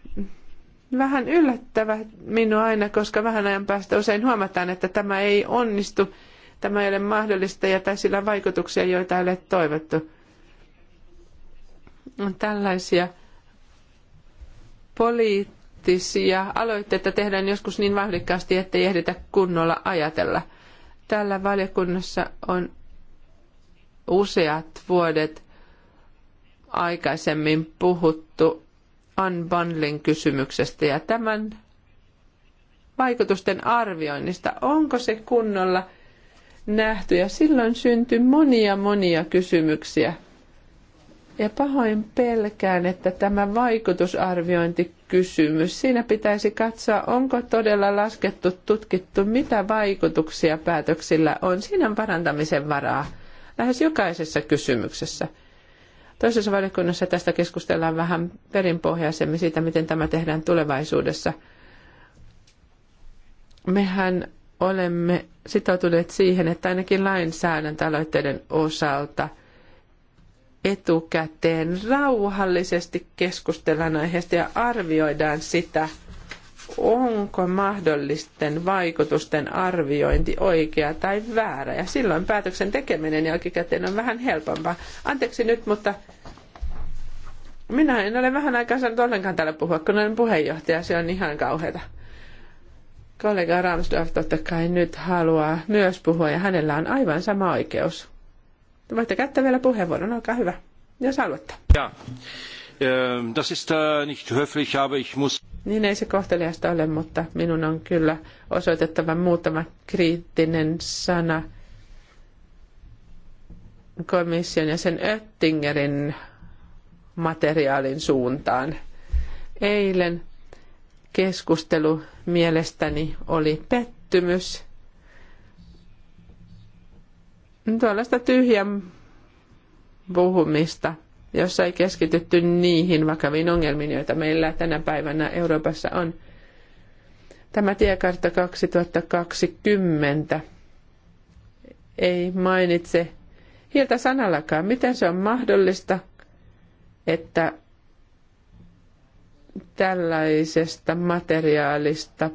Vähän yllättävä minua aina, koska vähän ajan päästä usein huomataan, että tämä ei onnistu tämä ei ole mahdollista ja tai sillä on vaikutuksia, joita ei ole toivottu. On tällaisia poliittisia aloitteita tehdään joskus niin vahvikkaasti, ettei ehditä kunnolla ajatella. Tällä valiokunnassa on useat vuodet aikaisemmin puhuttu unbundling kysymyksestä ja tämän vaikutusten arvioinnista. Onko se kunnolla nähty ja silloin syntyi monia monia kysymyksiä. Ja pahoin pelkään, että tämä vaikutusarviointikysymys, siinä pitäisi katsoa, onko todella laskettu, tutkittu, mitä vaikutuksia päätöksillä on. Siinä on parantamisen varaa lähes jokaisessa kysymyksessä. Toisessa valiokunnassa tästä keskustellaan vähän perinpohjaisemmin siitä, miten tämä tehdään tulevaisuudessa. Mehän olemme sitoutuneet siihen, että ainakin lainsäädäntöaloitteiden osalta etukäteen rauhallisesti keskustellaan aiheesta ja arvioidaan sitä, onko mahdollisten vaikutusten arviointi oikea tai väärä. Ja silloin päätöksen tekeminen jälkikäteen on vähän helpompaa. Anteeksi nyt, mutta minä en ole vähän aikaa saanut ollenkaan täällä puhua, kun olen puheenjohtaja. Se on ihan kauheata. Kollega Ramsdorff totta kai nyt haluaa myös puhua ja hänellä on aivan sama oikeus. Te voitte käyttää vielä puheenvuoron, olkaa hyvä, jos haluatte. Ja. Ähm, das ist äh, nicht höflich, aber ich muss... Niin ei se kohteliasta ole, mutta minun on kyllä osoitettava muutama kriittinen sana komission ja sen Öttingerin materiaalin suuntaan. Eilen keskustelu mielestäni oli pettymys. Tuollaista tyhjän puhumista, jossa ei keskitytty niihin vakaviin ongelmiin, joita meillä tänä päivänä Euroopassa on. Tämä tiekartta 2020 ei mainitse hieltä sanallakaan, miten se on mahdollista, että tällaisesta materiaalista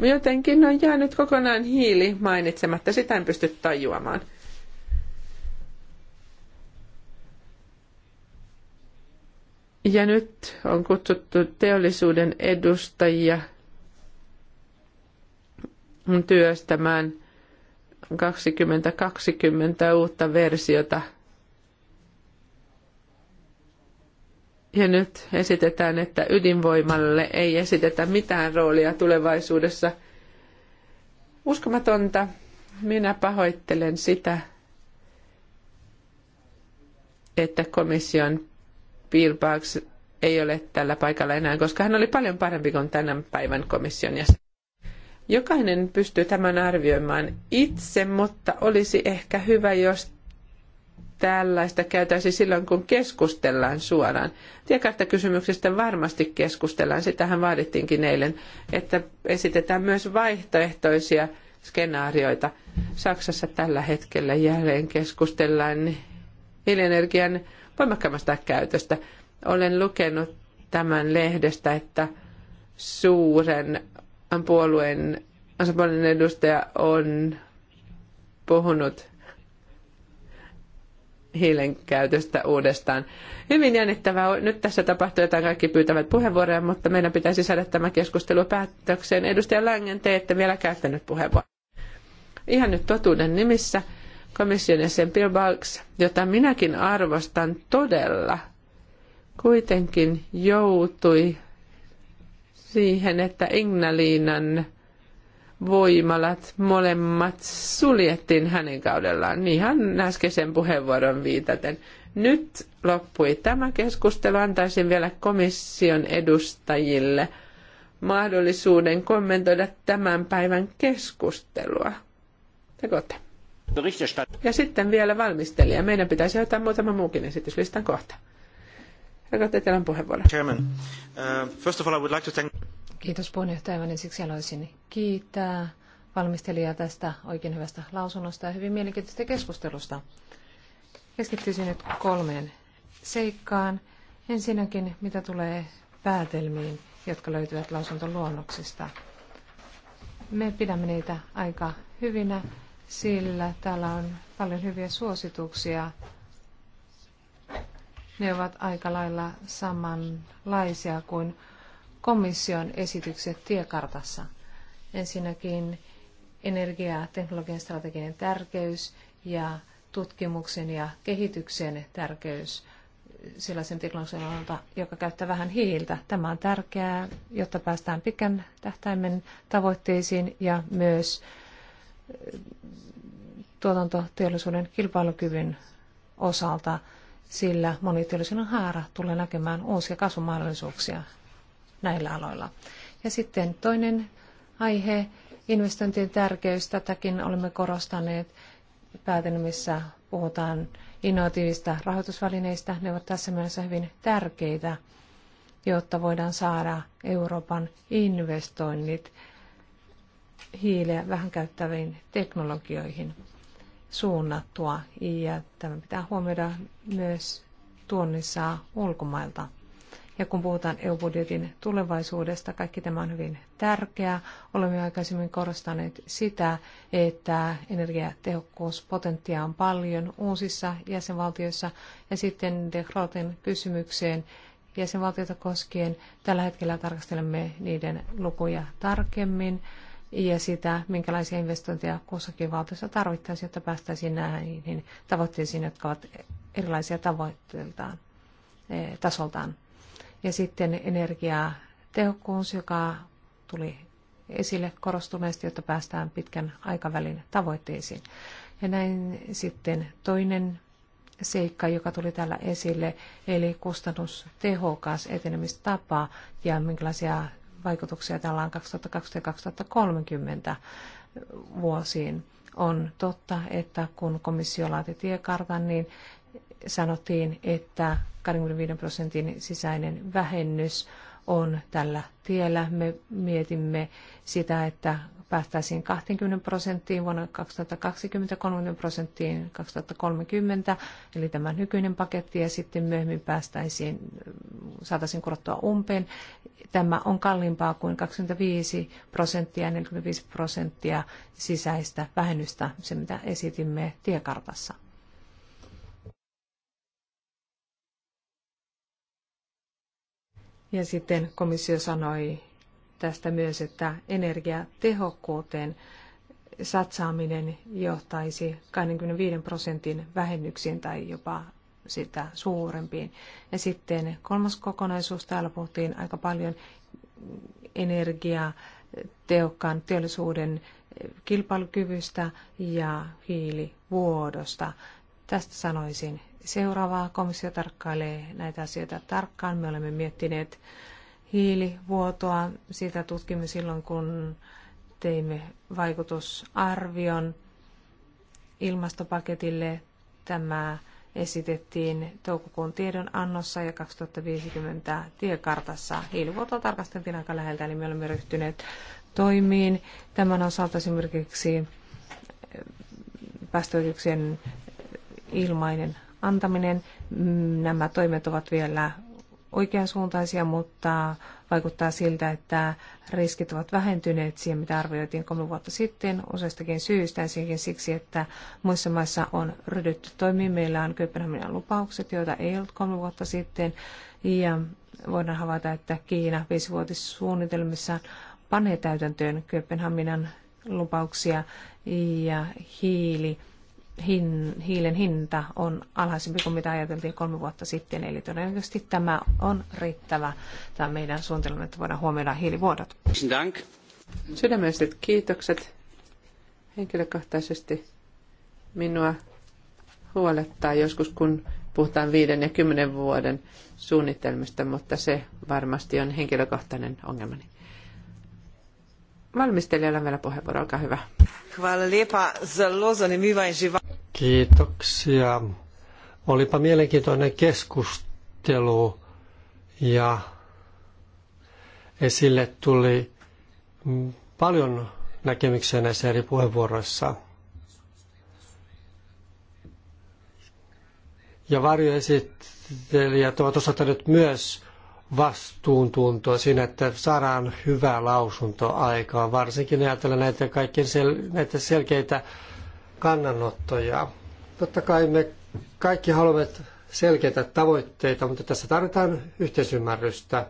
jotenkin on jäänyt kokonaan hiili mainitsematta. Sitä en pysty tajuamaan. Ja nyt on kutsuttu teollisuuden edustajia työstämään 2020 uutta versiota – Ja nyt esitetään, että ydinvoimalle ei esitetä mitään roolia tulevaisuudessa. Uskomatonta. Minä pahoittelen sitä, että komission Pilbaags ei ole tällä paikalla enää, koska hän oli paljon parempi kuin tämän päivän komission jäsen. Jokainen pystyy tämän arvioimaan itse, mutta olisi ehkä hyvä, jos tällaista käytäisi silloin, kun keskustellaan suoraan. Tiekarttakysymyksestä varmasti keskustellaan, sitähän vaadittiinkin eilen, että esitetään myös vaihtoehtoisia skenaarioita. Saksassa tällä hetkellä jälleen keskustellaan hiilienergian voimakkaammasta käytöstä. Olen lukenut tämän lehdestä, että suuren puolueen osapuolen edustaja on puhunut hiilen käytöstä uudestaan. Hyvin jännittävää. Nyt tässä tapahtuu jotain, kaikki pyytävät puheenvuoroja, mutta meidän pitäisi saada tämä keskustelu päätökseen. Edustaja Langen, te ette vielä käyttänyt puheenvuoroa. Ihan nyt totuuden nimissä komission jäsen Bill Balks, jota minäkin arvostan todella, kuitenkin joutui siihen, että Ignaliinan voimalat molemmat suljettiin hänen kaudellaan, ihan äskeisen puheenvuoron viitaten. Nyt loppui tämä keskustelu. Antaisin vielä komission edustajille mahdollisuuden kommentoida tämän päivän keskustelua. Tekote. Ja sitten vielä valmistelija. Meidän pitäisi ottaa muutama muukin esityslistan kohta. Tekote, teillä puheenvuoro. Chairman, uh, first of all, I would like to thank... Kiitos puheenjohtaja. Ensiksi haluaisin kiittää valmistelijaa tästä oikein hyvästä lausunnosta ja hyvin mielenkiintoisesta keskustelusta. Keskittyisin nyt kolmeen seikkaan. Ensinnäkin, mitä tulee päätelmiin, jotka löytyvät lausuntoluonnoksesta. Me pidämme niitä aika hyvinä, sillä täällä on paljon hyviä suosituksia. Ne ovat aika lailla samanlaisia kuin komission esitykset tiekartassa. Ensinnäkin teknologian strateginen tärkeys ja tutkimuksen ja kehityksen tärkeys sellaisen teknologian alalta, joka käyttää vähän hiiltä. Tämä on tärkeää, jotta päästään pitkän tähtäimen tavoitteisiin ja myös eh, tuotantoteollisuuden kilpailukyvyn osalta, sillä moniteollisuuden haara tulee näkemään uusia kasvumahdollisuuksia näillä aloilla. Ja sitten toinen aihe, investointien tärkeys. Tätäkin olemme korostaneet päätelmissä. Puhutaan innovatiivista rahoitusvälineistä. Ne ovat tässä mielessä hyvin tärkeitä, jotta voidaan saada Euroopan investoinnit hiileä vähän käyttäviin teknologioihin suunnattua. Ja tämä pitää huomioida myös tuonnissa ulkomailta. Ja kun puhutaan EU-budjetin tulevaisuudesta, kaikki tämä on hyvin tärkeää. Olemme aikaisemmin korostaneet sitä, että energiatehokkuuspotentiaa on paljon uusissa jäsenvaltioissa. Ja sitten De Groten kysymykseen jäsenvaltiota koskien. Tällä hetkellä tarkastelemme niiden lukuja tarkemmin ja sitä, minkälaisia investointeja kussakin valtiossa tarvittaisiin, jotta päästäisiin näihin tavoitteisiin, jotka ovat erilaisia tavoitteiltaan, eh, tasoltaan. Ja sitten energiatehokkuus, joka tuli esille korostuneesti, jotta päästään pitkän aikavälin tavoitteisiin. Ja näin sitten toinen seikka, joka tuli täällä esille, eli kustannustehokas etenemistapa ja minkälaisia vaikutuksia tällä on 2020 ja 2030 vuosiin. On totta, että kun komissio laati tiekartan, niin sanottiin, että 25 prosentin sisäinen vähennys on tällä tiellä. Me mietimme sitä, että päästäisiin 20 prosenttiin vuonna 2020, 30 prosenttiin 2030, eli tämä nykyinen paketti, ja sitten myöhemmin päästäisiin, saataisiin kurottua umpeen. Tämä on kalliimpaa kuin 25 prosenttia 45 prosenttia sisäistä vähennystä, se mitä esitimme tiekartassa. Ja sitten komissio sanoi tästä myös, että energiatehokkuuteen satsaaminen johtaisi 25 prosentin vähennyksiin tai jopa sitä suurempiin. Ja sitten kolmas kokonaisuus, täällä puhuttiin aika paljon energiatehokkaan teollisuuden kilpailukyvystä ja hiilivuodosta. Tästä sanoisin seuraavaa. Komissio tarkkailee näitä asioita tarkkaan. Me olemme miettineet hiilivuotoa. Sitä tutkimme silloin, kun teimme vaikutusarvion ilmastopaketille. Tämä esitettiin toukokuun tiedonannossa ja 2050 tiekartassa. Hiilivuotoa tarkasteltiin aika läheltä, eli me olemme ryhtyneet toimiin. Tämän osalta esimerkiksi päästöoikeuksien ilmainen antaminen. Mm, Nämä toimet ovat vielä oikeansuuntaisia, mutta vaikuttaa siltä, että riskit ovat vähentyneet siihen, mitä arvioitiin kolme vuotta sitten useistakin syystä, ensinnäkin siksi, että muissa maissa on ryhdytty toimiin. Meillä on Kööpenhaminan lupaukset, joita ei ollut kolme vuotta sitten, ja voidaan havaita, että Kiina viisivuotissuunnitelmissa panee täytäntöön Kööpenhaminan lupauksia ja hiili hin, hiilen hinta on alhaisempi kuin mitä ajateltiin kolme vuotta sitten, eli todennäköisesti tämä on riittävä tämä meidän suunnitelma, että voidaan huomioida hiilivuodot. Dank. Sydämelliset kiitokset. Henkilökohtaisesti minua huolettaa joskus, kun puhutaan viiden ja kymmenen vuoden suunnitelmista, mutta se varmasti on henkilökohtainen ongelmani. Valmistelijalla on vielä puheenvuoro, olkaa hyvä. Hvala lepa, zelo zanimiva in živa. Kiitoksia. Olipa mielenkiintoinen keskustelu ja esille tuli paljon näkemyksiä näissä eri puheenvuoroissa. Ja varjoesittelijät ovat osoittaneet myös vastuuntuntoa siinä, että saadaan hyvä lausunto aikaan, varsinkin ajatellen näitä kaikkein sel- näitä selkeitä kannanottoja. Totta kai me kaikki haluamme selkeitä tavoitteita, mutta tässä tarvitaan yhteisymmärrystä.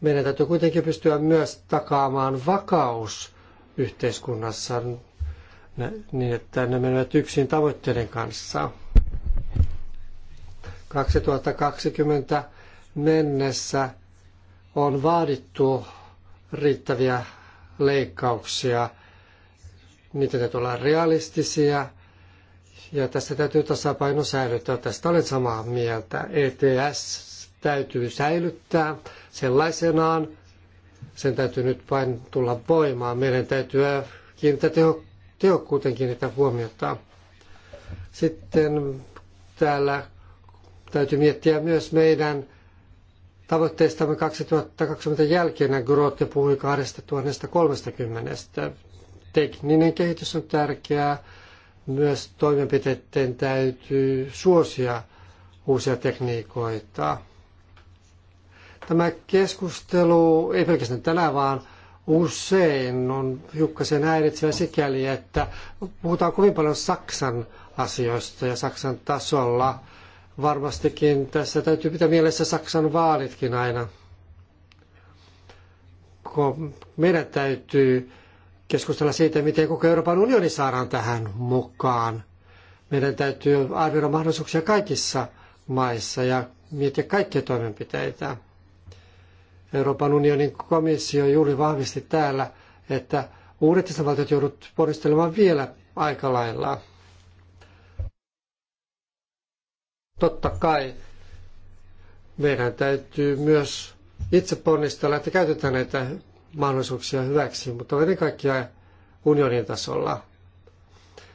Meidän täytyy kuitenkin pystyä myös takaamaan vakaus yhteiskunnassa niin, että ne menevät yksin tavoitteiden kanssa. 2020 mennessä on vaadittu riittäviä leikkauksia – niitä täytyy olla realistisia ja tässä täytyy tasapaino säilyttää. Tästä olen samaa mieltä. ETS täytyy säilyttää sellaisenaan. Sen täytyy nyt vain tulla voimaan. Meidän täytyy kiinnittää teho, tehokkuuteen kiinnittää huomiota. Sitten täällä täytyy miettiä myös meidän tavoitteistamme 2020 jälkeen. Grote puhui 2030. Tekninen kehitys on tärkeää. Myös toimenpiteiden täytyy suosia uusia tekniikoita. Tämä keskustelu, ei pelkästään tänään, vaan usein on hiukkasen häiritsevä sikäli, että puhutaan kovin paljon Saksan asioista ja Saksan tasolla. Varmastikin tässä täytyy pitää mielessä Saksan vaalitkin aina. Meidän täytyy keskustella siitä, miten koko Euroopan unioni saadaan tähän mukaan. Meidän täytyy arvioida mahdollisuuksia kaikissa maissa ja miettiä kaikkia toimenpiteitä. Euroopan unionin komissio juuri vahvisti täällä, että uudet jäsenvaltiot joudut ponnistelemaan vielä aika lailla. Totta kai meidän täytyy myös itse ponnistella, että käytetään näitä mahdollisuuksia hyväksi, mutta ennen kaikkea unionin tasolla.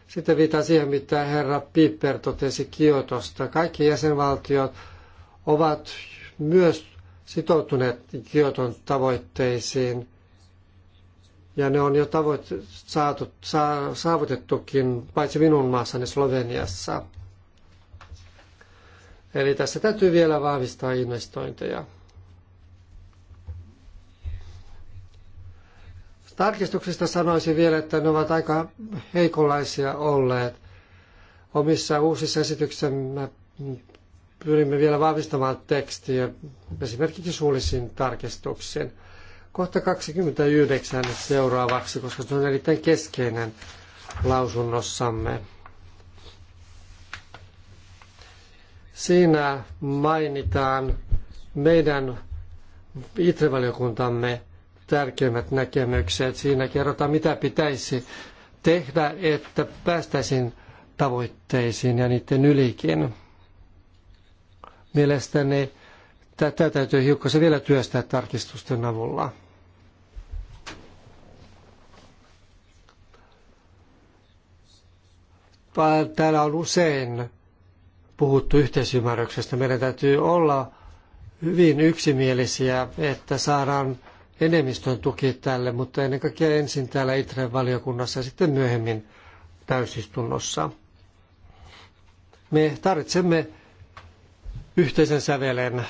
Sitten viitaan siihen, mitä herra Piper totesi Kiotosta. Kaikki jäsenvaltiot ovat myös sitoutuneet Kioton tavoitteisiin, ja ne on jo tavoit- saatu, saa, saavutettukin, paitsi minun maassani Sloveniassa. Eli tässä täytyy vielä vahvistaa investointeja. Tarkistuksista sanoisin vielä, että ne ovat aika heikonlaisia olleet. Omissa uusissa me pyrimme vielä vahvistamaan tekstiä esimerkiksi suullisin tarkistuksin. Kohta 29 seuraavaksi, koska se on erittäin keskeinen lausunnossamme. Siinä mainitaan meidän itrevaliokuntamme tärkeimmät näkemykset. Siinä kerrotaan, mitä pitäisi tehdä, että päästäisiin tavoitteisiin ja niiden ylikin. Mielestäni tätä täytyy hiukkasen vielä työstää tarkistusten avulla. Äh, täällä on usein puhuttu yhteisymmärryksestä. Meidän täytyy olla hyvin yksimielisiä, että saadaan enemmistön tuki tälle, mutta ennen kaikkea ensin täällä Itren valiokunnassa ja sitten myöhemmin täysistunnossa. Me tarvitsemme yhteisen sävelen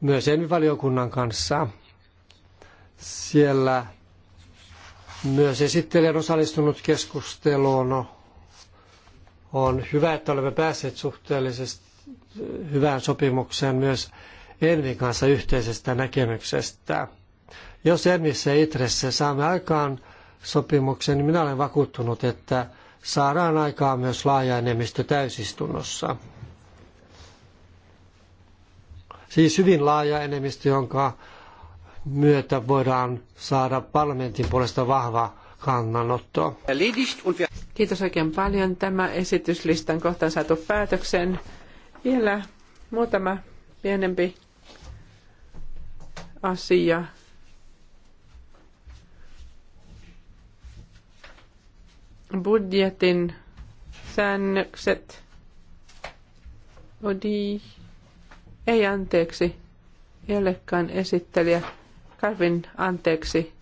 myös ennen valiokunnan kanssa. Siellä myös esittelijän osallistunut keskusteluun on hyvä, että olemme päässeet suhteellisesti hyvään sopimukseen myös Envin kanssa yhteisestä näkemyksestä. Jos Envissä ja Itressä saamme aikaan sopimuksen, niin minä olen vakuuttunut, että saadaan aikaan myös laaja enemmistö täysistunnossa. Siis hyvin laaja enemmistö, jonka myötä voidaan saada parlamentin puolesta vahva kannanotto. Kiitos oikein paljon. Tämä esityslistan kohtaan saatu päätöksen. Vielä muutama pienempi asia. Budjetin säännökset. Odi. Ei anteeksi. Ei olekaan esittelijä. Kävin anteeksi.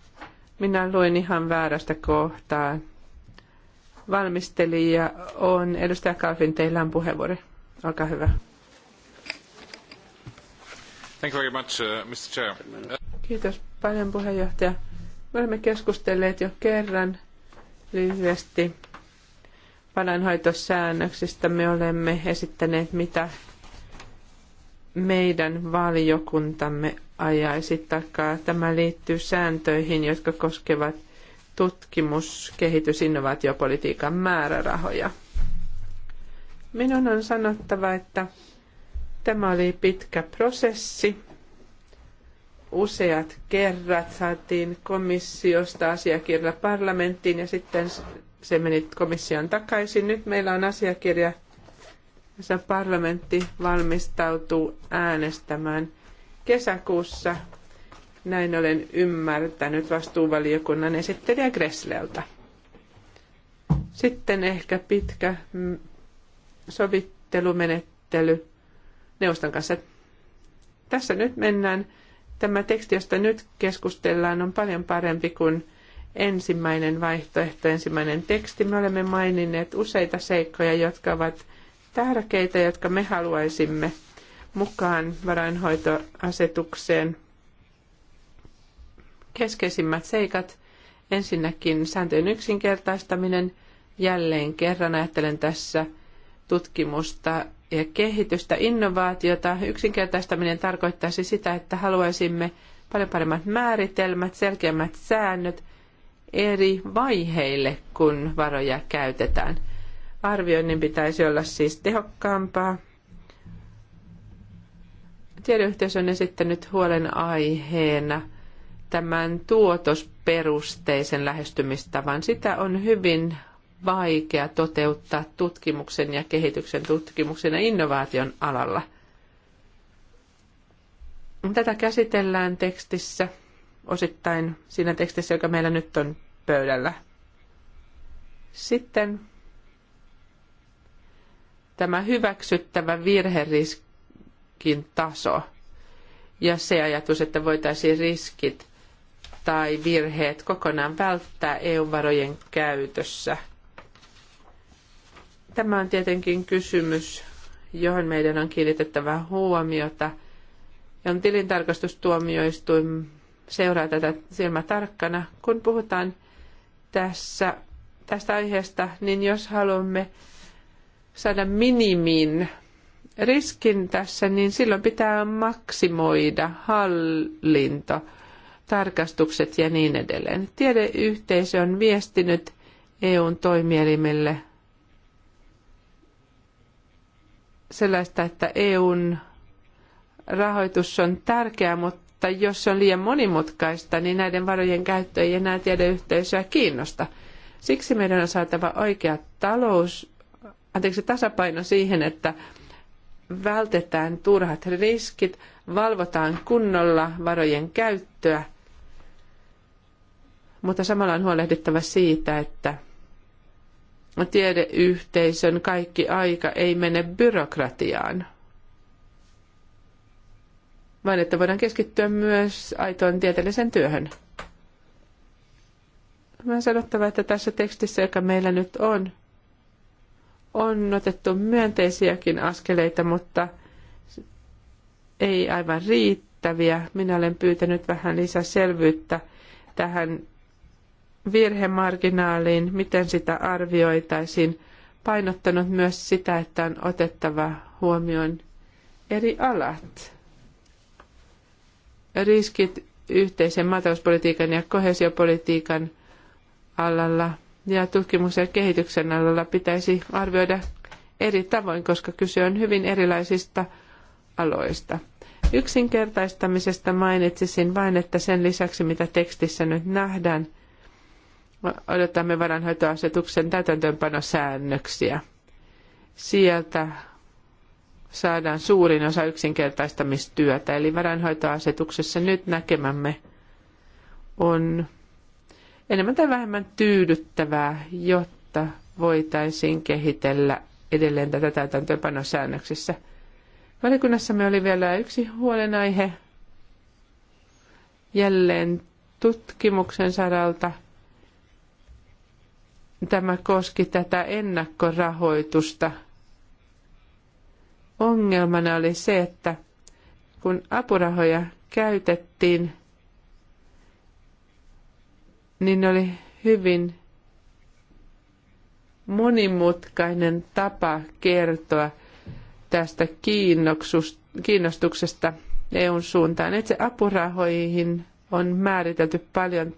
Minä luin ihan väärästä kohtaa. Valmistelija on edustaja Kalvin, teillä on puheenvuoro. Olkaa hyvä. Thank you very much, uh, Mr. Chair. Kiitos paljon puheenjohtaja. Me olemme keskustelleet jo kerran lyhyesti varainhoitosäännöksistä. Me olemme esittäneet, mitä meidän valiokuntamme ajaisi takaa. Tämä liittyy sääntöihin, jotka koskevat tutkimus-, kehitys-, innovaatiopolitiikan määrärahoja. Minun on sanottava, että Tämä oli pitkä prosessi. Useat kerrat saatiin komissiosta asiakirja parlamenttiin ja sitten se meni komission takaisin. Nyt meillä on asiakirja, jossa parlamentti valmistautuu äänestämään kesäkuussa. Näin olen ymmärtänyt vastuuvaliokunnan esittelijä Gresleltä. Sitten ehkä pitkä sovittelumenettely neuvoston kanssa. Tässä nyt mennään. Tämä teksti, josta nyt keskustellaan, on paljon parempi kuin ensimmäinen vaihtoehto, ensimmäinen teksti. Me olemme maininneet useita seikkoja, jotka ovat tärkeitä, jotka me haluaisimme mukaan varainhoitoasetukseen. Keskeisimmät seikat, ensinnäkin sääntöjen yksinkertaistaminen. Jälleen kerran ajattelen tässä tutkimusta kehitystä, innovaatiota. Yksinkertaistaminen tarkoittaisi sitä, että haluaisimme paljon paremmat määritelmät, selkeämmät säännöt eri vaiheille, kun varoja käytetään. Arvioinnin pitäisi olla siis tehokkaampaa. Tiedeyhteisö on esittänyt huolen aiheena tämän tuotosperusteisen lähestymistavan. Sitä on hyvin vaikea toteuttaa tutkimuksen ja kehityksen tutkimuksen ja innovaation alalla. Tätä käsitellään tekstissä, osittain siinä tekstissä, joka meillä nyt on pöydällä. Sitten tämä hyväksyttävä virheriskin taso ja se ajatus, että voitaisiin riskit tai virheet kokonaan välttää EU-varojen käytössä – Tämä on tietenkin kysymys, johon meidän on kiinnitettävä huomiota. Ja on tilintarkastustuomioistuin seuraa tätä silmä tarkkana. Kun puhutaan tässä, tästä aiheesta, niin jos haluamme saada minimin riskin tässä, niin silloin pitää maksimoida hallinto, tarkastukset ja niin edelleen. Tiedeyhteisö on viestinyt EUn toimielimille – sellaista, että EUn rahoitus on tärkeää, mutta jos se on liian monimutkaista, niin näiden varojen käyttö ei enää tiedeyhteisöä kiinnosta. Siksi meidän on saatava oikea talous, anteeksi, tasapaino siihen, että vältetään turhat riskit, valvotaan kunnolla varojen käyttöä, mutta samalla on huolehdittava siitä, että – tiedeyhteisön kaikki aika ei mene byrokratiaan, vaan että voidaan keskittyä myös aitoon tieteelliseen työhön. Mä sanottava, että tässä tekstissä, joka meillä nyt on, on otettu myönteisiäkin askeleita, mutta ei aivan riittäviä. Minä olen pyytänyt vähän lisää selvyyttä tähän virhemarginaaliin, miten sitä arvioitaisiin, painottanut myös sitä, että on otettava huomioon eri alat. Riskit yhteisen maatalouspolitiikan ja kohesiopolitiikan alalla ja tutkimuksen ja kehityksen alalla pitäisi arvioida eri tavoin, koska kyse on hyvin erilaisista aloista. Yksinkertaistamisesta mainitsisin vain, että sen lisäksi mitä tekstissä nyt nähdään – odotamme varanhoitoasetuksen täytäntöönpanosäännöksiä. Sieltä saadaan suurin osa yksinkertaistamistyötä, eli varanhoitoasetuksessa nyt näkemämme on enemmän tai vähemmän tyydyttävää, jotta voitaisiin kehitellä edelleen tätä täytäntöönpanosäännöksissä. Valiokunnassamme oli vielä yksi huolenaihe jälleen tutkimuksen saralta – tämä koski tätä ennakkorahoitusta. Ongelmana oli se, että kun apurahoja käytettiin, niin oli hyvin monimutkainen tapa kertoa tästä kiinnostuksesta EUn suuntaan. Itse apurahoihin on määritelty paljon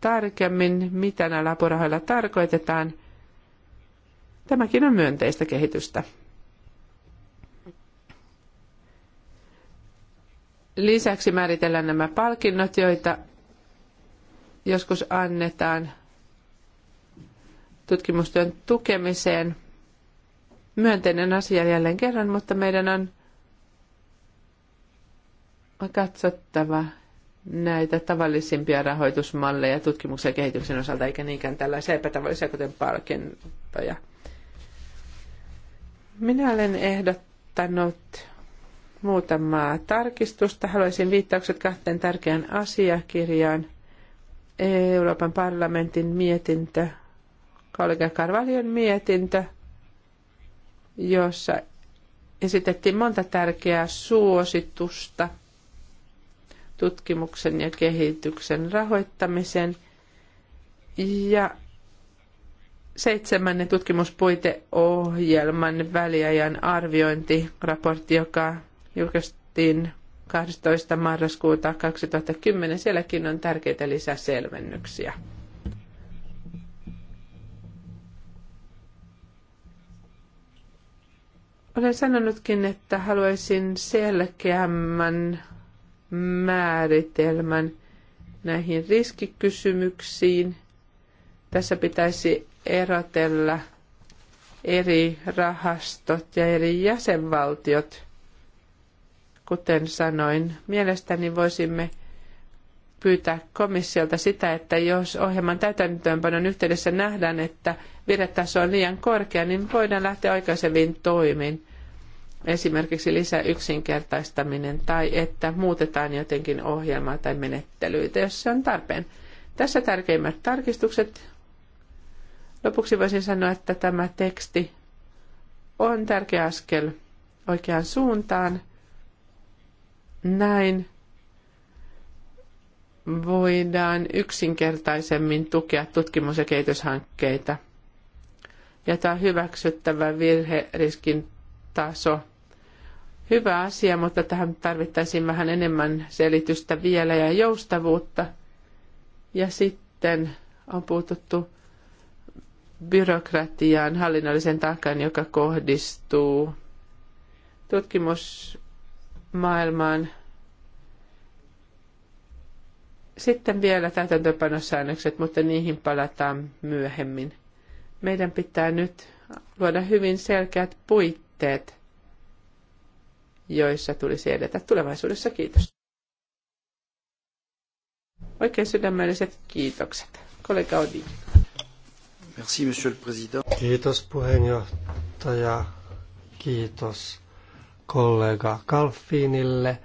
tarkemmin, mitä näillä apurahoilla tarkoitetaan. Tämäkin on myönteistä kehitystä. Lisäksi määritellään nämä palkinnot, joita joskus annetaan tutkimustyön tukemiseen. Myönteinen asia jälleen kerran, mutta meidän on katsottava näitä tavallisimpia rahoitusmalleja tutkimuksen ja kehityksen osalta, eikä niinkään tällaisia epätavallisia, kuten palkintoja. Minä olen ehdottanut muutamaa tarkistusta. Haluaisin viittaukset kahteen tärkeään asiakirjaan. Euroopan parlamentin mietintö, kollega Karvalion mietintö, jossa esitettiin monta tärkeää suositusta – tutkimuksen ja kehityksen rahoittamisen. Ja seitsemännen tutkimuspuiteohjelman väliajan arviointiraportti, joka julkaistiin 12. marraskuuta 2010. Sielläkin on tärkeitä lisäselvennyksiä. Olen sanonutkin, että haluaisin selkeämmän määritelmän näihin riskikysymyksiin. Tässä pitäisi erotella eri rahastot ja eri jäsenvaltiot. Kuten sanoin, mielestäni voisimme pyytää komissiolta sitä, että jos ohjelman täytäntöönpanon yhteydessä nähdään, että virhetaso on liian korkea, niin voidaan lähteä aikaisemmin toimiin esimerkiksi lisäyksinkertaistaminen tai että muutetaan jotenkin ohjelmaa tai menettelyitä, jos se on tarpeen. Tässä tärkeimmät tarkistukset. Lopuksi voisin sanoa, että tämä teksti on tärkeä askel oikeaan suuntaan. Näin voidaan yksinkertaisemmin tukea tutkimus- ja kehityshankkeita. Ja tämä hyväksyttävä virheriskin taso. Hyvä asia, mutta tähän tarvittaisiin vähän enemmän selitystä vielä ja joustavuutta. Ja sitten on puututtu byrokratiaan, hallinnollisen taakan, joka kohdistuu tutkimusmaailmaan. Sitten vielä täytäntöpanosäännökset, mutta niihin palataan myöhemmin. Meidän pitää nyt luoda hyvin selkeät puitteet puitteet, joissa tulisi edetä tulevaisuudessa. Kiitos. Oikein sydämelliset kiitokset. Kollega Odi. Merci, monsieur le président. Kiitos puheenjohtaja. Kiitos kollega Kalfiinille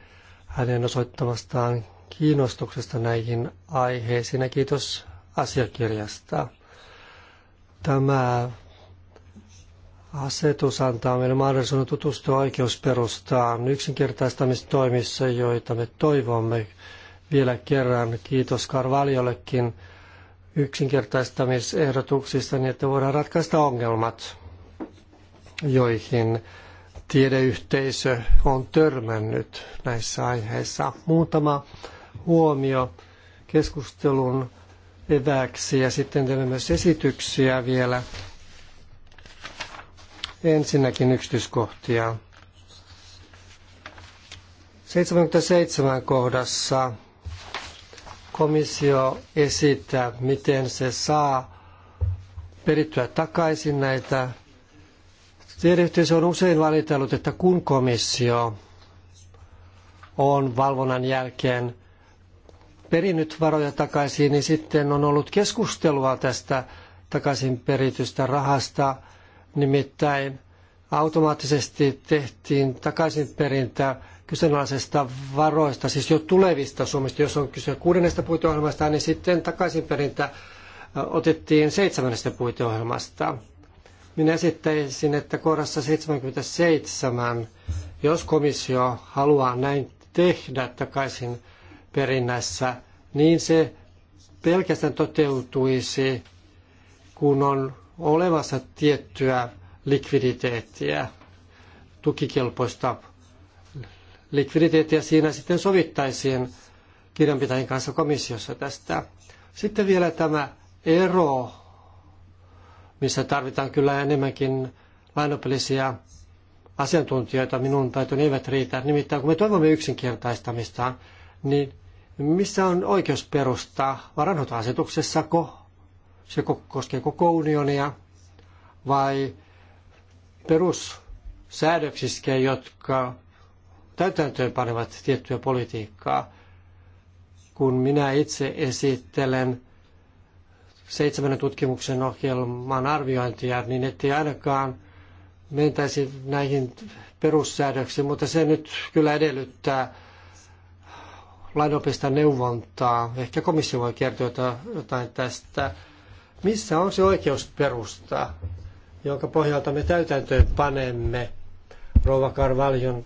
hänen osoittamastaan kiinnostuksesta näihin aiheisiin ja kiitos asiakirjasta. Tämä Asetus antaa meille mahdollisuuden tutustua oikeusperustaan yksinkertaistamistoimissa, joita me toivomme vielä kerran. Kiitos Karvaljollekin yksinkertaistamisehdotuksista, niin että voidaan ratkaista ongelmat, joihin tiedeyhteisö on törmännyt näissä aiheissa. Muutama huomio keskustelun eväksi ja sitten teemme myös esityksiä vielä ensinnäkin yksityiskohtia. 77 kohdassa komissio esittää, miten se saa perittyä takaisin näitä. Tiedeyhteisö on usein valitellut, että kun komissio on valvonnan jälkeen perinnyt varoja takaisin, niin sitten on ollut keskustelua tästä takaisin peritystä rahasta – Nimittäin automaattisesti tehtiin takaisinperintä kyseenalaisista varoista, siis jo tulevista summista. Jos on kyse kuudennesta puiteohjelmasta, niin sitten takaisinperintä otettiin seitsemännestä puiteohjelmasta. Minä esittäisin, että kohdassa 77, jos komissio haluaa näin tehdä takaisin perinnässä, niin se pelkästään toteutuisi, kun on olemassa tiettyä likviditeettiä, tukikelpoista likviditeettiä. Siinä sitten sovittaisiin kirjanpitäjien kanssa komissiossa tästä. Sitten vielä tämä ero, missä tarvitaan kyllä enemmänkin lainopillisia asiantuntijoita, minun taitoni eivät riitä. Nimittäin kun me toivomme yksinkertaistamista, niin missä on oikeusperusta? Varanhoitoasetuksessako se koskee koko unionia, vai perussäädöksistä, jotka täytäntöön panevat tiettyä politiikkaa. Kun minä itse esittelen seitsemän tutkimuksen ohjelman arviointia, niin ettei ainakaan mentäisi näihin perussäädöksiin, mutta se nyt kyllä edellyttää lainopista neuvontaa. Ehkä komissio voi kertoa jotain tästä. Missä on se oikeusperusta, jonka pohjalta me täytäntöön panemme Rova Carvaljon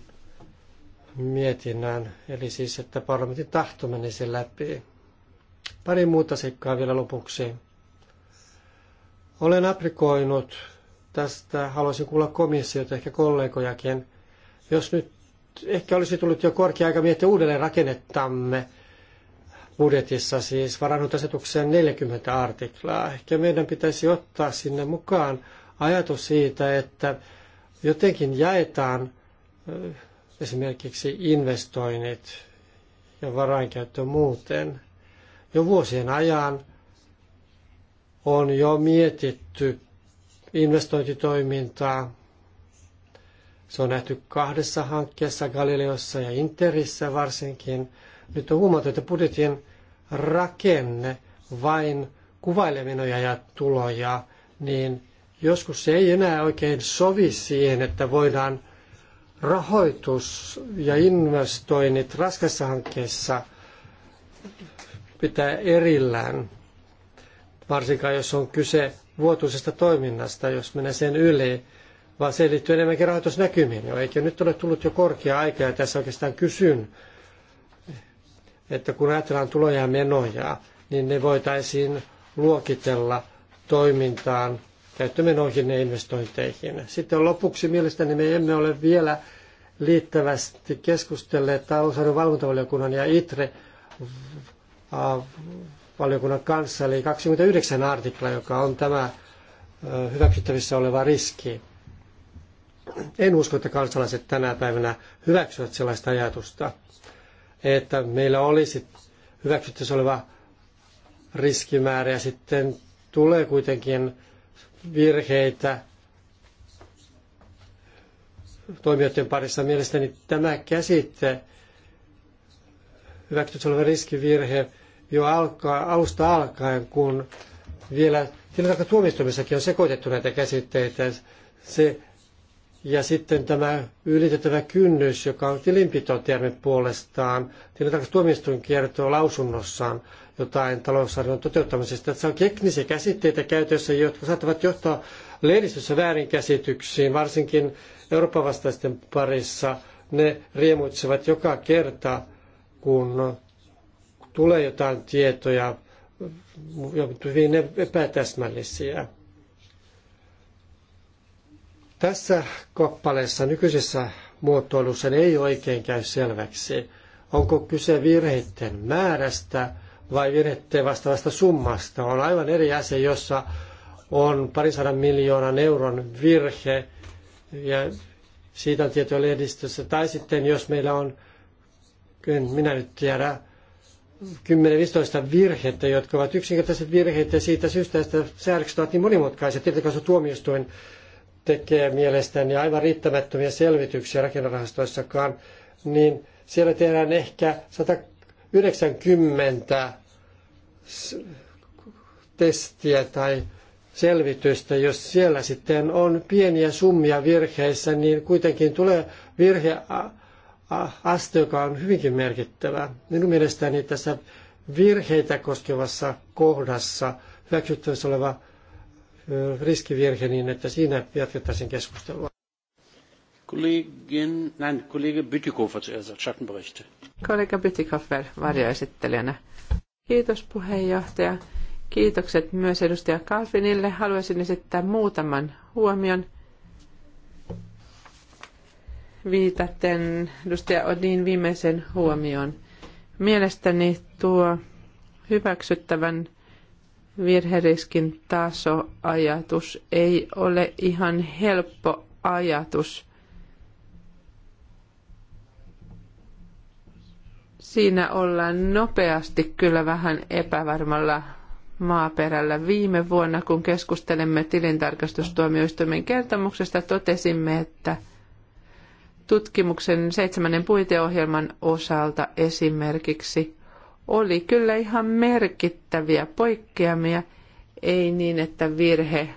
mietinnän, eli siis, että parlamentin tahto menisi läpi. Pari muuta seikkaa vielä lopuksi. Olen aprikoinut tästä, haluaisin kuulla komissiota, ehkä kollegojakin. Jos nyt ehkä olisi tullut jo korkea aika miettiä uudelleen rakennettamme – budjetissa siis varannut asetukseen 40 artiklaa. Ehkä meidän pitäisi ottaa sinne mukaan ajatus siitä, että jotenkin jaetaan esimerkiksi investoinnit ja varainkäyttö muuten. Jo vuosien ajan on jo mietitty investointitoimintaa. Se on nähty kahdessa hankkeessa, Galileossa ja Interissä varsinkin. Nyt on huomattu, että budjetin rakenne vain kuvailee menoja ja tuloja, niin joskus se ei enää oikein sovi siihen, että voidaan rahoitus ja investoinnit raskassa hankkeessa pitää erillään, varsinkaan jos on kyse vuotuisesta toiminnasta, jos menee sen yli, vaan se liittyy enemmänkin rahoitusnäkymiin. Eikö nyt ole tullut jo korkea aika ja tässä oikeastaan kysyn että kun ajatellaan tuloja ja menoja, niin ne voitaisiin luokitella toimintaan, käyttömenoihin ja investointeihin. Sitten lopuksi mielestäni me emme ole vielä liittävästi keskustelleet talousarvon valvontavaliokunnan ja ITRE valiokunnan kanssa, eli 29 artikla, joka on tämä hyväksyttävissä oleva riski. En usko, että kansalaiset tänä päivänä hyväksyvät sellaista ajatusta että meillä olisi hyväksytty oleva riskimäärä ja sitten tulee kuitenkin virheitä toimijoiden parissa. Mielestäni tämä käsite hyväksytty oleva riskivirhe jo alkaa, alusta alkaen, kun vielä tilintarkastuomioistuimessakin on sekoitettu näitä käsitteitä. Se ja sitten tämä ylitettävä kynnys, joka on tilinpitotermi puolestaan. Tilintarkastustuomioistuin kertoo lausunnossaan jotain talousarvion toteuttamisesta. Että se on teknisiä käsitteitä käytössä, jotka saattavat johtaa lehdistössä väärinkäsityksiin, varsinkin Euroopan vastaisten parissa. Ne riemuitsevat joka kerta, kun tulee jotain tietoja, ja hyvin epätäsmällisiä tässä kappaleessa nykyisessä muotoilussa ei oikein käy selväksi, onko kyse virheiden määrästä vai virheiden vastaavasta summasta. On aivan eri asia, jossa on parisadan miljoonan euron virhe ja siitä on tietoja lehdistössä. Tai sitten jos meillä on, en minä nyt tiedä, 10-15 virhettä, jotka ovat yksinkertaiset virheitä ja siitä syystä, että säädökset ovat niin monimutkaiset, tietenkään se tuomioistuin tekee mielestäni aivan riittämättömiä selvityksiä rakennerahastoissakaan, niin siellä tehdään ehkä 190 testiä tai selvitystä. Jos siellä sitten on pieniä summia virheissä, niin kuitenkin tulee virheaste, joka on hyvinkin merkittävä. Minun mielestäni tässä virheitä koskevassa kohdassa hyväksyttävissä oleva riskivirhe niin, että siinä jatkettaisiin keskustelua. Kollegin, nein, Kollega Bütikofer varjoesittelijänä. Kiitos puheenjohtaja. Kiitokset myös edustaja Kalfinille. Haluaisin esittää muutaman huomion viitaten edustaja Odin viimeisen huomioon. Mielestäni tuo hyväksyttävän virheriskin tasoajatus ei ole ihan helppo ajatus. Siinä ollaan nopeasti kyllä vähän epävarmalla maaperällä. Viime vuonna, kun keskustelemme tilintarkastustuomioistuimen kertomuksesta, totesimme, että tutkimuksen seitsemännen puiteohjelman osalta esimerkiksi – oli kyllä ihan merkittäviä poikkeamia. Ei niin, että virhe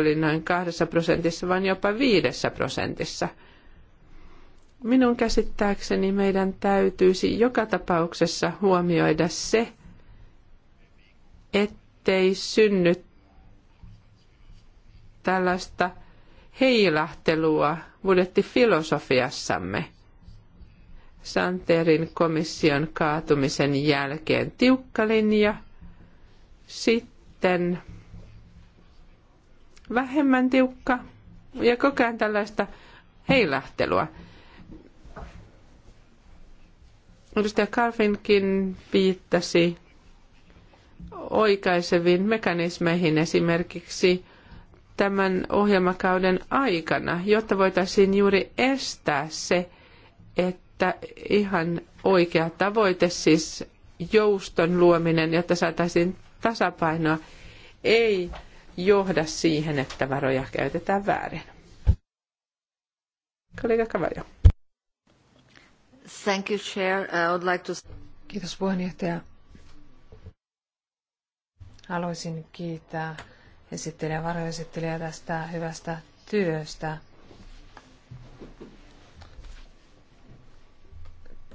oli noin kahdessa prosentissa, vaan jopa viidessä prosentissa. Minun käsittääkseni meidän täytyisi joka tapauksessa huomioida se, ettei synny tällaista heilahtelua budjettifilosofiassamme – Santerin komission kaatumisen jälkeen tiukka linja, sitten vähemmän tiukka ja koko ajan tällaista heilahtelua. Edustaja Kalfinkin viittasi oikaiseviin mekanismeihin esimerkiksi tämän ohjelmakauden aikana, jotta voitaisiin juuri estää se, että että ihan oikea tavoite, siis jouston luominen, jotta saataisiin tasapainoa, ei johda siihen, että varoja käytetään väärin. Kollega Kavajo. Thank you, Chair. Uh, I would like to... Kiitos puheenjohtaja. Haluaisin kiittää esittelijä ja tästä hyvästä työstä.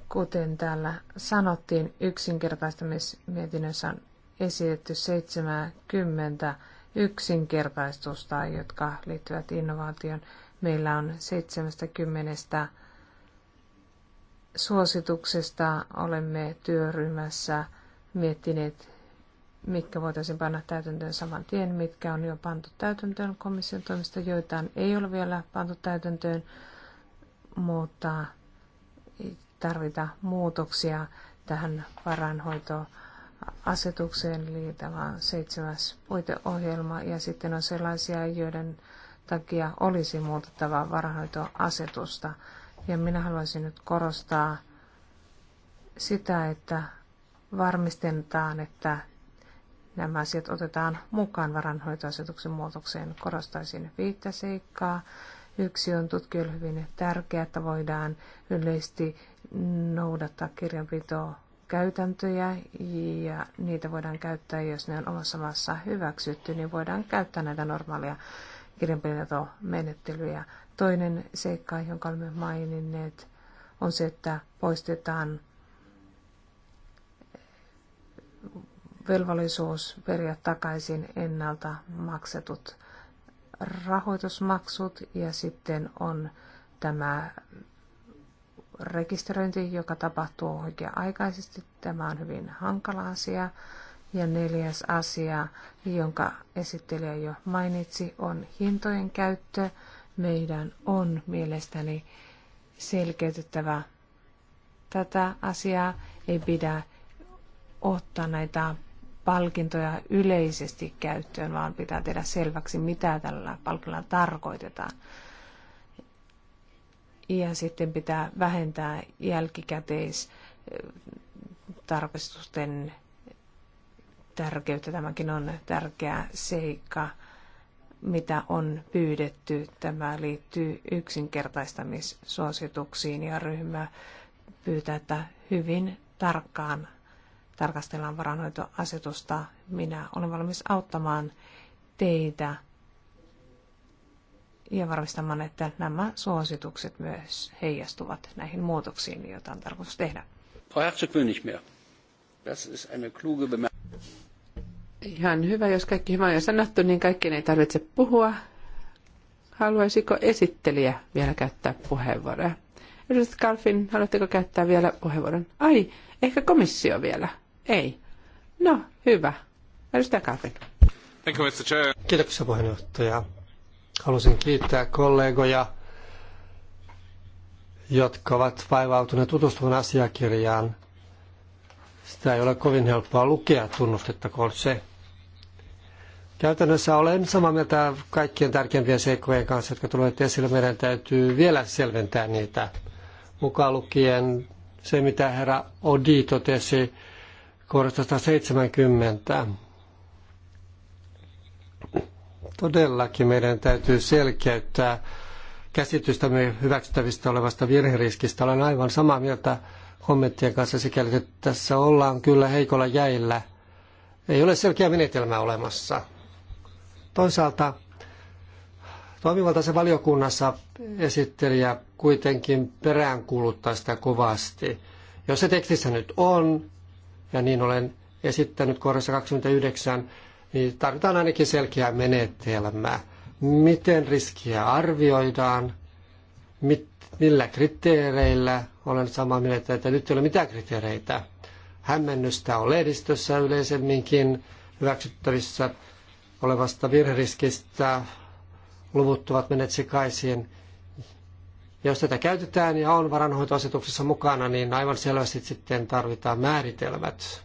Kuten täällä sanottiin, yksinkertaistamismietinnössä on esitetty 70 yksinkertaistusta, jotka liittyvät innovaatioon. Meillä on 70 suosituksesta olemme työryhmässä miettineet, mitkä voitaisiin panna täytäntöön saman tien, mitkä on jo pantu täytäntöön komission toimista, joitain ei ole vielä pantu täytäntöön, mutta tarvita muutoksia tähän varanhoitoasetukseen, eli tämä on seitsemäs puiteohjelma, ja sitten on sellaisia, joiden takia olisi muutettava varanhoitoasetusta. Ja minä haluaisin nyt korostaa sitä, että varmistetaan, että nämä asiat otetaan mukaan varanhoitoasetuksen muutokseen. Korostaisin viittä seikkaa. Yksi on tutkijoille hyvin tärkeää, että voidaan yleisesti noudattaa kirjanpitoa käytäntöjä ja niitä voidaan käyttää, jos ne on omassa maassa hyväksytty, niin voidaan käyttää näitä normaaleja kirjanpitomenettelyjä. Toinen seikka, jonka olemme maininneet, on se, että poistetaan velvollisuus periä takaisin ennalta maksetut rahoitusmaksut ja sitten on tämä rekisteröinti, joka tapahtuu oikea-aikaisesti. Tämä on hyvin hankala asia. Ja neljäs asia, jonka esittelijä jo mainitsi, on hintojen käyttö. Meidän on mielestäni selkeytettävä tätä asiaa. Ei pidä ottaa näitä palkintoja yleisesti käyttöön, vaan pitää tehdä selväksi, mitä tällä palkilla tarkoitetaan ja sitten pitää vähentää jälkikäteistarkastusten eh, tärkeyttä. Tämäkin on tärkeä seikka, mitä on pyydetty. Tämä liittyy yksinkertaistamissuosituksiin ja ryhmä pyytää, että hyvin tarkkaan tarkastellaan varanhoitoasetusta. Minä olen valmis auttamaan teitä ja varmistamaan, että nämä suositukset myös heijastuvat näihin muutoksiin, joita on tarkoitus tehdä. Ihan hyvä, jos kaikki hyvä on jo sanottu, niin kaikkien ei tarvitse puhua. Haluaisiko esittelijä vielä käyttää puheenvuoroa? Edustaja Kalfin, haluatteko käyttää vielä puheenvuoron? Ai, ehkä komissio vielä. Ei. No, hyvä. Edustaja Kalfin. Kiitoksia puheenjohtaja. Haluaisin kiittää kollegoja, jotka ovat vaivautuneet tutustumaan asiakirjaan. Sitä ei ole kovin helppoa lukea, tunnustettakoon se. Käytännössä olen samaa mieltä kaikkien tärkeimpien seikkojen kanssa, jotka tulevat esille. Meidän täytyy vielä selventää niitä, mukaan lukien se, mitä herra Odi totesi kohdasta 170. Todellakin meidän täytyy selkeyttää käsitystämme hyväksyttävistä olevasta virheriskistä. Olen aivan samaa mieltä kommenttien kanssa sikäli, että tässä ollaan kyllä heikolla jäillä. Ei ole selkeää menetelmää olemassa. Toisaalta toimivaltaisen valiokunnassa esittelijä kuitenkin peräänkuuluttaa sitä kovasti. Jos se tekstissä nyt on, ja niin olen esittänyt kohdassa 29, niin tarvitaan ainakin selkeää menetelmää. Miten riskiä arvioidaan, mit, millä kriteereillä, olen samaa mieltä, että nyt ei ole mitään kriteereitä. Hämmennystä on lehdistössä yleisemminkin hyväksyttävissä olevasta virheriskistä, luvut ovat menneet sekaisin. Jos tätä käytetään ja on varanhoitoasetuksessa mukana, niin aivan selvästi sitten tarvitaan määritelmät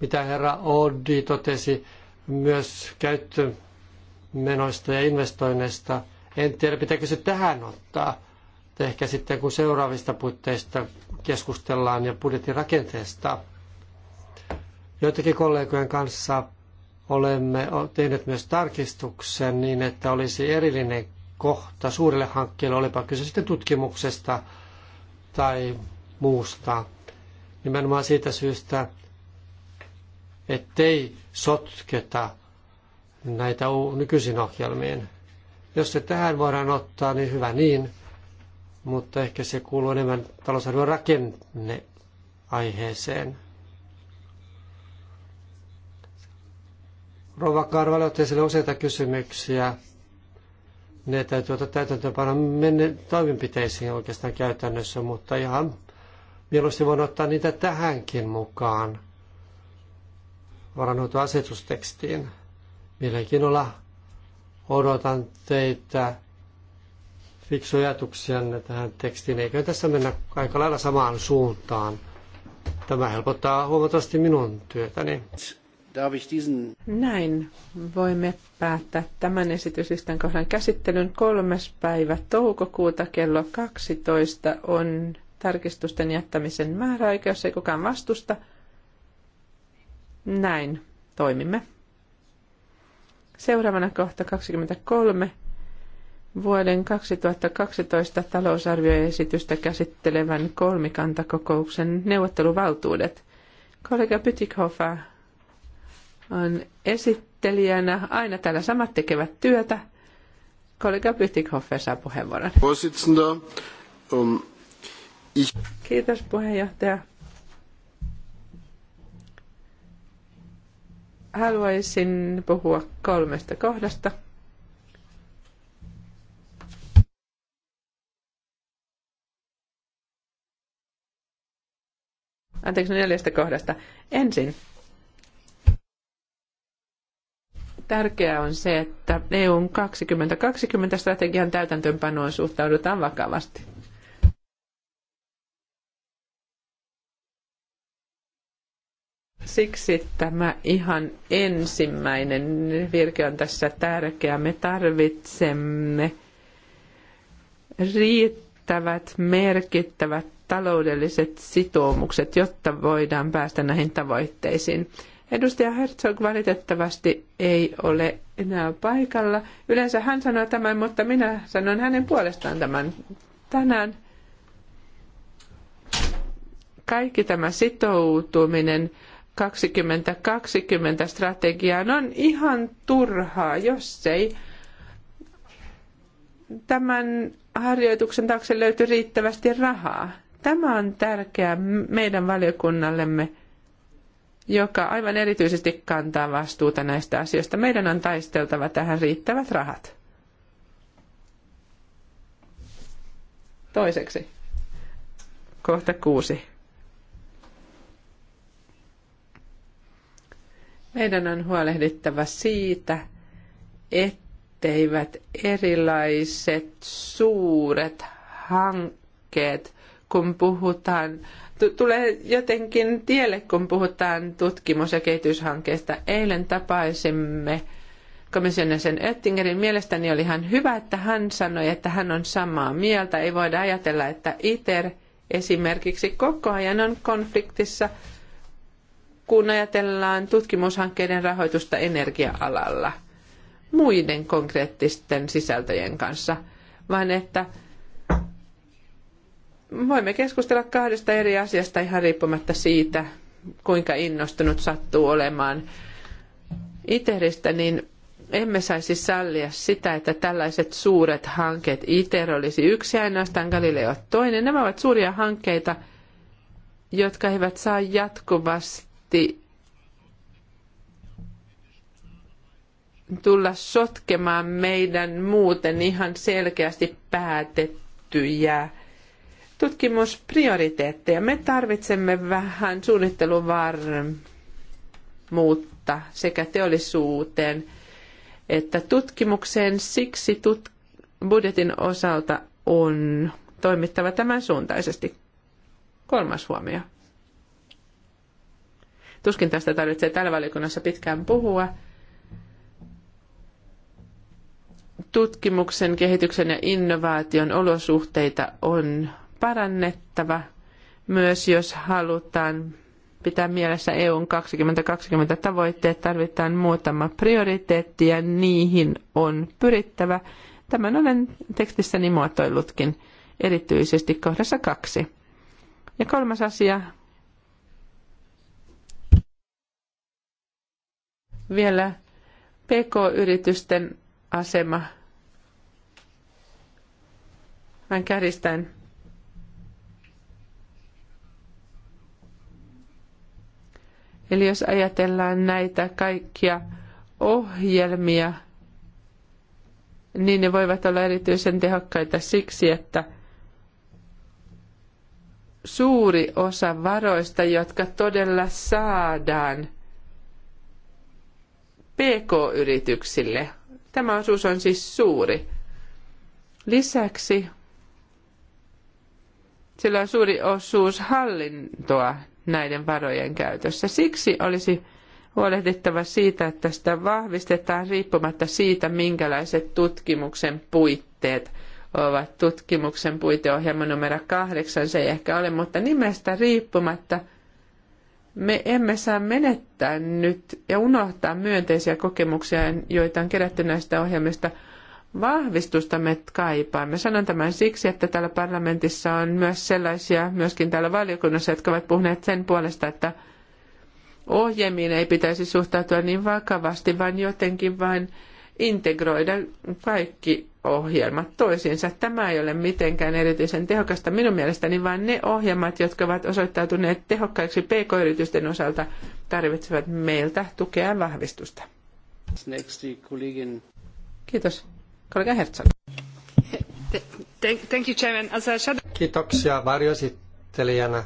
mitä herra Oddi totesi myös käyttömenoista ja investoinneista. En tiedä, pitääkö se tähän ottaa. Ehkä sitten kun seuraavista puitteista keskustellaan ja budjetin rakenteesta. Joitakin kollegojen kanssa olemme tehneet myös tarkistuksen niin, että olisi erillinen kohta suurille hankkeille, olipa kyse sitten tutkimuksesta tai muusta. Nimenomaan siitä syystä, ettei sotketa näitä nykyisin ohjelmiin. Jos se tähän voidaan ottaa, niin hyvä niin, mutta ehkä se kuuluu enemmän talousarvion rakenneaiheeseen. Rova Karvali otti esille useita kysymyksiä. Ne täytyy ottaa täytäntöönpano menne toimenpiteisiin oikeastaan käytännössä, mutta ihan mieluusti voin ottaa niitä tähänkin mukaan varannut-asetustekstiin. Mielenkiinnolla odotan teitä fiksuja ajatuksianne tähän tekstiin. Eikö tässä mennä aika lailla samaan suuntaan? Tämä helpottaa huomattavasti minun työtäni. Näin voimme päättää tämän esityslistan kohdan käsittelyn kolmas päivä toukokuuta kello 12 on tarkistusten jättämisen määräaika, jos ei kukaan vastusta. Näin toimimme. Seuraavana kohta 23. Vuoden 2012 talousarvioesitystä käsittelevän kolmikantakokouksen neuvotteluvaltuudet. Kollega Pytikhofa on esittelijänä. Aina täällä samat tekevät työtä. Kollega Pytikhofa saa puheenvuoron. Um, Kiitos puheenjohtaja. Haluaisin puhua kolmesta kohdasta. Anteeksi, neljästä kohdasta. Ensin. Tärkeää on se, että EUn 2020-strategian täytäntöönpanoon suhtaudutaan vakavasti. Siksi tämä ihan ensimmäinen virke on tässä tärkeä. Me tarvitsemme riittävät, merkittävät taloudelliset sitoumukset, jotta voidaan päästä näihin tavoitteisiin. Edustaja Herzog valitettavasti ei ole enää paikalla. Yleensä hän sanoo tämän, mutta minä sanon hänen puolestaan tämän tänään. Kaikki tämä sitoutuminen 2020 strategiaan on ihan turhaa, jos ei tämän harjoituksen taakse löyty riittävästi rahaa. Tämä on tärkeää meidän valiokunnallemme, joka aivan erityisesti kantaa vastuuta näistä asioista. Meidän on taisteltava tähän riittävät rahat. Toiseksi. Kohta kuusi. Meidän on huolehdittava siitä, etteivät erilaiset suuret hankkeet, kun puhutaan, tulee jotenkin tielle, kun puhutaan tutkimus- ja kehityshankkeesta. Eilen tapaisimme komission jäsen Oettingerin. Mielestäni oli ihan hyvä, että hän sanoi, että hän on samaa mieltä. Ei voida ajatella, että ITER esimerkiksi koko ajan on konfliktissa – kun ajatellaan tutkimushankkeiden rahoitusta energia-alalla muiden konkreettisten sisältöjen kanssa, vaan että voimme keskustella kahdesta eri asiasta ihan riippumatta siitä, kuinka innostunut sattuu olemaan ITERistä, niin emme saisi sallia sitä, että tällaiset suuret hankkeet, ITER olisi yksi ainoastaan Galileo toinen, nämä ovat suuria hankkeita, jotka eivät saa jatkuvasti varmasti tulla sotkemaan meidän muuten ihan selkeästi päätettyjä tutkimusprioriteetteja. Me tarvitsemme vähän suunnitteluvarmuutta sekä teollisuuteen että tutkimukseen. Siksi tut- budjetin osalta on toimittava tämän suuntaisesti. Kolmas huomio. Tuskin tästä tarvitsee täällä valiokunnassa pitkään puhua. Tutkimuksen, kehityksen ja innovaation olosuhteita on parannettava, myös jos halutaan pitää mielessä EUn 2020 tavoitteet, tarvitaan muutama prioriteetti ja niihin on pyrittävä. Tämän olen tekstissäni muotoillutkin, erityisesti kohdassa kaksi. Ja kolmas asia, vielä PK-yritysten asema. Mä kärjistän. Eli jos ajatellaan näitä kaikkia ohjelmia, niin ne voivat olla erityisen tehokkaita siksi, että suuri osa varoista, jotka todella saadaan – PK-yrityksille. Tämä osuus on siis suuri. Lisäksi sillä on suuri osuus hallintoa näiden varojen käytössä. Siksi olisi huolehdittava siitä, että sitä vahvistetaan riippumatta siitä, minkälaiset tutkimuksen puitteet ovat tutkimuksen puiteohjelma numero kahdeksan, se ei ehkä ole, mutta nimestä riippumatta – me emme saa menettää nyt ja unohtaa myönteisiä kokemuksia, joita on kerätty näistä ohjelmista. Vahvistusta me kaipaamme. Sanon tämän siksi, että täällä parlamentissa on myös sellaisia, myöskin täällä valiokunnassa, jotka ovat puhuneet sen puolesta, että ohjelmiin ei pitäisi suhtautua niin vakavasti, vaan jotenkin vain integroida kaikki ohjelmat toisiinsa. Tämä ei ole mitenkään erityisen tehokasta minun mielestäni, vaan ne ohjelmat, jotka ovat osoittautuneet tehokkaiksi pk-yritysten osalta, tarvitsevat meiltä tukea ja vahvistusta. Kiitos. Kollega Herzog. Thank you, Chairman. Kiitoksia varjoesittelijänä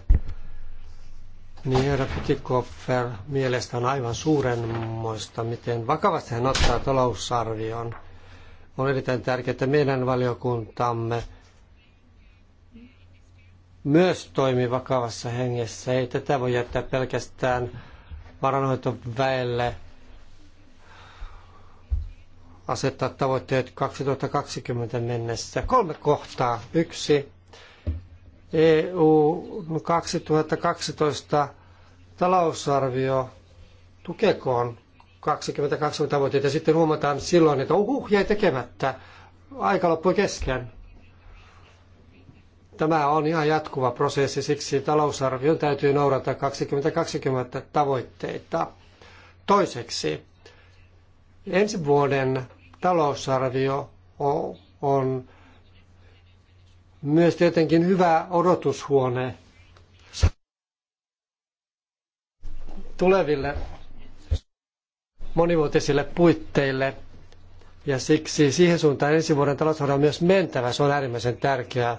niin herra Pytikoffer mielestä on aivan suurenmoista, miten vakavasti hän ottaa talousarvion. On erittäin tärkeää, että meidän valiokuntamme myös toimii vakavassa hengessä. Ei tätä voi jättää pelkästään varanhoitoväelle asettaa tavoitteet 2020 mennessä. Kolme kohtaa. Yksi, EU 2012 talousarvio tukekoon 2020 tavoitteita ja sitten huomataan silloin, että uhuh, jäi tekemättä, aika loppui kesken. Tämä on ihan jatkuva prosessi, siksi talousarvion täytyy noudata 2020 tavoitteita. Toiseksi, ensi vuoden talousarvio on myös tietenkin hyvä odotushuone tuleville monivuotisille puitteille. Ja siksi siihen suuntaan ensi vuoden talousarvio on myös mentävä. Se on äärimmäisen tärkeää.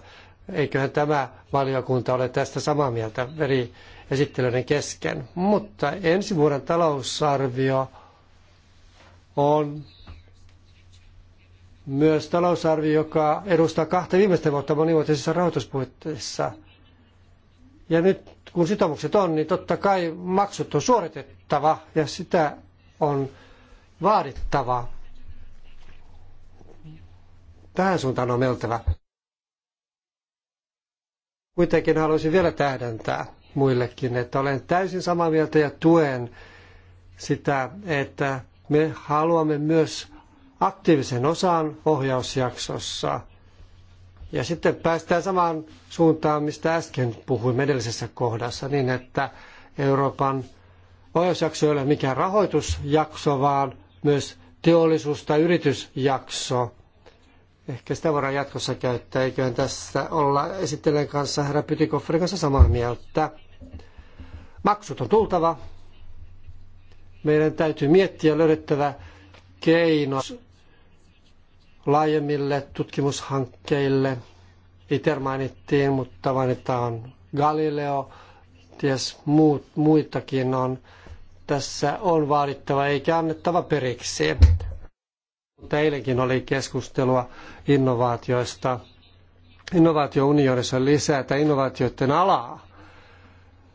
Eiköhän tämä valiokunta ole tästä samaa mieltä eri esittelyiden kesken. Mutta ensi vuoden talousarvio on myös talousarvio, joka edustaa kahta viimeistä vuotta monivuotisessa rahoituspuitteissa. Ja nyt kun sitoumukset on, niin totta kai maksut on suoritettava ja sitä on vaadittava. Tähän suuntaan on meltävä. Kuitenkin haluaisin vielä tähdentää muillekin, että olen täysin samaa mieltä ja tuen sitä, että me haluamme myös aktiivisen osan ohjausjaksossa. Ja sitten päästään samaan suuntaan, mistä äsken puhuin edellisessä kohdassa, niin että Euroopan ohjausjakso ei ole mikään rahoitusjakso, vaan myös teollisuus- tai yritysjakso. Ehkä sitä voidaan jatkossa käyttää, eiköhän tässä olla esittelen kanssa herra Pytikofferin kanssa samaa mieltä. Maksut on tultava. Meidän täytyy miettiä löydettävä keino laajemmille tutkimushankkeille. ITER mainittiin, mutta mainitaan Galileo, ties muut, muitakin on. Tässä on vaadittava eikä annettava periksi. Mutta eilenkin oli keskustelua innovaatioista. Innovaatiounionissa lisätä innovaatioiden alaa.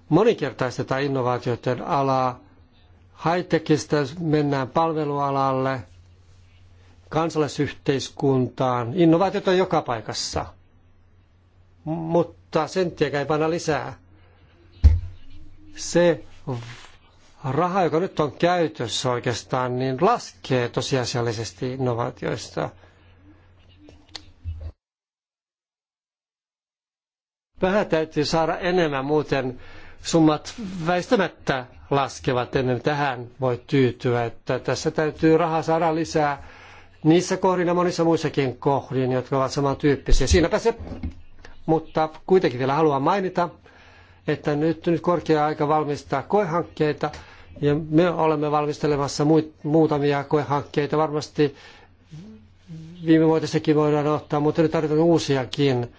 Moninkertaistetaan innovaatioiden alaa. high mennään palvelualalle – kansalaisyhteiskuntaan. Innovaatiota on joka paikassa, mutta senttiäkään ei panna lisää. Se raha, joka nyt on käytössä oikeastaan, niin laskee tosiasiallisesti innovaatioista. Vähän täytyy saada enemmän, muuten summat väistämättä laskevat ennen tähän voi tyytyä, että tässä täytyy rahaa saada lisää niissä kohdin ja monissa muissakin kohdin, jotka ovat samantyyppisiä. Siinäpä se, mutta kuitenkin vielä haluan mainita, että nyt, nyt korkea aika valmistaa koehankkeita ja me olemme valmistelemassa muutamia koehankkeita. Varmasti viime vuotistakin voidaan ottaa, mutta nyt tarvitaan uusiakin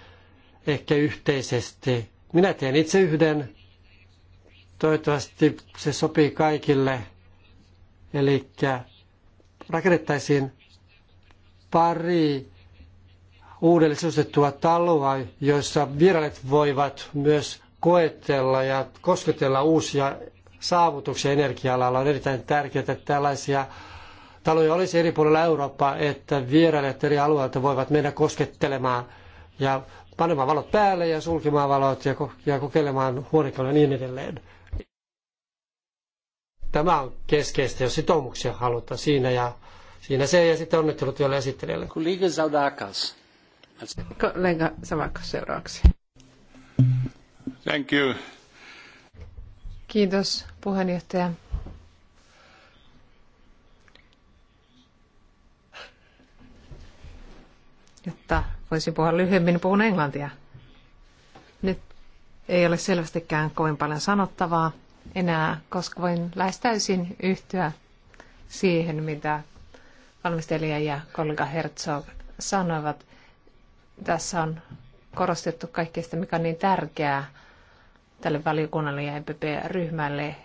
ehkä yhteisesti. Minä teen itse yhden. Toivottavasti se sopii kaikille. Eli rakennettaisiin pari uudelle sisustettua taloa, joissa vieraat voivat myös koetella ja kosketella uusia saavutuksia energia-alalla. On erittäin tärkeää, että tällaisia taloja olisi eri puolilla Eurooppaa, että vieraat eri alueilta voivat mennä koskettelemaan ja panemaan valot päälle ja sulkemaan valot ja, ko- ja kokeilemaan huonekaluja ja niin edelleen. Tämä on keskeistä, jos sitoumuksia halutaan siinä ja Siinä se ja sitten onnittelut vielä esittelijälle. Kollega Zaudakas, Kollega Zaudakas seuraavaksi. Thank you. Kiitos puheenjohtaja. Jotta voisin puhua lyhyemmin, puhun englantia. Nyt ei ole selvästikään kovin paljon sanottavaa enää, koska voin lähes täysin yhtyä siihen, mitä valmistelija ja kollega Herzog sanoivat. Tässä on korostettu kaikkea sitä, mikä on niin tärkeää tälle valiokunnalle ja EPP-ryhmälle,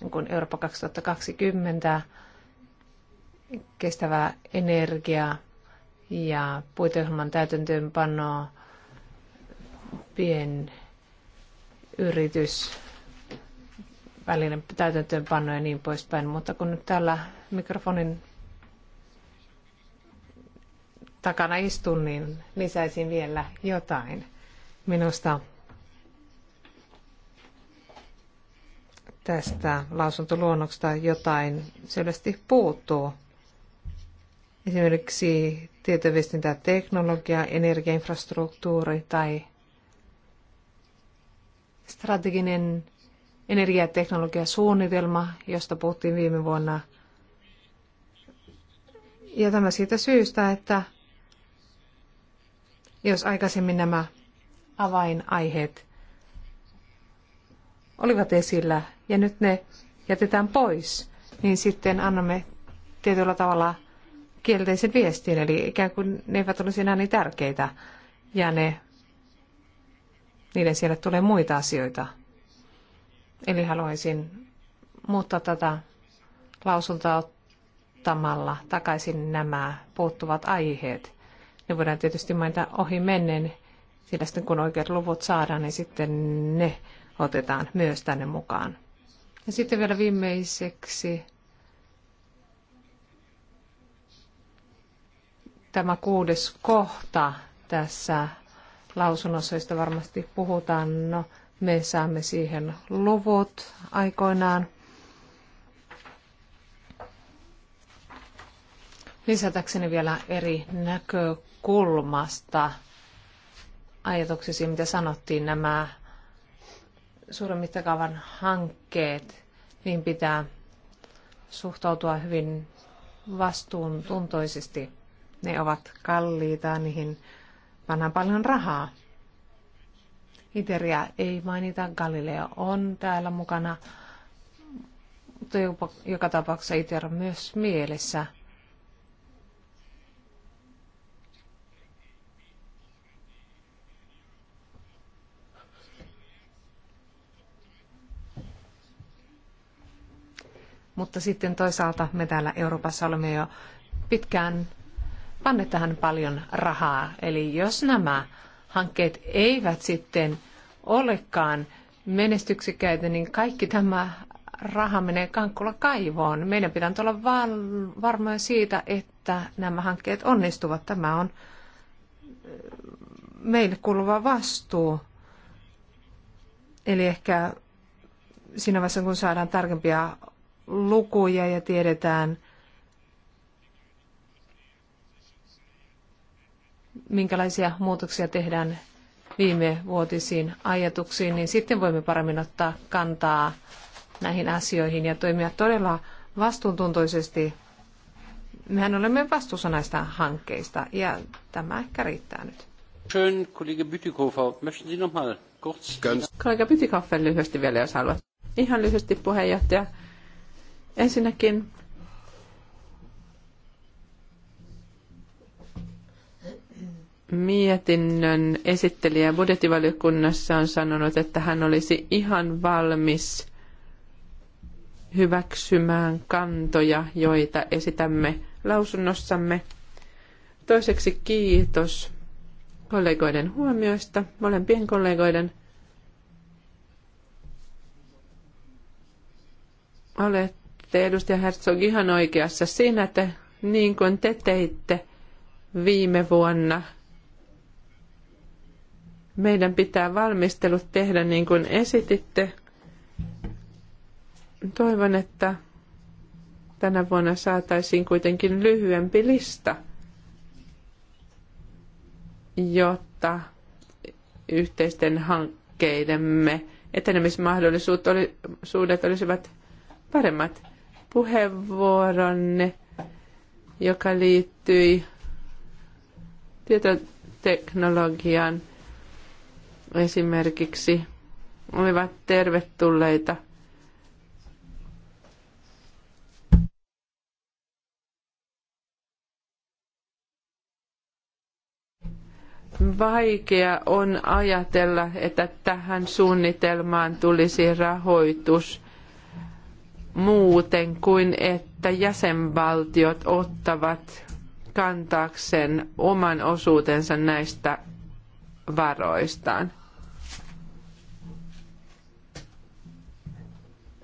niin kuin Eurooppa 2020, kestävää energiaa ja puiteohjelman täytäntöönpanoa, pienyritys, välinen täytäntöönpano ja niin poispäin. Mutta kun nyt täällä mikrofonin takana istun, niin lisäisin vielä jotain. Minusta tästä lausuntoluonnoksesta jotain selvästi puuttuu. Esimerkiksi tietoviestintäteknologia, energiainfrastruktuuri tai strateginen energiateknologiasuunnitelma, josta puhuttiin viime vuonna. Ja tämä siitä syystä, että jos aikaisemmin nämä avainaiheet olivat esillä ja nyt ne jätetään pois, niin sitten annamme tietyllä tavalla kielteisen viestin, eli ikään kuin ne eivät olisi enää niin tärkeitä ja ne, niiden siellä tulee muita asioita. Eli haluaisin muuttaa tätä lausuntoa ottamalla takaisin nämä puuttuvat aiheet. Ne voidaan tietysti mainita ohi menneen, sillä sitten kun oikeat luvut saadaan, niin sitten ne otetaan myös tänne mukaan. Ja sitten vielä viimeiseksi tämä kuudes kohta tässä lausunnossa, josta varmasti puhutaan. No, me saamme siihen luvut aikoinaan. Lisätäkseni vielä eri näkökulmia kulmasta ajatuksesi, mitä sanottiin, nämä suuren mittakaavan hankkeet, niin pitää suhtautua hyvin vastuuntuntoisesti. Ne ovat kalliita, niihin pannaan paljon rahaa. Iteria ei mainita, Galileo on täällä mukana, mutta joka tapauksessa Iter on myös mielessä – mutta sitten toisaalta me täällä Euroopassa olemme jo pitkään panneet tähän paljon rahaa. Eli jos nämä hankkeet eivät sitten olekaan menestyksekkäitä, niin kaikki tämä raha menee kankkulla kaivoon. Meidän pitää olla varmoja siitä, että nämä hankkeet onnistuvat. Tämä on eh, meille kuuluva vastuu. Eli ehkä siinä vaiheessa, kun saadaan tarkempia lukuja ja tiedetään, minkälaisia muutoksia tehdään viime vuotisiin ajatuksiin, niin sitten voimme paremmin ottaa kantaa näihin asioihin ja toimia todella vastuuntuntoisesti. Mehän olemme vastuussa näistä hankkeista ja tämä ehkä riittää nyt. Schön, kollega Bütikofer. Möchten Sie noch mal kurz? Kollega Bütikofer lyhyesti vielä, jos haluat. Ihan lyhyesti puheenjohtaja. Ensinnäkin mietinnön esittelijä budjettivaliokunnassa on sanonut, että hän olisi ihan valmis hyväksymään kantoja, joita esitämme lausunnossamme. Toiseksi kiitos kollegoiden huomioista, molempien kollegoiden. Olet olette, edustaja Herzog, ihan oikeassa siinä, että niin kuin te teitte viime vuonna, meidän pitää valmistelut tehdä niin kuin esititte. Toivon, että tänä vuonna saataisiin kuitenkin lyhyempi lista, jotta yhteisten hankkeidemme etenemismahdollisuudet olisivat paremmat puheenvuoronne, joka liittyi tietoteknologian esimerkiksi olivat tervetulleita. Vaikea on ajatella, että tähän suunnitelmaan tulisi rahoitus muuten kuin että jäsenvaltiot ottavat kantaakseen oman osuutensa näistä varoistaan.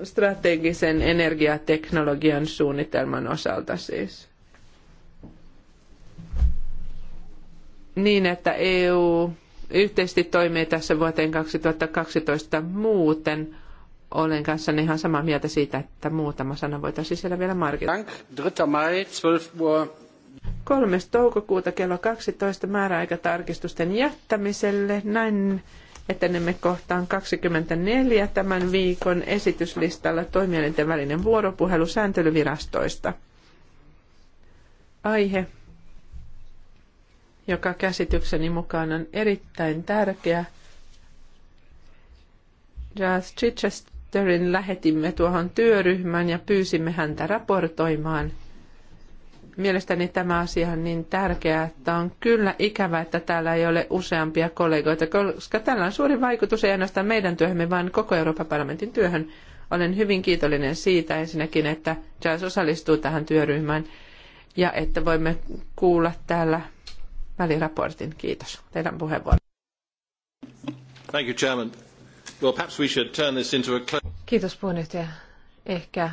Strategisen energiateknologian suunnitelman osalta siis. Niin, että EU yhteisesti toimii tässä vuoteen 2012 muuten – olen kanssanne ihan samaa mieltä siitä, että muutama sana voitaisiin siellä vielä markita. 3. toukokuuta kello 12 määräaikatarkistusten jättämiselle. Näin etenemme kohtaan 24 tämän viikon esityslistalla toimielinten välinen vuoropuhelu sääntelyvirastoista. Aihe, joka käsitykseni mukaan on erittäin tärkeä. ja Chichester Törin lähetimme tuohon työryhmään ja pyysimme häntä raportoimaan. Mielestäni tämä asia on niin tärkeä, että on kyllä ikävä, että täällä ei ole useampia kollegoita, koska tällä on suuri vaikutus ei ainoastaan meidän työhömme, vaan koko Euroopan parlamentin työhön. Olen hyvin kiitollinen siitä ensinnäkin, että Charles osallistuu tähän työryhmään ja että voimme kuulla täällä väliraportin. Kiitos. Teidän puheenvuoron. Thank you, Chairman. Kiitos puheenjohtaja. Ehkä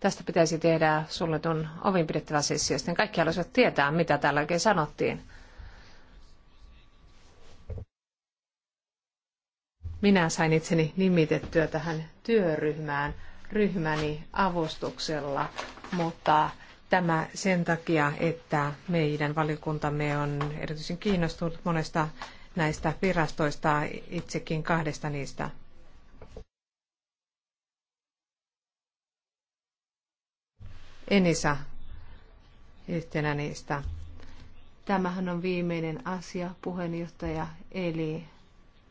tästä pitäisi tehdä suljetun ovin pidettävä sessio. Sitten kaikki haluaisivat tietää, mitä täällä oikein sanottiin. Minä sain itseni nimitettyä tähän työryhmään ryhmäni avustuksella, mutta tämä sen takia, että meidän valiokuntamme on erityisen kiinnostunut monesta näistä virastoista, itsekin kahdesta niistä. Enisa yhtenä niistä. Tämähän on viimeinen asia, puheenjohtaja, eli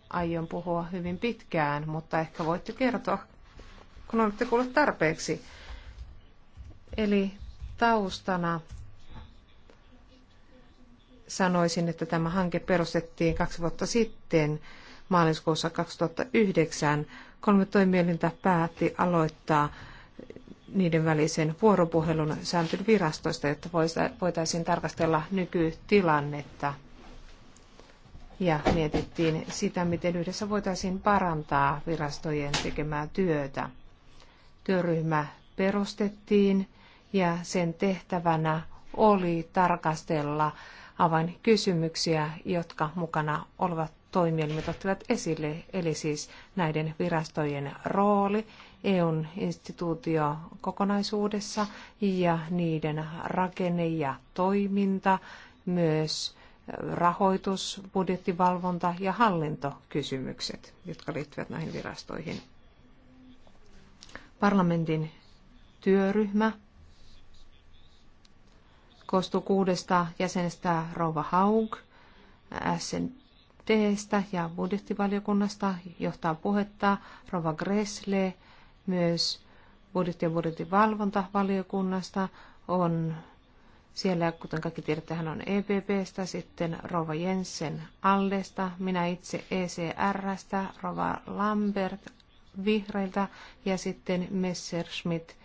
aion puhua hyvin pitkään, mutta ehkä voitte kertoa, kun olette kuulleet tarpeeksi. Eli taustana sanoisin, että tämä hanke perustettiin kaksi vuotta sitten maaliskuussa 2009. Kolme toimielintä päätti aloittaa niiden välisen vuoropuhelun sääntelyvirastoista, jotta voitaisiin tarkastella nykytilannetta. Ja mietittiin sitä, miten yhdessä voitaisiin parantaa virastojen tekemää työtä. Työryhmä perustettiin ja sen tehtävänä oli tarkastella avainkysymyksiä, jotka mukana olivat toimielimet ottivat esille, eli siis näiden virastojen rooli EUn instituutio kokonaisuudessa ja niiden rakenne ja toiminta, myös rahoitus, budjettivalvonta ja hallintokysymykset, jotka liittyvät näihin virastoihin. Parlamentin työryhmä koostuu kuudesta jäsenestä Rova Haug, SNDstä ja budjettivaliokunnasta, johtaa puhetta Rova Gressle, myös budjetti- ja budjettivalvontavaliokunnasta on siellä, kuten kaikki tiedätte, hän on EPPstä, sitten Rova Jensen Allesta, minä itse ECRstä, Rova Lambert Vihreiltä ja sitten Messerschmidt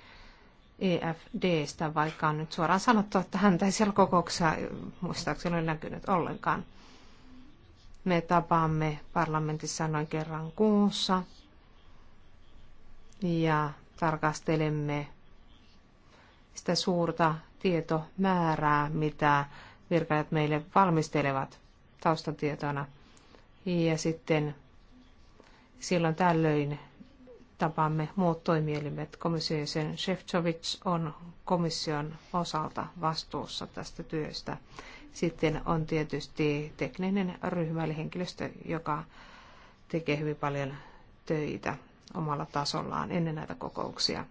EFDstä, vaikka on nyt suoraan sanottu, että häntä ei siellä kokouksessa äh, muistaakseni ole näkynyt ollenkaan. Me tapaamme parlamentissa noin kerran kuussa ja tarkastelemme sitä suurta tietomäärää, mitä virkailijat meille valmistelevat taustatietona. Ja sitten silloin tällöin Tapaamme muut toimielimet. Komission jäsen Shevchovic on komission osalta vastuussa tästä työstä. Sitten on tietysti tekninen ryhmä eli henkilöstö, joka tekee hyvin paljon töitä omalla tasollaan ennen näitä kokouksia.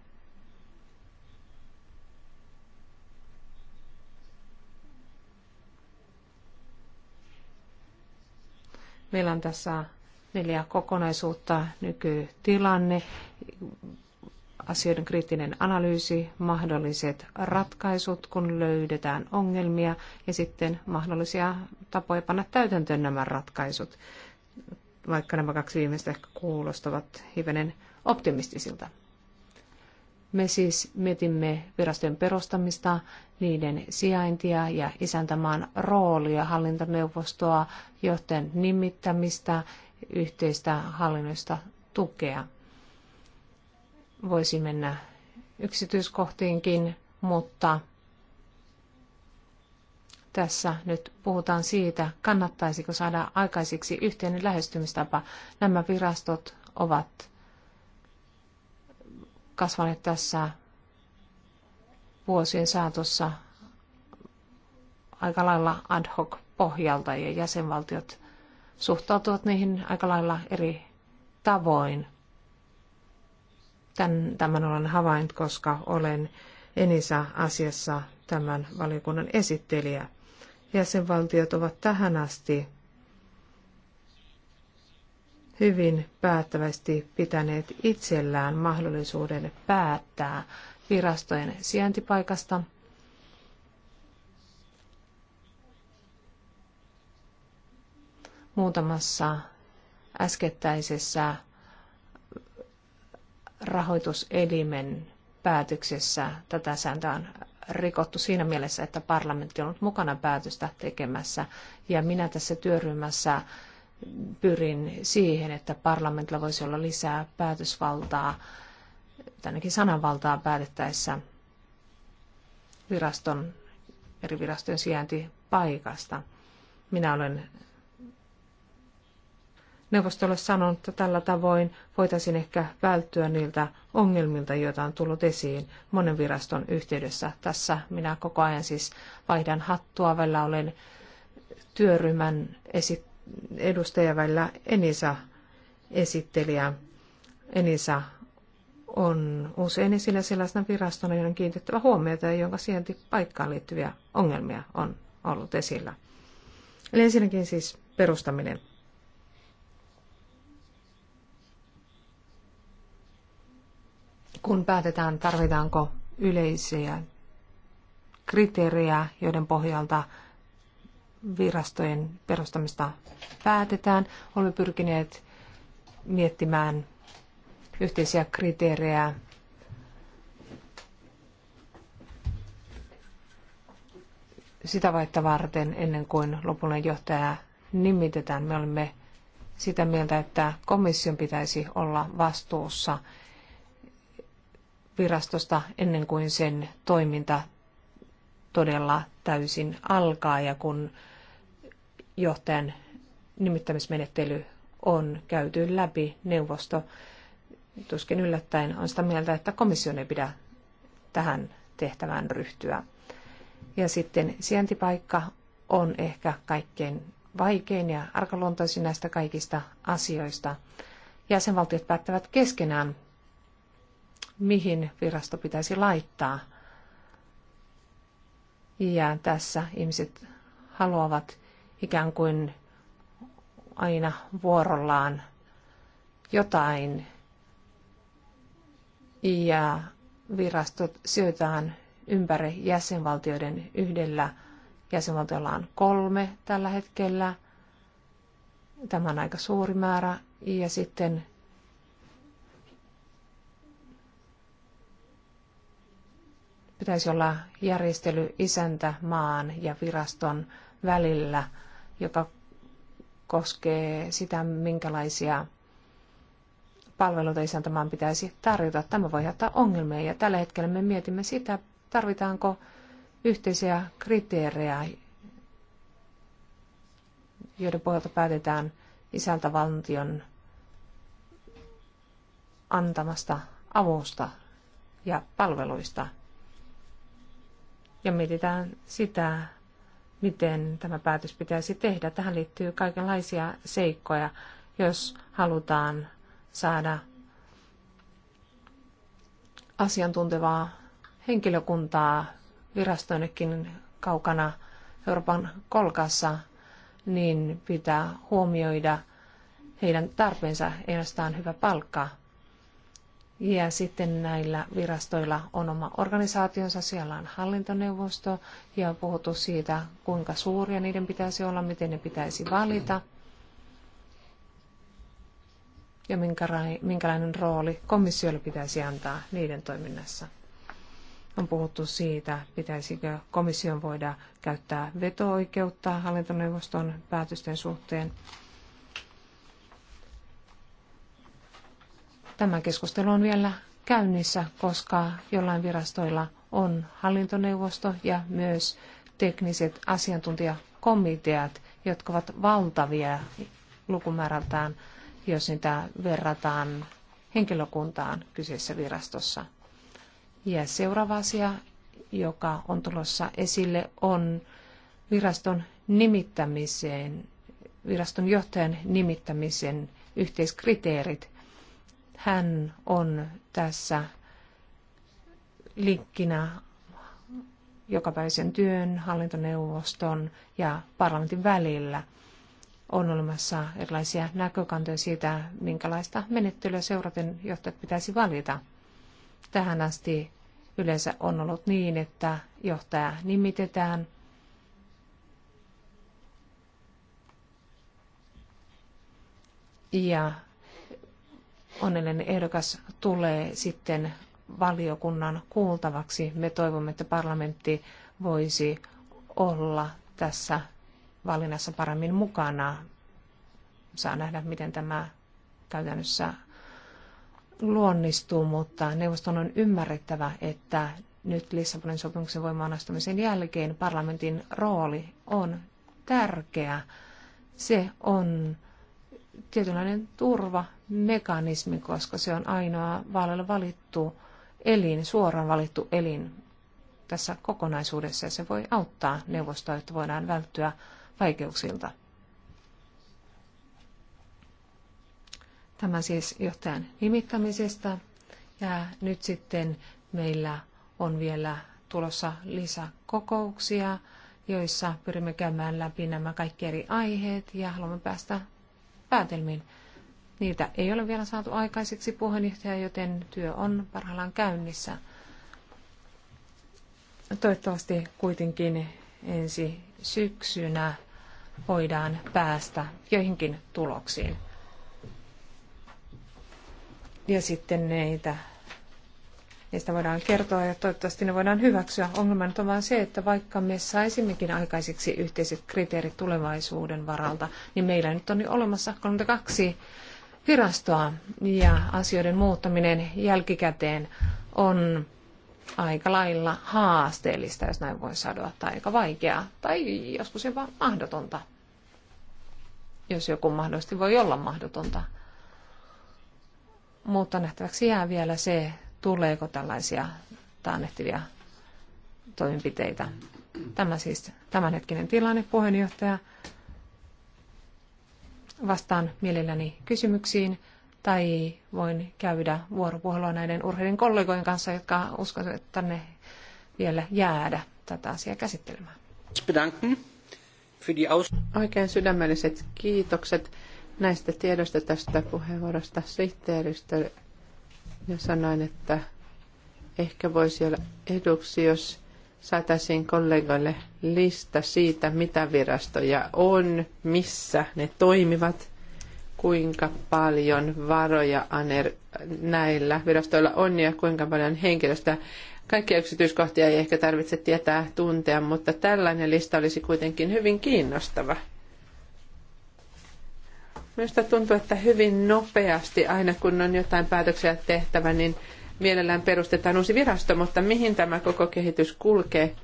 Meillä on tässä neljä kokonaisuutta, nykytilanne, asioiden kriittinen analyysi, mahdolliset ratkaisut, kun löydetään ongelmia ja sitten mahdollisia tapoja panna täytäntöön nämä ratkaisut, vaikka nämä kaksi viimeistä ehkä kuulostavat hivenen optimistisilta. Me siis mietimme virastojen perustamista, niiden sijaintia ja isäntämaan roolia, hallintoneuvostoa, johtajan nimittämistä yhteistä hallinnosta tukea. Voisi mennä yksityiskohtiinkin, mutta tässä nyt puhutaan siitä, kannattaisiko saada aikaisiksi yhteinen lähestymistapa. Nämä virastot ovat kasvaneet tässä vuosien saatossa aika lailla ad hoc pohjalta ja jäsenvaltiot suhtautuvat niihin aika lailla eri tavoin. Tän, tämän olen havainnut, koska olen enisä asiassa tämän valiokunnan esittelijä. Jäsenvaltiot ovat tähän asti hyvin päättävästi pitäneet itsellään mahdollisuuden päättää virastojen sijaintipaikasta – muutamassa äskettäisessä rahoituselimen päätöksessä tätä sääntöä on rikottu siinä mielessä, että parlamentti on ollut mukana päätöstä tekemässä. Ja minä tässä työryhmässä pyrin siihen, että parlamentilla voisi olla lisää päätösvaltaa, tai ainakin sananvaltaa päätettäessä viraston, eri virastojen sijaintipaikasta. Minä olen neuvostolle sanonut, että tällä tavoin voitaisiin ehkä välttyä niiltä ongelmilta, joita on tullut esiin monen viraston yhteydessä. Tässä minä koko ajan siis vaihdan hattua, välillä olen työryhmän esi- edustaja, välillä Enisa esittelijä. Enisa on usein esillä sellaisena virastona, johon on kiinnitettävä huomiota ja jonka sijaintipaikkaan liittyviä ongelmia on ollut esillä. Eli ensinnäkin siis perustaminen. kun päätetään, tarvitaanko yleisiä kriteerejä, joiden pohjalta virastojen perustamista päätetään. Olemme pyrkineet miettimään yhteisiä kriteerejä sitä vaihtaa varten ennen kuin lopullinen johtaja nimitetään. Me olemme sitä mieltä, että komission pitäisi olla vastuussa virastosta ennen kuin sen toiminta todella täysin alkaa ja kun johtajan nimittämismenettely on käyty läpi, neuvosto tuskin yllättäen on sitä mieltä, että komission ei pidä tähän tehtävään ryhtyä. Ja sitten sijaintipaikka on ehkä kaikkein vaikein ja arkaluontoisin näistä kaikista asioista. Jäsenvaltiot päättävät keskenään mihin virasto pitäisi laittaa. Ja tässä ihmiset haluavat ikään kuin aina vuorollaan jotain ja virastot syötään ympäri jäsenvaltioiden yhdellä. Jäsenvaltiolla on kolme tällä hetkellä. Tämä on aika suuri määrä. Ja sitten pitäisi olla järjestely isäntä maan ja viraston välillä, joka koskee sitä, minkälaisia palveluita isäntämaan pitäisi tarjota. Tämä voi aiheuttaa ongelmia ja tällä hetkellä me mietimme sitä, tarvitaanko yhteisiä kriteerejä, joiden pohjalta päätetään isäntävaltion antamasta avusta ja palveluista – ja mietitään sitä, miten tämä päätös pitäisi tehdä. Tähän liittyy kaikenlaisia seikkoja, jos halutaan saada asiantuntevaa henkilökuntaa virastoinnekin kaukana Euroopan kolkassa, niin pitää huomioida heidän tarpeensa ei hyvä palkka, ja sitten näillä virastoilla on oma organisaationsa, siellä on hallintoneuvosto ja on puhuttu siitä, kuinka suuria niiden pitäisi olla, miten ne pitäisi valita ja minkälainen rooli komissiolle pitäisi antaa niiden toiminnassa. On puhuttu siitä, pitäisikö komission voida käyttää veto-oikeutta hallintoneuvoston päätösten suhteen. Tämä keskustelu on vielä käynnissä, koska jollain virastoilla on hallintoneuvosto ja myös tekniset asiantuntijakomiteat, jotka ovat valtavia lukumäärältään, jos niitä verrataan henkilökuntaan kyseisessä virastossa. Ja seuraava asia, joka on tulossa esille, on viraston nimittämiseen, viraston johtajan nimittämisen yhteiskriteerit. Hän on tässä linkkinä jokapäisen työn, hallintoneuvoston ja parlamentin välillä on olemassa erilaisia näkökantoja siitä, minkälaista menettelyä seuraten johtajat pitäisi valita. Tähän asti yleensä on ollut niin, että johtaja nimitetään ja onnellinen ehdokas tulee sitten valiokunnan kuultavaksi. Me toivomme, että parlamentti voisi olla tässä valinnassa paremmin mukana. Saa nähdä, miten tämä käytännössä luonnistuu, mutta neuvoston on ymmärrettävä, että nyt Lissabonin sopimuksen voimaan astumisen jälkeen parlamentin rooli on tärkeä. Se on tietynlainen turvamekanismi, koska se on ainoa vaaleilla valittu elin, suoraan valittu elin tässä kokonaisuudessa ja se voi auttaa neuvostoa, että voidaan välttyä vaikeuksilta. Tämä siis johtajan nimittämisestä ja nyt sitten meillä on vielä tulossa lisäkokouksia, joissa pyrimme käymään läpi nämä kaikki eri aiheet ja haluamme päästä päätelmiin. Niitä ei ole vielä saatu aikaiseksi puheenjohtaja, joten työ on parhaillaan käynnissä. Toivottavasti kuitenkin ensi syksynä voidaan päästä joihinkin tuloksiin. Ja sitten näitä niistä voidaan kertoa ja toivottavasti ne voidaan hyväksyä. Ongelma on vain se, että vaikka me saisimmekin aikaiseksi yhteiset kriteerit tulevaisuuden varalta, niin meillä nyt on jo olemassa 32 virastoa ja asioiden muuttaminen jälkikäteen on aika lailla haasteellista, jos näin voi sanoa, tai aika vaikeaa, tai joskus jopa mahdotonta, jos joku mahdollisesti voi olla mahdotonta. Mutta nähtäväksi jää vielä se, tuleeko tällaisia taannehtivia toimenpiteitä. Tämä siis tämänhetkinen tilanne, puheenjohtaja. Vastaan mielelläni kysymyksiin tai voin käydä vuoropuhelua näiden urheilin kollegojen kanssa, jotka uskon, että tänne vielä jäädä tätä asiaa käsittelemään. Oikein sydämelliset kiitokset näistä tiedoista tästä puheenvuorosta sihteeristölle ja sanoin, että ehkä voisi olla eduksi, jos saataisiin kollegoille lista siitä, mitä virastoja on, missä ne toimivat, kuinka paljon varoja näillä virastoilla on ja kuinka paljon henkilöstä. Kaikkia yksityiskohtia ei ehkä tarvitse tietää tuntea, mutta tällainen lista olisi kuitenkin hyvin kiinnostava. Minusta tuntuu, että hyvin nopeasti, aina kun on jotain päätöksiä tehtävä, niin mielellään perustetaan uusi virasto, mutta mihin tämä koko kehitys kulkee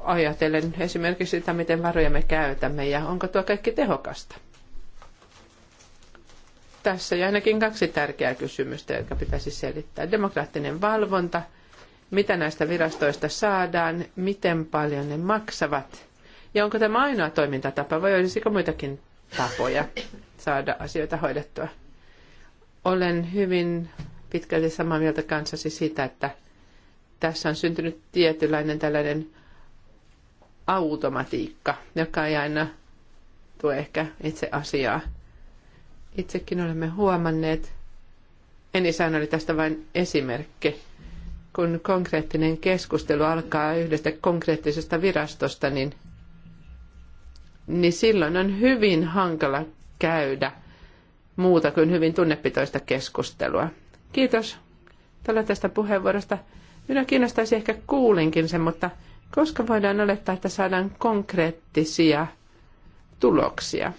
ajatellen esimerkiksi sitä, miten varoja me käytämme ja onko tuo kaikki tehokasta? Tässä on ainakin kaksi tärkeää kysymystä, jotka pitäisi selittää. Demokraattinen valvonta, mitä näistä virastoista saadaan, miten paljon ne maksavat ja onko tämä ainoa toimintatapa vai olisiko muitakin tapoja saada asioita hoidettua. Olen hyvin pitkälti samaa mieltä kanssasi siitä, että tässä on syntynyt tietynlainen tällainen automatiikka, joka ei aina tue ehkä itse asiaa. Itsekin olemme huomanneet, en oli tästä vain esimerkki, kun konkreettinen keskustelu alkaa yhdestä konkreettisesta virastosta, niin – niin silloin on hyvin hankala käydä muuta kuin hyvin tunnepitoista keskustelua. Kiitos tällä tästä puheenvuorosta. Minä kiinnostaisi ehkä kuulinkin sen, mutta koska voidaan olettaa, että saadaan konkreettisia tuloksia.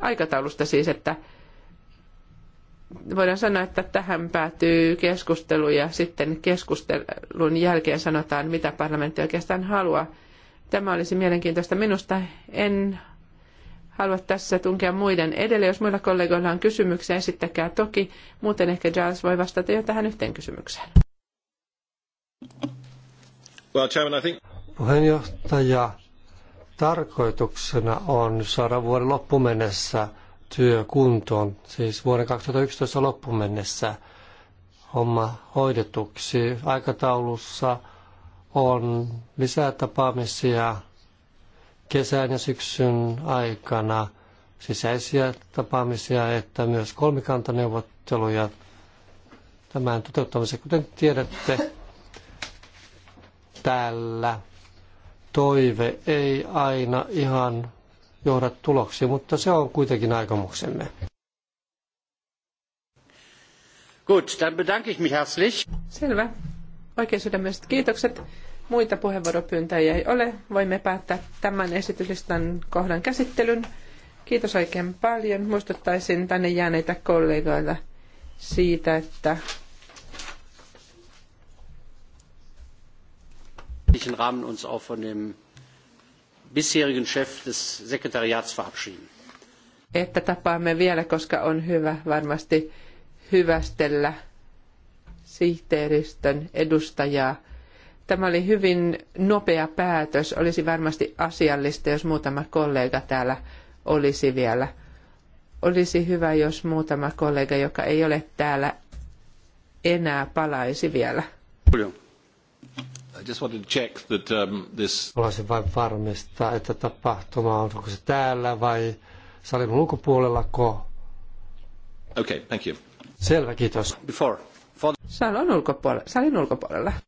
Aikataulusta siis, että voidaan sanoa, että tähän päätyy keskustelu ja sitten keskustelun jälkeen sanotaan, mitä parlamentti oikeastaan haluaa. Tämä olisi mielenkiintoista. Minusta en halua tässä tunkea muiden edelle. Jos muilla kollegoilla on kysymyksiä, esittäkää toki. Muuten ehkä Giles voi vastata jo tähän yhteen kysymykseen. Well, Chairman, I think... Puheenjohtaja, tarkoituksena on saada vuoden loppuun mennessä siis vuoden 2011 loppuun mennessä homma hoidetuksi. Aikataulussa on lisää tapaamisia kesän ja syksyn aikana sisäisiä tapaamisia että myös kolmikantaneuvotteluja tämän toteuttamiseen. Kuten tiedätte, täällä toive ei aina ihan johda tuloksiin, mutta se on kuitenkin aikomuksemme. Gut, dann bedanke ich mich herzlich. Selvä. Oikein sydämestä kiitokset. Muita puheenvuoropyyntöjä ei ole. Voimme päättää tämän esityslistan kohdan käsittelyn. Kiitos oikein paljon. Muistuttaisin tänne jääneitä kollegoita siitä, että Rahmen uns auch von dem bisherigen Chef des Sekretariats verabschieden. Että tapaamme vielä, koska on hyvä varmasti hyvästellä sihteeristön edustajaa Tämä oli hyvin nopea päätös. Olisi varmasti asiallista, jos muutama kollega täällä olisi vielä. Olisi hyvä, jos muutama kollega, joka ei ole täällä enää, palaisi vielä. Um, Haluaisin vain varmistaa, että tapahtuma on, onko se täällä vai salin ko. Okay, thank you. Selvä, kiitos. Before. For... ulkopuolella. salin ulkopuolella.